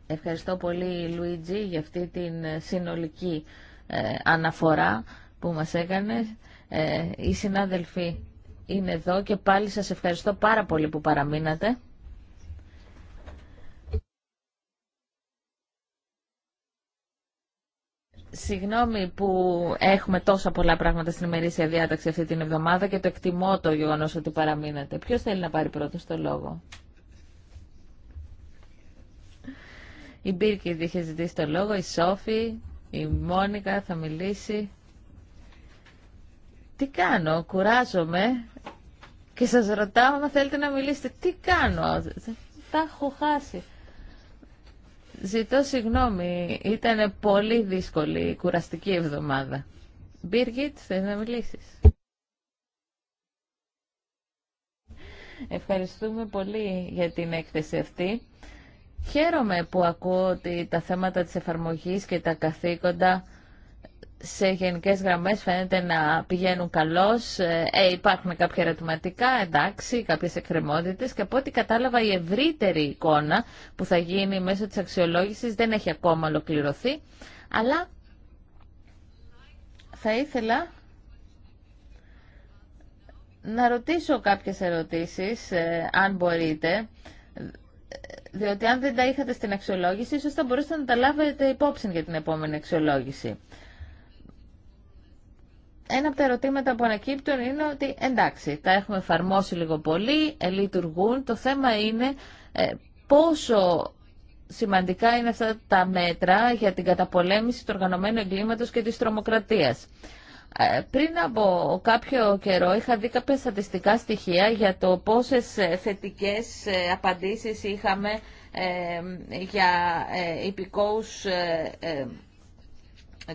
Ευχαριστώ πολύ Λουίτζι για αυτή την ε, συνολική ε, αναφορά που μας έκανες. Ε, οι συνάδελφοι είναι εδώ και πάλι σας ευχαριστώ πάρα πολύ που παραμείνατε. Συγγνώμη που έχουμε τόσα πολλά πράγματα στην ημερήσια διάταξη αυτή την εβδομάδα και το εκτιμώ το γεγονός ότι παραμείνατε. Ποιος θέλει να πάρει πρώτος το λόγο. Η Μπίρκη είχε ζητήσει το λόγο, η Σόφη, η Μόνικα θα μιλήσει. Τι κάνω, κουράζομαι και σας ρωτάω αν θέλετε να μιλήσετε. Τι κάνω, τα έχω χάσει. Ζητώ συγγνώμη, ήταν πολύ δύσκολη η κουραστική εβδομάδα. Μπίργκιτ, θέλει να μιλήσει. Ευχαριστούμε πολύ για την έκθεση αυτή. Χαίρομαι που ακούω ότι τα θέματα της εφαρμογής και τα καθήκοντα σε γενικές γραμμές φαίνεται να πηγαίνουν καλώς. Ε, ε, υπάρχουν κάποια ερωτηματικά, εντάξει, κάποιες εκκρεμότητες και από ό,τι κατάλαβα η ευρύτερη εικόνα που θα γίνει μέσω της αξιολόγησης δεν έχει ακόμα ολοκληρωθεί, αλλά θα ήθελα να ρωτήσω κάποιες ερωτήσεις, ε, αν μπορείτε, διότι αν δεν τα είχατε στην αξιολόγηση, ίσως θα μπορούσατε να τα λάβετε υπόψη για την επόμενη αξιολόγηση. Ένα από τα ερωτήματα που ανακύπτουν είναι ότι εντάξει, τα έχουμε εφαρμόσει λίγο πολύ, ε, λειτουργούν. Το θέμα είναι ε, πόσο σημαντικά είναι αυτά τα μέτρα για την καταπολέμηση του οργανωμένου εγκλήματος και της τρομοκρατίας. Ε, πριν από κάποιο καιρό είχα δει κάποια στατιστικά στοιχεία για το πόσες ε, θετικές ε, απαντήσεις είχαμε για υπηκόους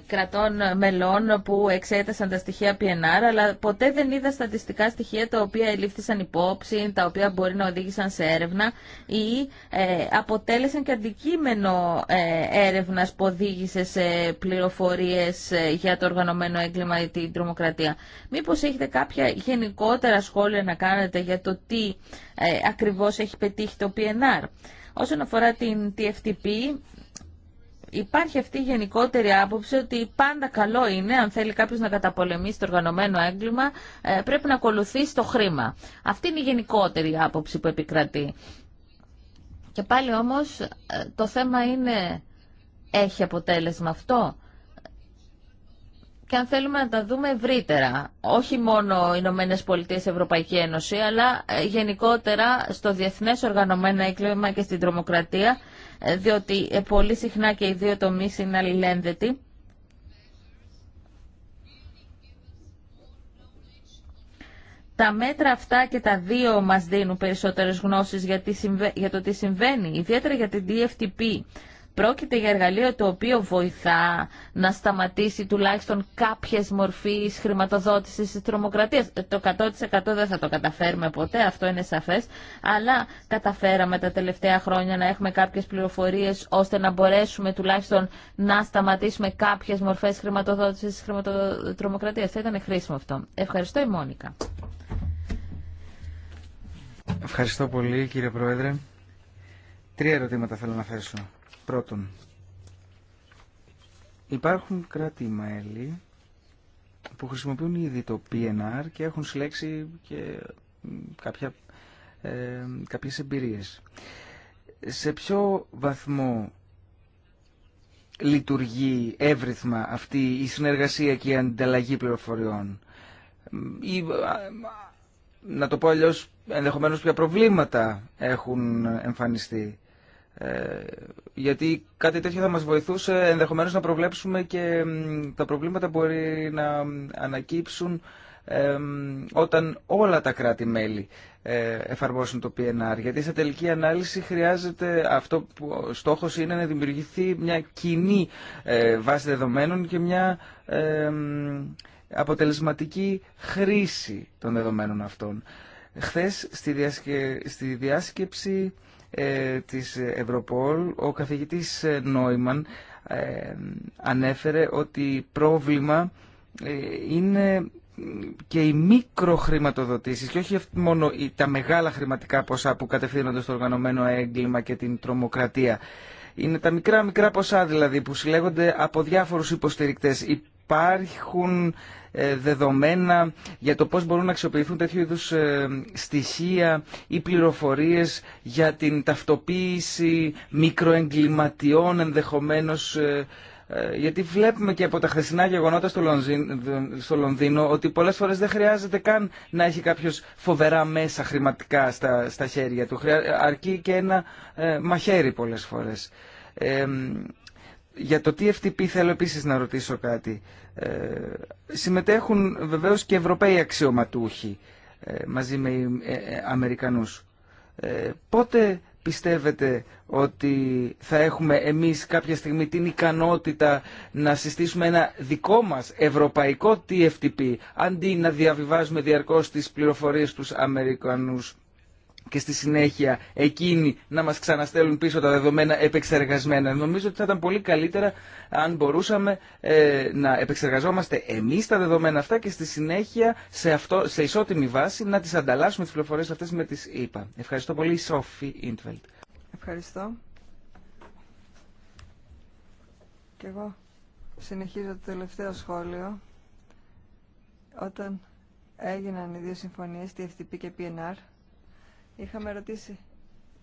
κρατών μελών που εξέτασαν τα στοιχεία PNR, αλλά ποτέ δεν είδα στατιστικά στοιχεία τα οποία ελήφθησαν υπόψη, τα οποία μπορεί να οδήγησαν σε έρευνα ή ε, αποτέλεσαν και αντικείμενο ε, έρευνας που οδήγησε σε πληροφορίες ε, για το οργανωμένο έγκλημα ή την τρομοκρατία. Μήπως έχετε κάποια γενικότερα σχόλια να κάνετε για το τι ε, ακριβώς έχει πετύχει το PNR. Όσον αφορά την TFTP, υπάρχει αυτή η γενικότερη άποψη ότι πάντα καλό είναι, αν θέλει κάποιο να καταπολεμήσει το οργανωμένο έγκλημα, ε, πρέπει να ακολουθήσει το χρήμα. Αυτή είναι η γενικότερη άποψη που επικρατεί. Και πάλι όμως ε, το θέμα είναι, έχει αποτέλεσμα αυτό και αν θέλουμε να τα δούμε ευρύτερα, όχι μόνο οι Ηνωμένε Πολιτείε Ευρωπαϊκή Ένωση, αλλά ε, γενικότερα στο διεθνέ οργανωμένο έγκλημα και στην τρομοκρατία διότι ε, πολύ συχνά και οι δύο τομείς είναι αλληλένδετοι. Τα μέτρα αυτά και τα δύο μας δίνουν περισσότερες γνώσεις για το τι συμβαίνει, ιδιαίτερα για την DFTP Πρόκειται για εργαλείο το οποίο βοηθά να σταματήσει τουλάχιστον κάποιες μορφές χρηματοδότησης της τρομοκρατίας. Ε, το 100% δεν θα το καταφέρουμε ποτέ, αυτό είναι σαφές, αλλά καταφέραμε τα τελευταία χρόνια να έχουμε κάποιες πληροφορίες ώστε να μπορέσουμε τουλάχιστον να σταματήσουμε κάποιες μορφές χρηματοδότησης της τρομοκρατίας. Θα ήταν χρήσιμο αυτό. Ευχαριστώ η Μόνικα. Ευχαριστώ πολύ κύριε Πρόεδρε. Τρία ερωτήματα θέλω να θέσω. Πρώτον, υπάρχουν κράτη-μέλη που χρησιμοποιούν ήδη το PNR και έχουν συλλέξει και κάποια, ε, κάποιες εμπειρίες. Σε ποιο βαθμό λειτουργεί εύρυθμα αυτή η συνεργασία και η ανταλλαγή πληροφοριών ή να το πω αλλιώς ενδεχομένως ποια προβλήματα έχουν εμφανιστεί ε, γιατί κάτι τέτοιο θα μας βοηθούσε ενδεχομένως να προβλέψουμε και τα προβλήματα που μπορεί να ανακύψουν ε, όταν όλα τα κράτη-μέλη ε, εφαρμόσουν το PNR. Γιατί σε τελική ανάλυση χρειάζεται, αυτό που στόχος είναι να δημιουργηθεί μια κοινή βάση δεδομένων και μια αποτελεσματική χρήση των δεδομένων αυτών. Χθες στη διάσκεψη ε, της Ευρωπόλ, ο καθηγητής Νόιμαν ε, ανέφερε ότι πρόβλημα ε, είναι και οι μικροχρηματοδοτήσεις και όχι μόνο τα μεγάλα χρηματικά ποσά που κατευθύνονται στο οργανωμένο έγκλημα και την τρομοκρατία. Είναι τα μικρά μικρά ποσά δηλαδή που συλλέγονται από διάφορους υποστηρικτές. Υπάρχουν ε, δεδομένα για το πώς μπορούν να αξιοποιηθούν τέτοιου είδους ε, στοιχεία ή πληροφορίες για την ταυτοποίηση μικροεγκληματιών ενδεχομένως ε, γιατί βλέπουμε και από τα χθεσινά γεγονότα στο Λονδίνο ότι πολλές φορές δεν χρειάζεται καν να έχει κάποιος φοβερά μέσα χρηματικά στα, στα χέρια του. Αρκεί και ένα μαχαίρι πολλές φορές. Για το TFTP θέλω επίσης να ρωτήσω κάτι. Ε, συμμετέχουν βεβαίως και Ευρωπαίοι αξιωματούχοι ε, μαζί με ε, ε Αμερικανούς. Πότε πιστεύετε ότι θα έχουμε εμείς κάποια στιγμή την ικανότητα να συστήσουμε ένα δικό μας ευρωπαϊκό TFTP αντί να διαβιβάζουμε διαρκώς τις πληροφορίες τους Αμερικανούς και στη συνέχεια εκείνοι να μας ξαναστέλουν πίσω τα δεδομένα επεξεργασμένα. Νομίζω ότι θα ήταν πολύ καλύτερα αν μπορούσαμε ε, να επεξεργαζόμαστε εμείς τα δεδομένα αυτά και στη συνέχεια σε, αυτό, σε ισότιμη βάση να τις ανταλλάσσουμε τις πληροφορίες αυτές με τις ΕΙΠΑ. Ευχαριστώ πολύ, Σόφι Ιντβελτ. Ευχαριστώ. Και εγώ συνεχίζω το τελευταίο σχόλιο. Όταν έγιναν οι δύο συμφωνίες, FTP και PNR, Είχαμε ρωτήσει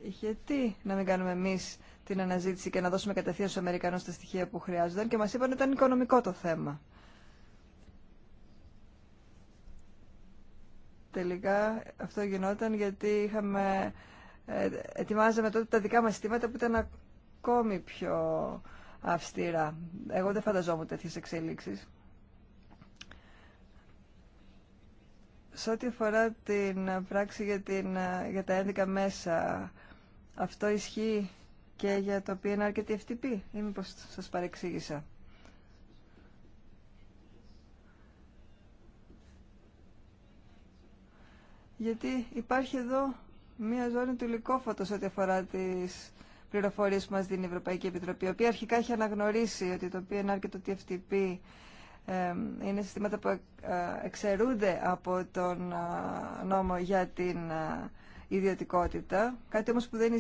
γιατί να μην κάνουμε εμεί την αναζήτηση και να δώσουμε κατευθείαν στου Αμερικανού τα στοιχεία που χρειάζονταν και μα είπαν ότι ήταν οικονομικό το θέμα. Τελικά αυτό γινόταν γιατί είχαμε, ε, ετοιμάζαμε τότε τα δικά μας στήματα που ήταν ακόμη πιο αυστηρά. Εγώ δεν φανταζόμουν τέτοιε εξελίξει. Σε ό,τι αφορά την πράξη για, την, για τα ένδικα μέσα, αυτό ισχύει και για το PNR είναι αρκετή FTP ή μήπως σας παρεξήγησα. Γιατί υπάρχει εδώ μία ζώνη του λυκόφωτος ό,τι αφορά τις πληροφορίες που μας δίνει η Ευρωπαϊκή Επιτροπή, η οποία αρχικά έχει αναγνωρίσει ότι το PNR και το TFTP είναι συστήματα που ε, εξαιρούνται από τον ε, νόμο για την ε, ιδιωτικότητα, κάτι όμως που δεν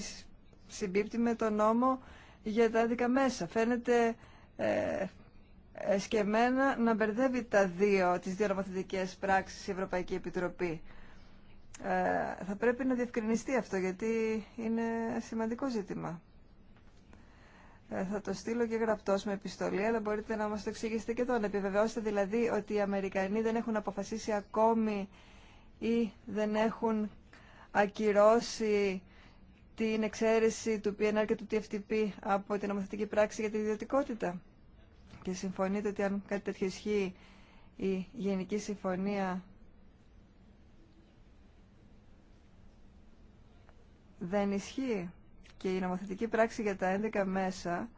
συμπίπτει με τον νόμο για τα άδικα μέσα. Φαίνεται ε, εσκεμένα να μπερδεύει τα δύο, τις δύο νομοθετικές πράξεις η Ευρωπαϊκή Επιτροπή. θα πρέπει να διευκρινιστεί αυτό γιατί είναι σημαντικό ζήτημα. Ε, θα το στείλω και γραπτό με επιστολή, αλλά μπορείτε να μας το εξηγήσετε και τώρα. Επιβεβαιώστε δηλαδή ότι οι Αμερικανοί δεν έχουν αποφασίσει ακόμη ή δεν έχουν ακυρώσει την εξαίρεση του PNR και του TFTP από την νομοθετική πράξη για την ιδιωτικότητα. Και συμφωνείτε ότι αν κάτι τέτοιο ισχύει η Γενική Συμφωνία δεν ισχύει και η νομοθετική πράξη για τα 11 μέσα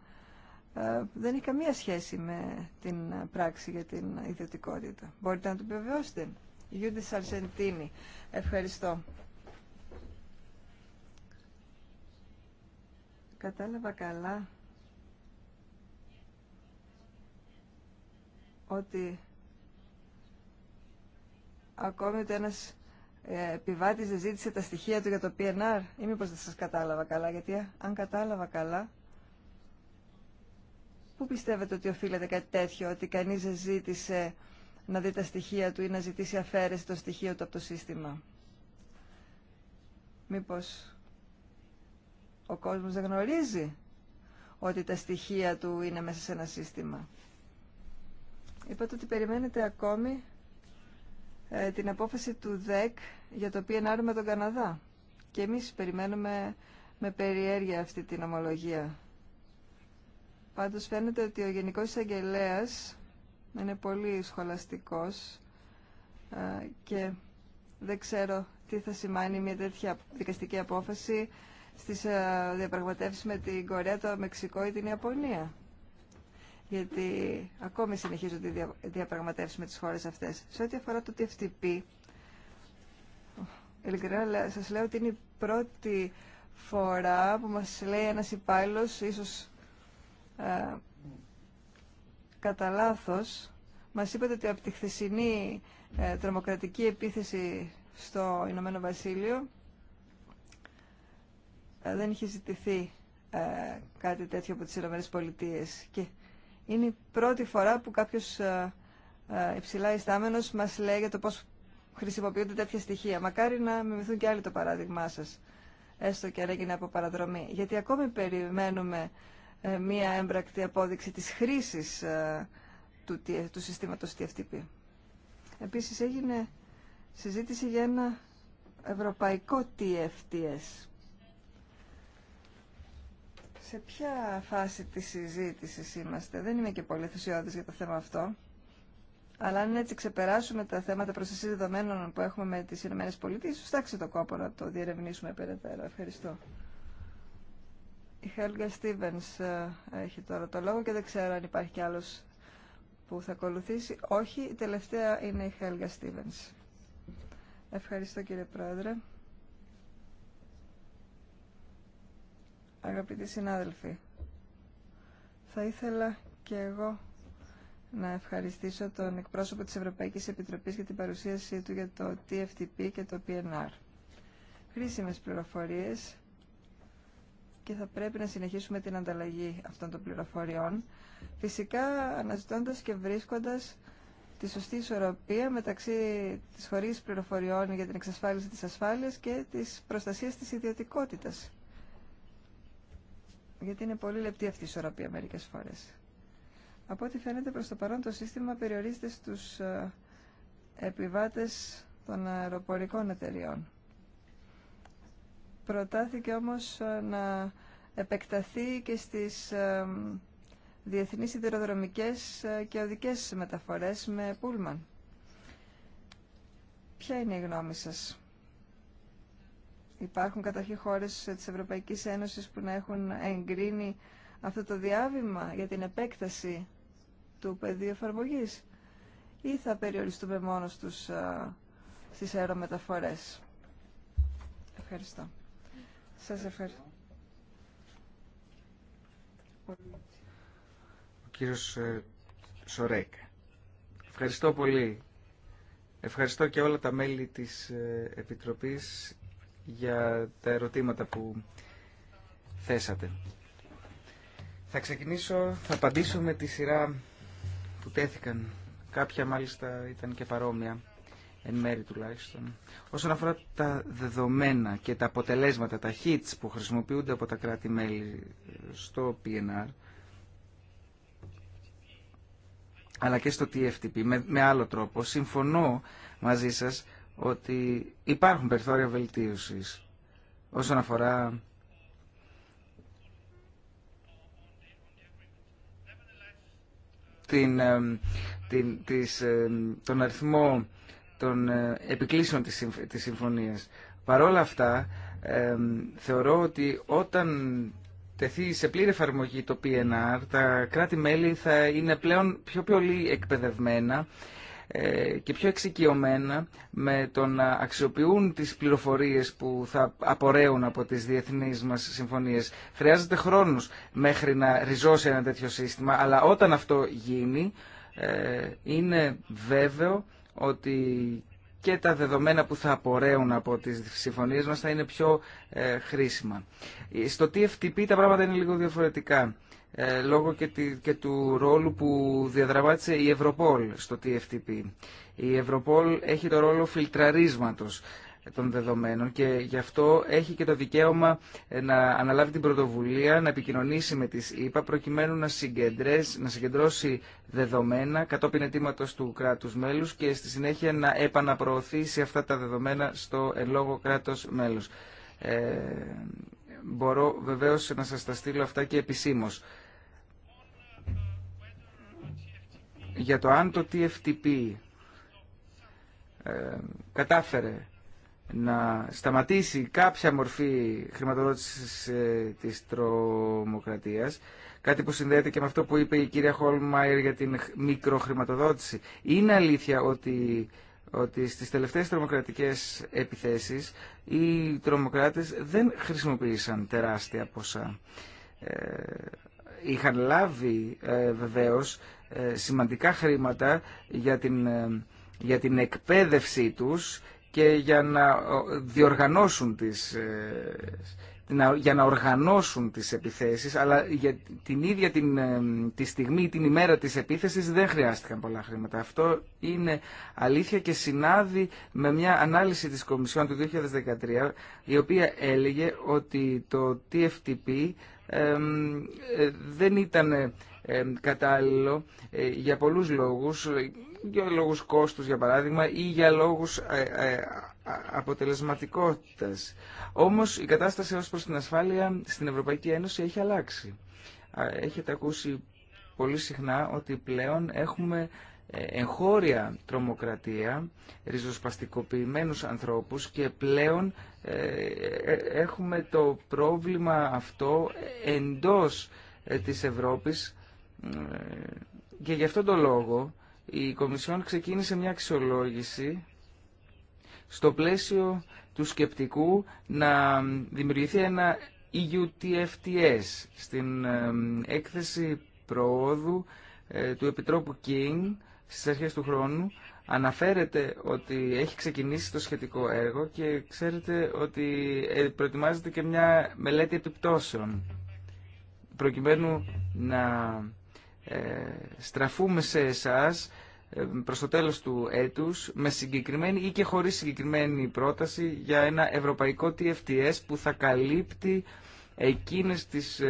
ε, δεν έχει καμία σχέση με την πράξη για την ιδιωτικότητα. Μπορείτε να το επιβεβαιώσετε. Γιούντι Σαρσεντίνη. Ευχαριστώ. Κατάλαβα καλά ότι ακόμη ούτε ένας επιβάτη δεν ζήτησε τα στοιχεία του για το PNR ή μήπω δεν σας κατάλαβα καλά, γιατί αν κατάλαβα καλά, πού πιστεύετε ότι οφείλεται κάτι τέτοιο, ότι κανείς δεν ζήτησε να δει τα στοιχεία του ή να ζητήσει αφαίρεση το στοιχείο του από το σύστημα. Μήπως ο κόσμος δεν γνωρίζει ότι τα στοιχεία του είναι μέσα σε ένα σύστημα. Είπατε ότι περιμένετε ακόμη ε, την απόφαση του ΔΕΚ για το PNR με τον Καναδά. Και εμείς περιμένουμε με περιέργεια αυτή την ομολογία. Πάντως φαίνεται ότι ο Γενικός εισαγγελέα είναι πολύ σχολαστικός ε, και δεν ξέρω τι θα σημάνει μια τέτοια δικαστική απόφαση στις ε, διαπραγματεύσεις με την Κορέα, το Μεξικό ή την Ιαπωνία γιατί ακόμη συνεχίζονται οι διαπραγματεύσεις με τις χώρες αυτές. Σε ό,τι αφορά το TFTP, ειλικρινά σας λέω ότι είναι η πρώτη φορά που μας λέει ένας υπάλληλο, ίσως ε, κατά λάθο, μας είπατε ότι από τη χθεσινή ε, τρομοκρατική επίθεση στο Ηνωμένο Βασίλειο ε, δεν είχε ζητηθεί κάτι τέτοιο από τις Ηνωμένες Πολιτείες και είναι η πρώτη φορά που κάποιο ε, ε, υψηλά ιστάμενο μας λέει για το πώς χρησιμοποιούνται τέτοια στοιχεία. Μακάρι να μιμηθούν και άλλοι το παράδειγμά σας, έστω και αν έγινε από παραδρομή. Γιατί ακόμη περιμένουμε ε, μία έμπρακτη απόδειξη της χρήσης του, του συστήματος TFTP. Επίσης έγινε συζήτηση για ένα ευρωπαϊκό TFTS σε ποια φάση της συζήτησης είμαστε. Δεν είμαι και πολύ θυσιώδης για το θέμα αυτό. Αλλά αν έτσι ξεπεράσουμε τα θέματα προστασία δεδομένων που έχουμε με τις ΗΠΑ, ίσως τάξει το κόπο να το διερευνήσουμε περαιτέρω. Ευχαριστώ. Η Χέλγα Στίβενς έχει τώρα το λόγο και δεν ξέρω αν υπάρχει κι άλλος που θα ακολουθήσει. Όχι, η τελευταία είναι η Χέλγα Στίβενς. Ευχαριστώ κύριε Πρόεδρε. Αγαπητοί συνάδελφοι, θα ήθελα και εγώ να ευχαριστήσω τον εκπρόσωπο της Ευρωπαϊκής Επιτροπής για την παρουσίασή του για το TFTP και το PNR. Χρήσιμες πληροφορίες και θα πρέπει να συνεχίσουμε την ανταλλαγή αυτών των πληροφοριών, φυσικά αναζητώντας και βρίσκοντας τη σωστή ισορροπία μεταξύ της χωρίς πληροφοριών για την εξασφάλιση της ασφάλειας και της προστασίας της ιδιωτικότητας γιατί είναι πολύ λεπτή αυτή η ισορροπία φορές. Από ό,τι φαίνεται προς το παρόν το σύστημα περιορίζεται στους ε, επιβάτες των αεροπορικών εταιριών. Προτάθηκε όμως ε, να επεκταθεί και στις ε, διεθνείς σιδηροδρομικές και οδικές μεταφορές με πούλμαν. Ποια είναι η γνώμη σας Υπάρχουν καταρχήν χώρες της Ευρωπαϊκής Ένωσης που να έχουν εγκρίνει αυτό το διάβημα για την επέκταση του πεδίου εφαρμογή ή θα περιοριστούμε μόνο στους, α, στις αερομεταφορές. Ευχαριστώ. Σας ευχαριστώ. Ο κύριος ε, Σορέκ. Ευχαριστώ πολύ. Ευχαριστώ και όλα τα μέλη της ε, Επιτροπής για τα ερωτήματα που θέσατε. Θα ξεκινήσω, θα απαντήσω με τη σειρά που τέθηκαν. Κάποια μάλιστα ήταν και παρόμοια, εν μέρη τουλάχιστον. Όσον αφορά τα δεδομένα και τα αποτελέσματα, τα hits που χρησιμοποιούνται από τα κράτη-μέλη ε, στο PNR, αλλά και στο TFTP, με, με άλλο τρόπο, συμφωνώ μαζί σας ότι υπάρχουν περιθώρια βελτίωσης όσον αφορά την, την, της, τον αριθμό των ε, επικλήσεων της, της συμφωνίας. Παρόλα αυτά, θεωρώ ότι όταν τεθεί σε πλήρη εφαρμογή το PNR, τα κράτη-μέλη θα είναι πλέον πιο πολύ εκπαιδευμένα ε, και πιο εξοικειωμένα με το να αξιοποιούν τις πληροφορίες που θα απορρέουν από τις διεθνείς μας συμφωνίες. Χρειάζεται χρόνος μέχρι να ριζώσει ένα τέτοιο σύστημα, αλλά όταν αυτό γίνει ε, είναι βέβαιο ότι και τα δεδομένα που θα απορρέουν από τις συμφωνίες μας θα είναι πιο ε, χρήσιμα. Στο TFTP τα πράγματα είναι λίγο διαφορετικά. Ε, λόγω και, του ρόλου που διαδραβάτησε η Ευρωπόλ στο TFTP. Η Ευρωπόλ έχει το ρόλο φιλτραρίσματος των δεδομένων και γι' αυτό έχει και το δικαίωμα ε, να αναλάβει την πρωτοβουλία, να επικοινωνήσει με τις ΗΠΑ προκειμένου να, συγκεντρώσει δεδομένα κατόπιν αιτήματος του κράτους μέλους και στη συνέχεια να επαναπροωθήσει αυτά τα δεδομένα στο εν λόγω κράτος μέλους. Ε, μπορώ βεβαίως να σας τα στείλω αυτά και επισήμως. για το αν το TFTP ε, κατάφερε να σταματήσει κάποια μορφή χρηματοδότησης ε, της τρομοκρατίας, κάτι που συνδέεται και με αυτό που είπε η κυρία Χόλμαϊρ για την μικροχρηματοδότηση. Είναι αλήθεια ότι, ότι στις τελευταίες τρομοκρατικές επιθέσεις οι τρομοκράτες δεν χρησιμοποίησαν τεράστια ποσά. Ε, είχαν λάβει ε, βεβαίως ε, σημαντικά χρήματα για την, ε, για την εκπαίδευσή τους και για να διοργανώσουν τις, για να οργανώσουν τις επιθέσεις, αλλά για την ίδια την, τη στιγμή, την ημέρα της επίθεσης δεν χρειάστηκαν πολλά χρήματα. Αυτό είναι αλήθεια και συνάδει με μια ανάλυση της Κομισιόν του 2013, η οποία έλεγε ότι το TFTP ε, δεν ήταν κατάλληλο ε, για πολλούς λόγους, για λόγους κόστους για παράδειγμα ή για λόγους ε, αποτελεσματικότητας. Όμως η κατάσταση ως προς την ασφάλεια στην Ευρωπαϊκή Ένωση έχει αλλάξει. Έχετε ακούσει πολύ συχνά ότι πλέον έχουμε ε, εγχώρια τρομοκρατία, ριζοσπαστικοποιημένους ανθρώπους και πλέον ε, ε, έχουμε το πρόβλημα αυτό εντός της Ευρώπης και γι' αυτόν τον λόγο η Κομισιόν ξεκίνησε μια αξιολόγηση στο πλαίσιο του σκεπτικού να δημιουργηθεί ένα EUTFTS στην έκθεση προόδου του Επιτρόπου King στις αρχές του χρόνου αναφέρεται ότι έχει ξεκινήσει το σχετικό έργο και ξέρετε ότι ε, προετοιμάζεται και μια μελέτη επιπτώσεων προκειμένου να ε, στραφούμε σε εσάς ε, προς το τέλος του έτους με συγκεκριμένη ή και χωρίς συγκεκριμένη πρόταση για ένα ευρωπαϊκό TFTS που θα καλύπτει εκείνες τις,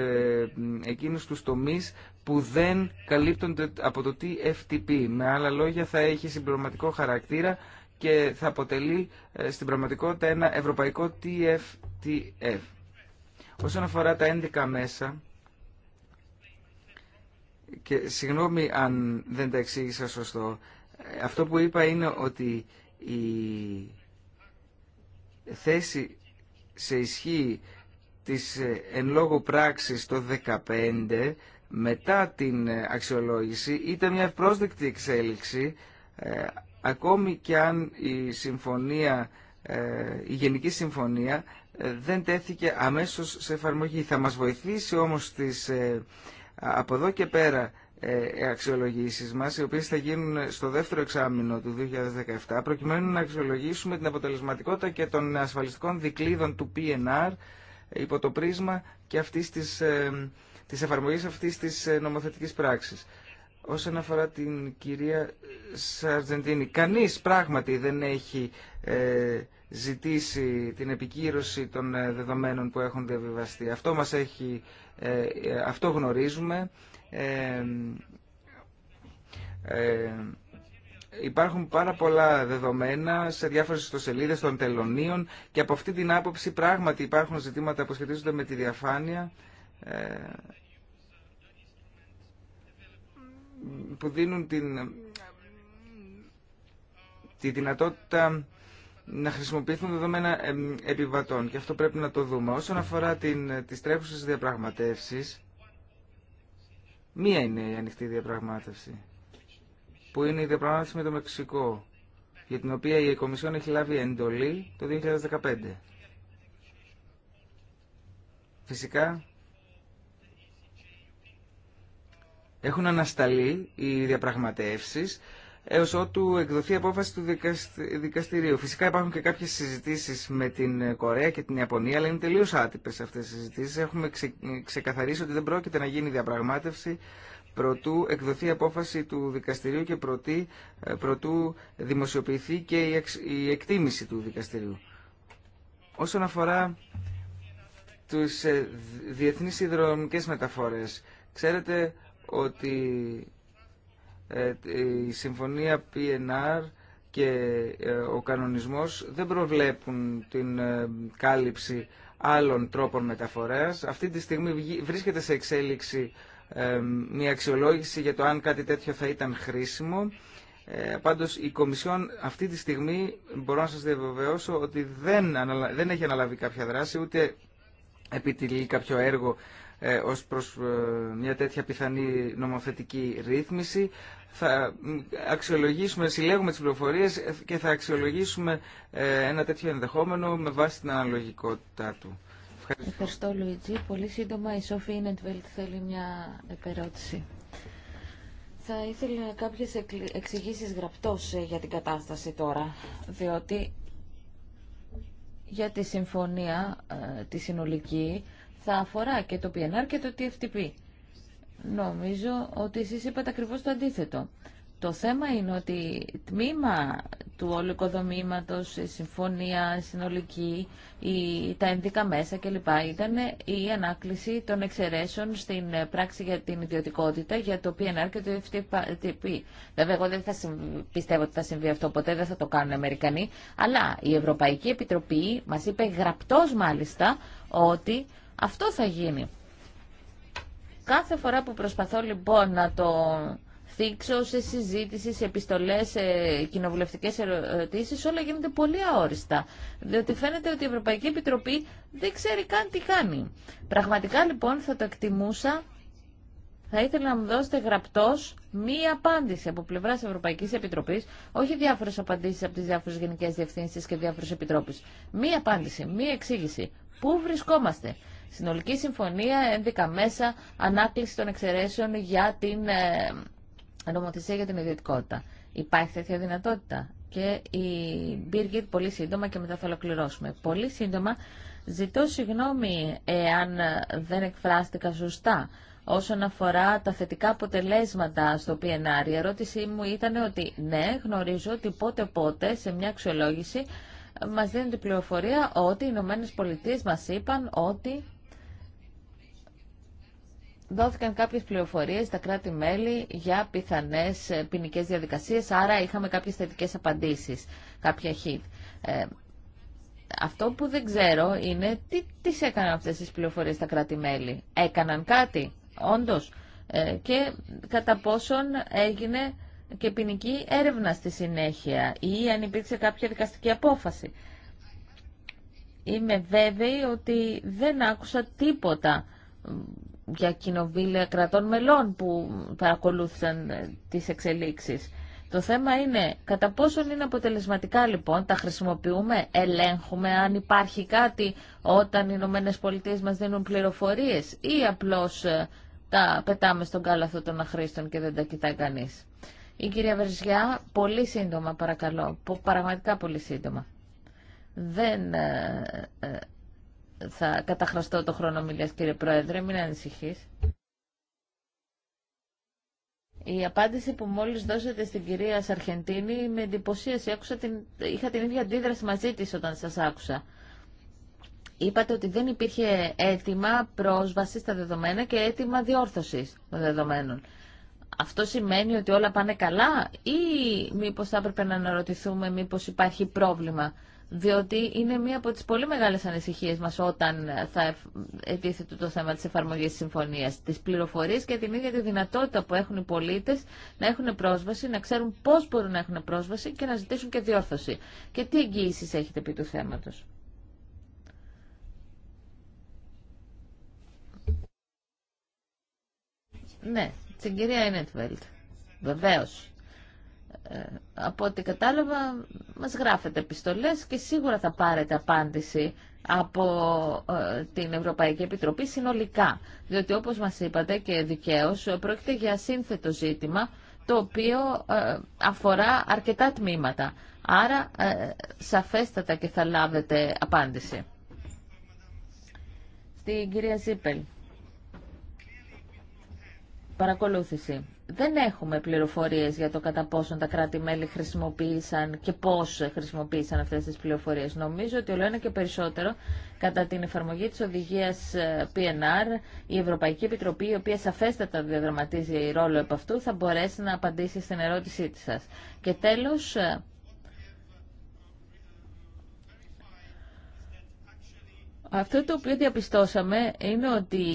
εκείνους τους τομείς που δεν καλύπτονται από το TFTP. Με άλλα λόγια θα έχει συμπληρωματικό χαρακτήρα και θα αποτελεί ε, στην πραγματικότητα ένα ευρωπαϊκό TFTF. Όσον αφορά τα ένδικα μέσα, και συγγνώμη αν δεν τα εξήγησα σωστό, ε, αυτό που είπα είναι ότι η θέση σε ισχύ της ε, εν λόγω πράξης το 15 μετά την ε, αξιολόγηση ήταν μια ευπρόσδεκτη εξέλιξη ε, ακόμη και αν η συμφωνία, ε, η Γενική Συμφωνία δεν τέθηκε αμέσως σε εφαρμογή. Θα μας βοηθήσει όμως τις, από εδώ και πέρα αξιολογήσεις μας, οι οποίες θα γίνουν στο δεύτερο εξάμεινο του 2017, προκειμένου να αξιολογήσουμε την αποτελεσματικότητα και των ασφαλιστικών δικλείδων του PNR υπό το πρίσμα και αυτής της Τη εφαρμογή αυτής τη ε, νομοθετική πράξη. Όσον αφορά την κυρία Σαρτζεντίνη, κανείς πράγματι δεν έχει ε, ζητήσει την επικύρωση των ε, δεδομένων που έχουν διαβιβαστεί. Αυτό μας έχει, αυτό γνωρίζουμε. Υπάρχουν πάρα πολλά δεδομένα σε διάφορες ιστοσελίδες των τελωνίων και από αυτή την άποψη πράγματι υπάρχουν ζητήματα που σχετίζονται με τη διαφάνεια ε, που δίνουν την, τη δυνατότητα να χρησιμοποιηθούν δεδομένα ε, επιβατών και αυτό πρέπει να το δούμε. Όσον αφορά την, τις τρέχουσες διαπραγματεύσεις, μία είναι η ανοιχτή διαπραγμάτευση, που είναι η διαπραγμάτευση με το Μεξικό, για την οποία η Κομισιόν έχει λάβει εντολή το 2015. Φυσικά, Έχουν ανασταλεί οι διαπραγματεύσει έως ότου εκδοθεί απόφαση του δικαστηρίου. Φυσικά υπάρχουν και κάποιες συζητήσεις με την Κορέα και την Ιαπωνία, αλλά είναι τελείω άτυπε αυτές οι συζητήσεις. Έχουμε ξε, ξεκαθαρίσει ότι δεν πρόκειται να γίνει διαπραγμάτευση προτού εκδοθεί απόφαση του δικαστηρίου και πρωτού ε, προτού δημοσιοποιηθεί και η, εκτίμηση του δικαστηρίου. Όσον αφορά τις ε, διεθνείς μεταφορές, ξέρετε ότι ε, η συμφωνία PNR και ε, ο κανονισμός δεν προβλέπουν την ε, κάλυψη άλλων τρόπων μεταφορέας. Αυτή τη στιγμή βρίσκεται σε εξέλιξη μια αξιολόγηση για το αν κάτι τέτοιο θα ήταν χρήσιμο. Ε, πάντως η Κομισιόν αυτή τη στιγμή μπορώ να σας διαβεβαιώσω ότι δεν, δεν έχει αναλάβει κάποια δράση ούτε επιτυλεί κάποιο έργο ε, ως προς ε, μια τέτοια πιθανή νομοθετική ρύθμιση. Θα αξιολογήσουμε, συλλέγουμε τις πληροφορίες και θα αξιολογήσουμε ε, ένα τέτοιο ενδεχόμενο με βάση την αναλογικότητά του. Ευχαριστώ, Ευχαριστώ Λουιτζή. Πολύ σύντομα η Σόφη Ινεντβέλτ θέλει μια επερώτηση. Θα ήθελα κάποιες εξηγήσεις γραπτός για την κατάσταση τώρα, διότι για τη συμφωνία, τη συνολική, θα αφορά και το PNR και το TFTP. Νομίζω ότι εσείς είπατε ακριβώς το αντίθετο. Το θέμα είναι ότι τμήμα του όλου οικοδομήματος, η συμφωνία συνολική, η, τα ενδικά μέσα κλπ. ήταν η ανάκληση των εξαιρέσεων στην πράξη για την ιδιωτικότητα για το PNR και το FTP. Βέβαια, εγώ δεν θα πιστεύω ότι θα συμβεί αυτό ποτέ, δεν θα το κάνουν οι Αμερικανοί, αλλά η Ευρωπαϊκή Επιτροπή μας είπε γραπτός μάλιστα ότι αυτό θα γίνει. Κάθε φορά που προσπαθώ λοιπόν να το θίξω σε συζήτηση, σε επιστολές, σε κοινοβουλευτικές ερωτήσεις, όλα γίνονται πολύ αόριστα. Διότι φαίνεται ότι η Ευρωπαϊκή Επιτροπή δεν ξέρει καν τι κάνει. Πραγματικά λοιπόν θα το εκτιμούσα, θα ήθελα να μου δώσετε γραπτός μία απάντηση από πλευρά Ευρωπαϊκή Επιτροπή, όχι διάφορε απαντήσει από τι διάφορε γενικέ διευθύνσει και διάφορε επιτρόπε. Μία απάντηση, μία εξήγηση. Πού βρισκόμαστε, συνολική συμφωνία ένδικα μέσα ανάκληση των εξαιρέσεων για την ε, νομοθεσία για την ιδιωτικότητα. Υπάρχει τέτοια δυνατότητα. Και η Birgit πολύ σύντομα και μετά θα ολοκληρώσουμε. Πολύ σύντομα ζητώ συγγνώμη εάν δεν εκφράστηκα σωστά όσον αφορά τα θετικά αποτελέσματα στο PNR. Η ερώτησή μου ήταν ότι ναι, γνωρίζω ότι πότε πότε σε μια αξιολόγηση μας δίνουν την πληροφορία ότι οι Ηνωμένε Πολιτείε μας είπαν ότι δόθηκαν κάποιες πληροφορίες στα κράτη-μέλη για πιθανές ε, ποινικέ διαδικασίες, άρα είχαμε κάποιες θετικές απαντήσεις, κάποια χιτ. Ε, αυτό που δεν ξέρω είναι τι τις έκαναν αυτές τις πληροφορίες στα κράτη-μέλη. Έκαναν κάτι, όντως, ε, και κατά πόσον έγινε και ποινική έρευνα στη συνέχεια ή αν υπήρξε κάποια δικαστική απόφαση. Είμαι βέβαιη ότι δεν άκουσα τίποτα για κοινοβούλια κρατών μελών που παρακολούθησαν ε, τις εξελίξεις. Το θέμα είναι κατά πόσον είναι αποτελεσματικά λοιπόν, τα χρησιμοποιούμε, ελέγχουμε αν υπάρχει κάτι όταν οι Ηνωμένε Πολιτείες μας δίνουν πληροφορίες ή απλώς ε, τα πετάμε στον κάλαθο των αχρήστων και δεν τα κοιτάει κανείς. Η κυρία Βερζιά, πολύ σύντομα παρακαλώ, πραγματικά πολύ σύντομα. Δεν ε, θα καταχρωστώ το χρόνο μιλίας κύριε Πρόεδρε, μην ανησυχείς. Η απάντηση που μόλις δώσετε στην κυρία Σαρχεντίνη με εντυπωσίασε. Άκουσα την... Είχα την ίδια αντίδραση μαζί της όταν σας άκουσα. Είπατε ότι δεν υπήρχε αίτημα πρόσβαση στα δεδομένα και αίτημα διόρθωσης των δεδομένων. Αυτό σημαίνει ότι όλα πάνε καλά ή μήπως θα έπρεπε να αναρωτηθούμε μήπως υπάρχει πρόβλημα διότι είναι μία από τις πολύ μεγάλες ανησυχίες μας όταν θα επίθετο το θέμα της εφαρμογής της συμφωνίας, της πληροφορίας και την ίδια τη δυνατότητα που έχουν οι πολίτες να έχουν πρόσβαση, να ξέρουν πώς μπορούν να έχουν πρόσβαση και να ζητήσουν και διόρθωση. Και τι εγγύησεις έχετε επί του θέματος. Ναι, στην κυρία Ενέτβελτ. Βεβαίως. Ε, από ό,τι κατάλαβα, μας γράφετε επιστολές και σίγουρα θα πάρετε απάντηση από ε, την Ευρωπαϊκή Επιτροπή συνολικά. Διότι όπως μας είπατε και δικαίως, πρόκειται για σύνθετο ζήτημα το οποίο ε, αφορά αρκετά τμήματα. Άρα, σαφέστατα και θα λάβετε απάντηση. Στην κυρία Ζίπελ. Παρακολούθηση δεν έχουμε πληροφορίες για το κατά πόσον τα κράτη-μέλη χρησιμοποίησαν και πώς χρησιμοποίησαν αυτές τις πληροφορίες. Νομίζω ότι όλο και περισσότερο κατά την εφαρμογή της οδηγίας ε, PNR η Ευρωπαϊκή Επιτροπή, η οποία σαφέστατα διαδραματίζει ρόλο επ' αυτού, θα μπορέσει να απαντήσει στην ερώτησή της σας. Και τέλος, ε, Αυτό το οποίο διαπιστώσαμε είναι ότι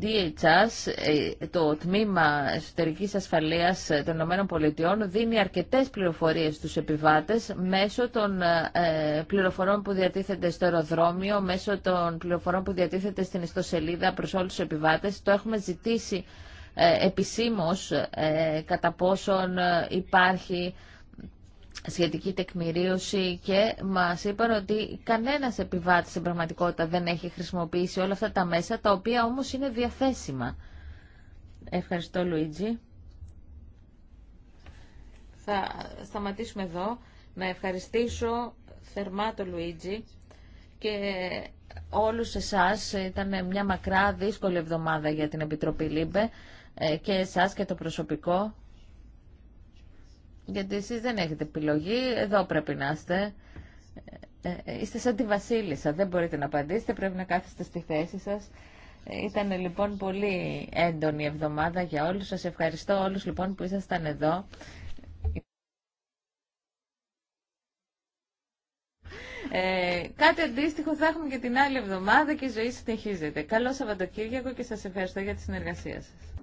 DHS, ε, το τμήμα εσωτερικής ασφαλείας των ΗΠΑ, δίνει αρκετές πληροφορίες στους επιβάτες μέσω των ε, πληροφορών που διατίθεται στο αεροδρόμιο, μέσω των πληροφορών που διατίθεται στην ιστοσελίδα προς όλους τους επιβάτες. Το έχουμε ζητήσει ε, επισήμως κατά πόσον υπάρχει σχετική τεκμηρίωση και μας είπαν ότι κανένας επιβάτης στην πραγματικότητα δεν έχει χρησιμοποιήσει όλα αυτά τα μέσα, τα οποία όμως είναι διαθέσιμα. Ευχαριστώ Λουίτζι. Θα σταματήσουμε εδώ. Να ευχαριστήσω θερμά τον Λουίτζι και όλους εσάς. Ήταν μια μακρά δύσκολη εβδομάδα για την Επιτροπή ΛΥΜΠΕ ε, και εσάς και το προσωπικό. Γιατί εσείς δεν έχετε επιλογή, εδώ πρέπει να είστε. Ε, ε, είστε σαν τη βασίλισσα, δεν μπορείτε να απαντήσετε, πρέπει να κάθεστε στη θέση σας. Ήταν λοιπόν πολύ έντονη η εβδομάδα για όλους. Σας ευχαριστώ όλους λοιπόν που ήσασταν εδώ. Ε, κάτι αντίστοιχο θα έχουμε και την άλλη εβδομάδα και η ζωή συνεχίζεται. Καλό Σαββατοκύριακο και σας ευχαριστώ για τη συνεργασία σας.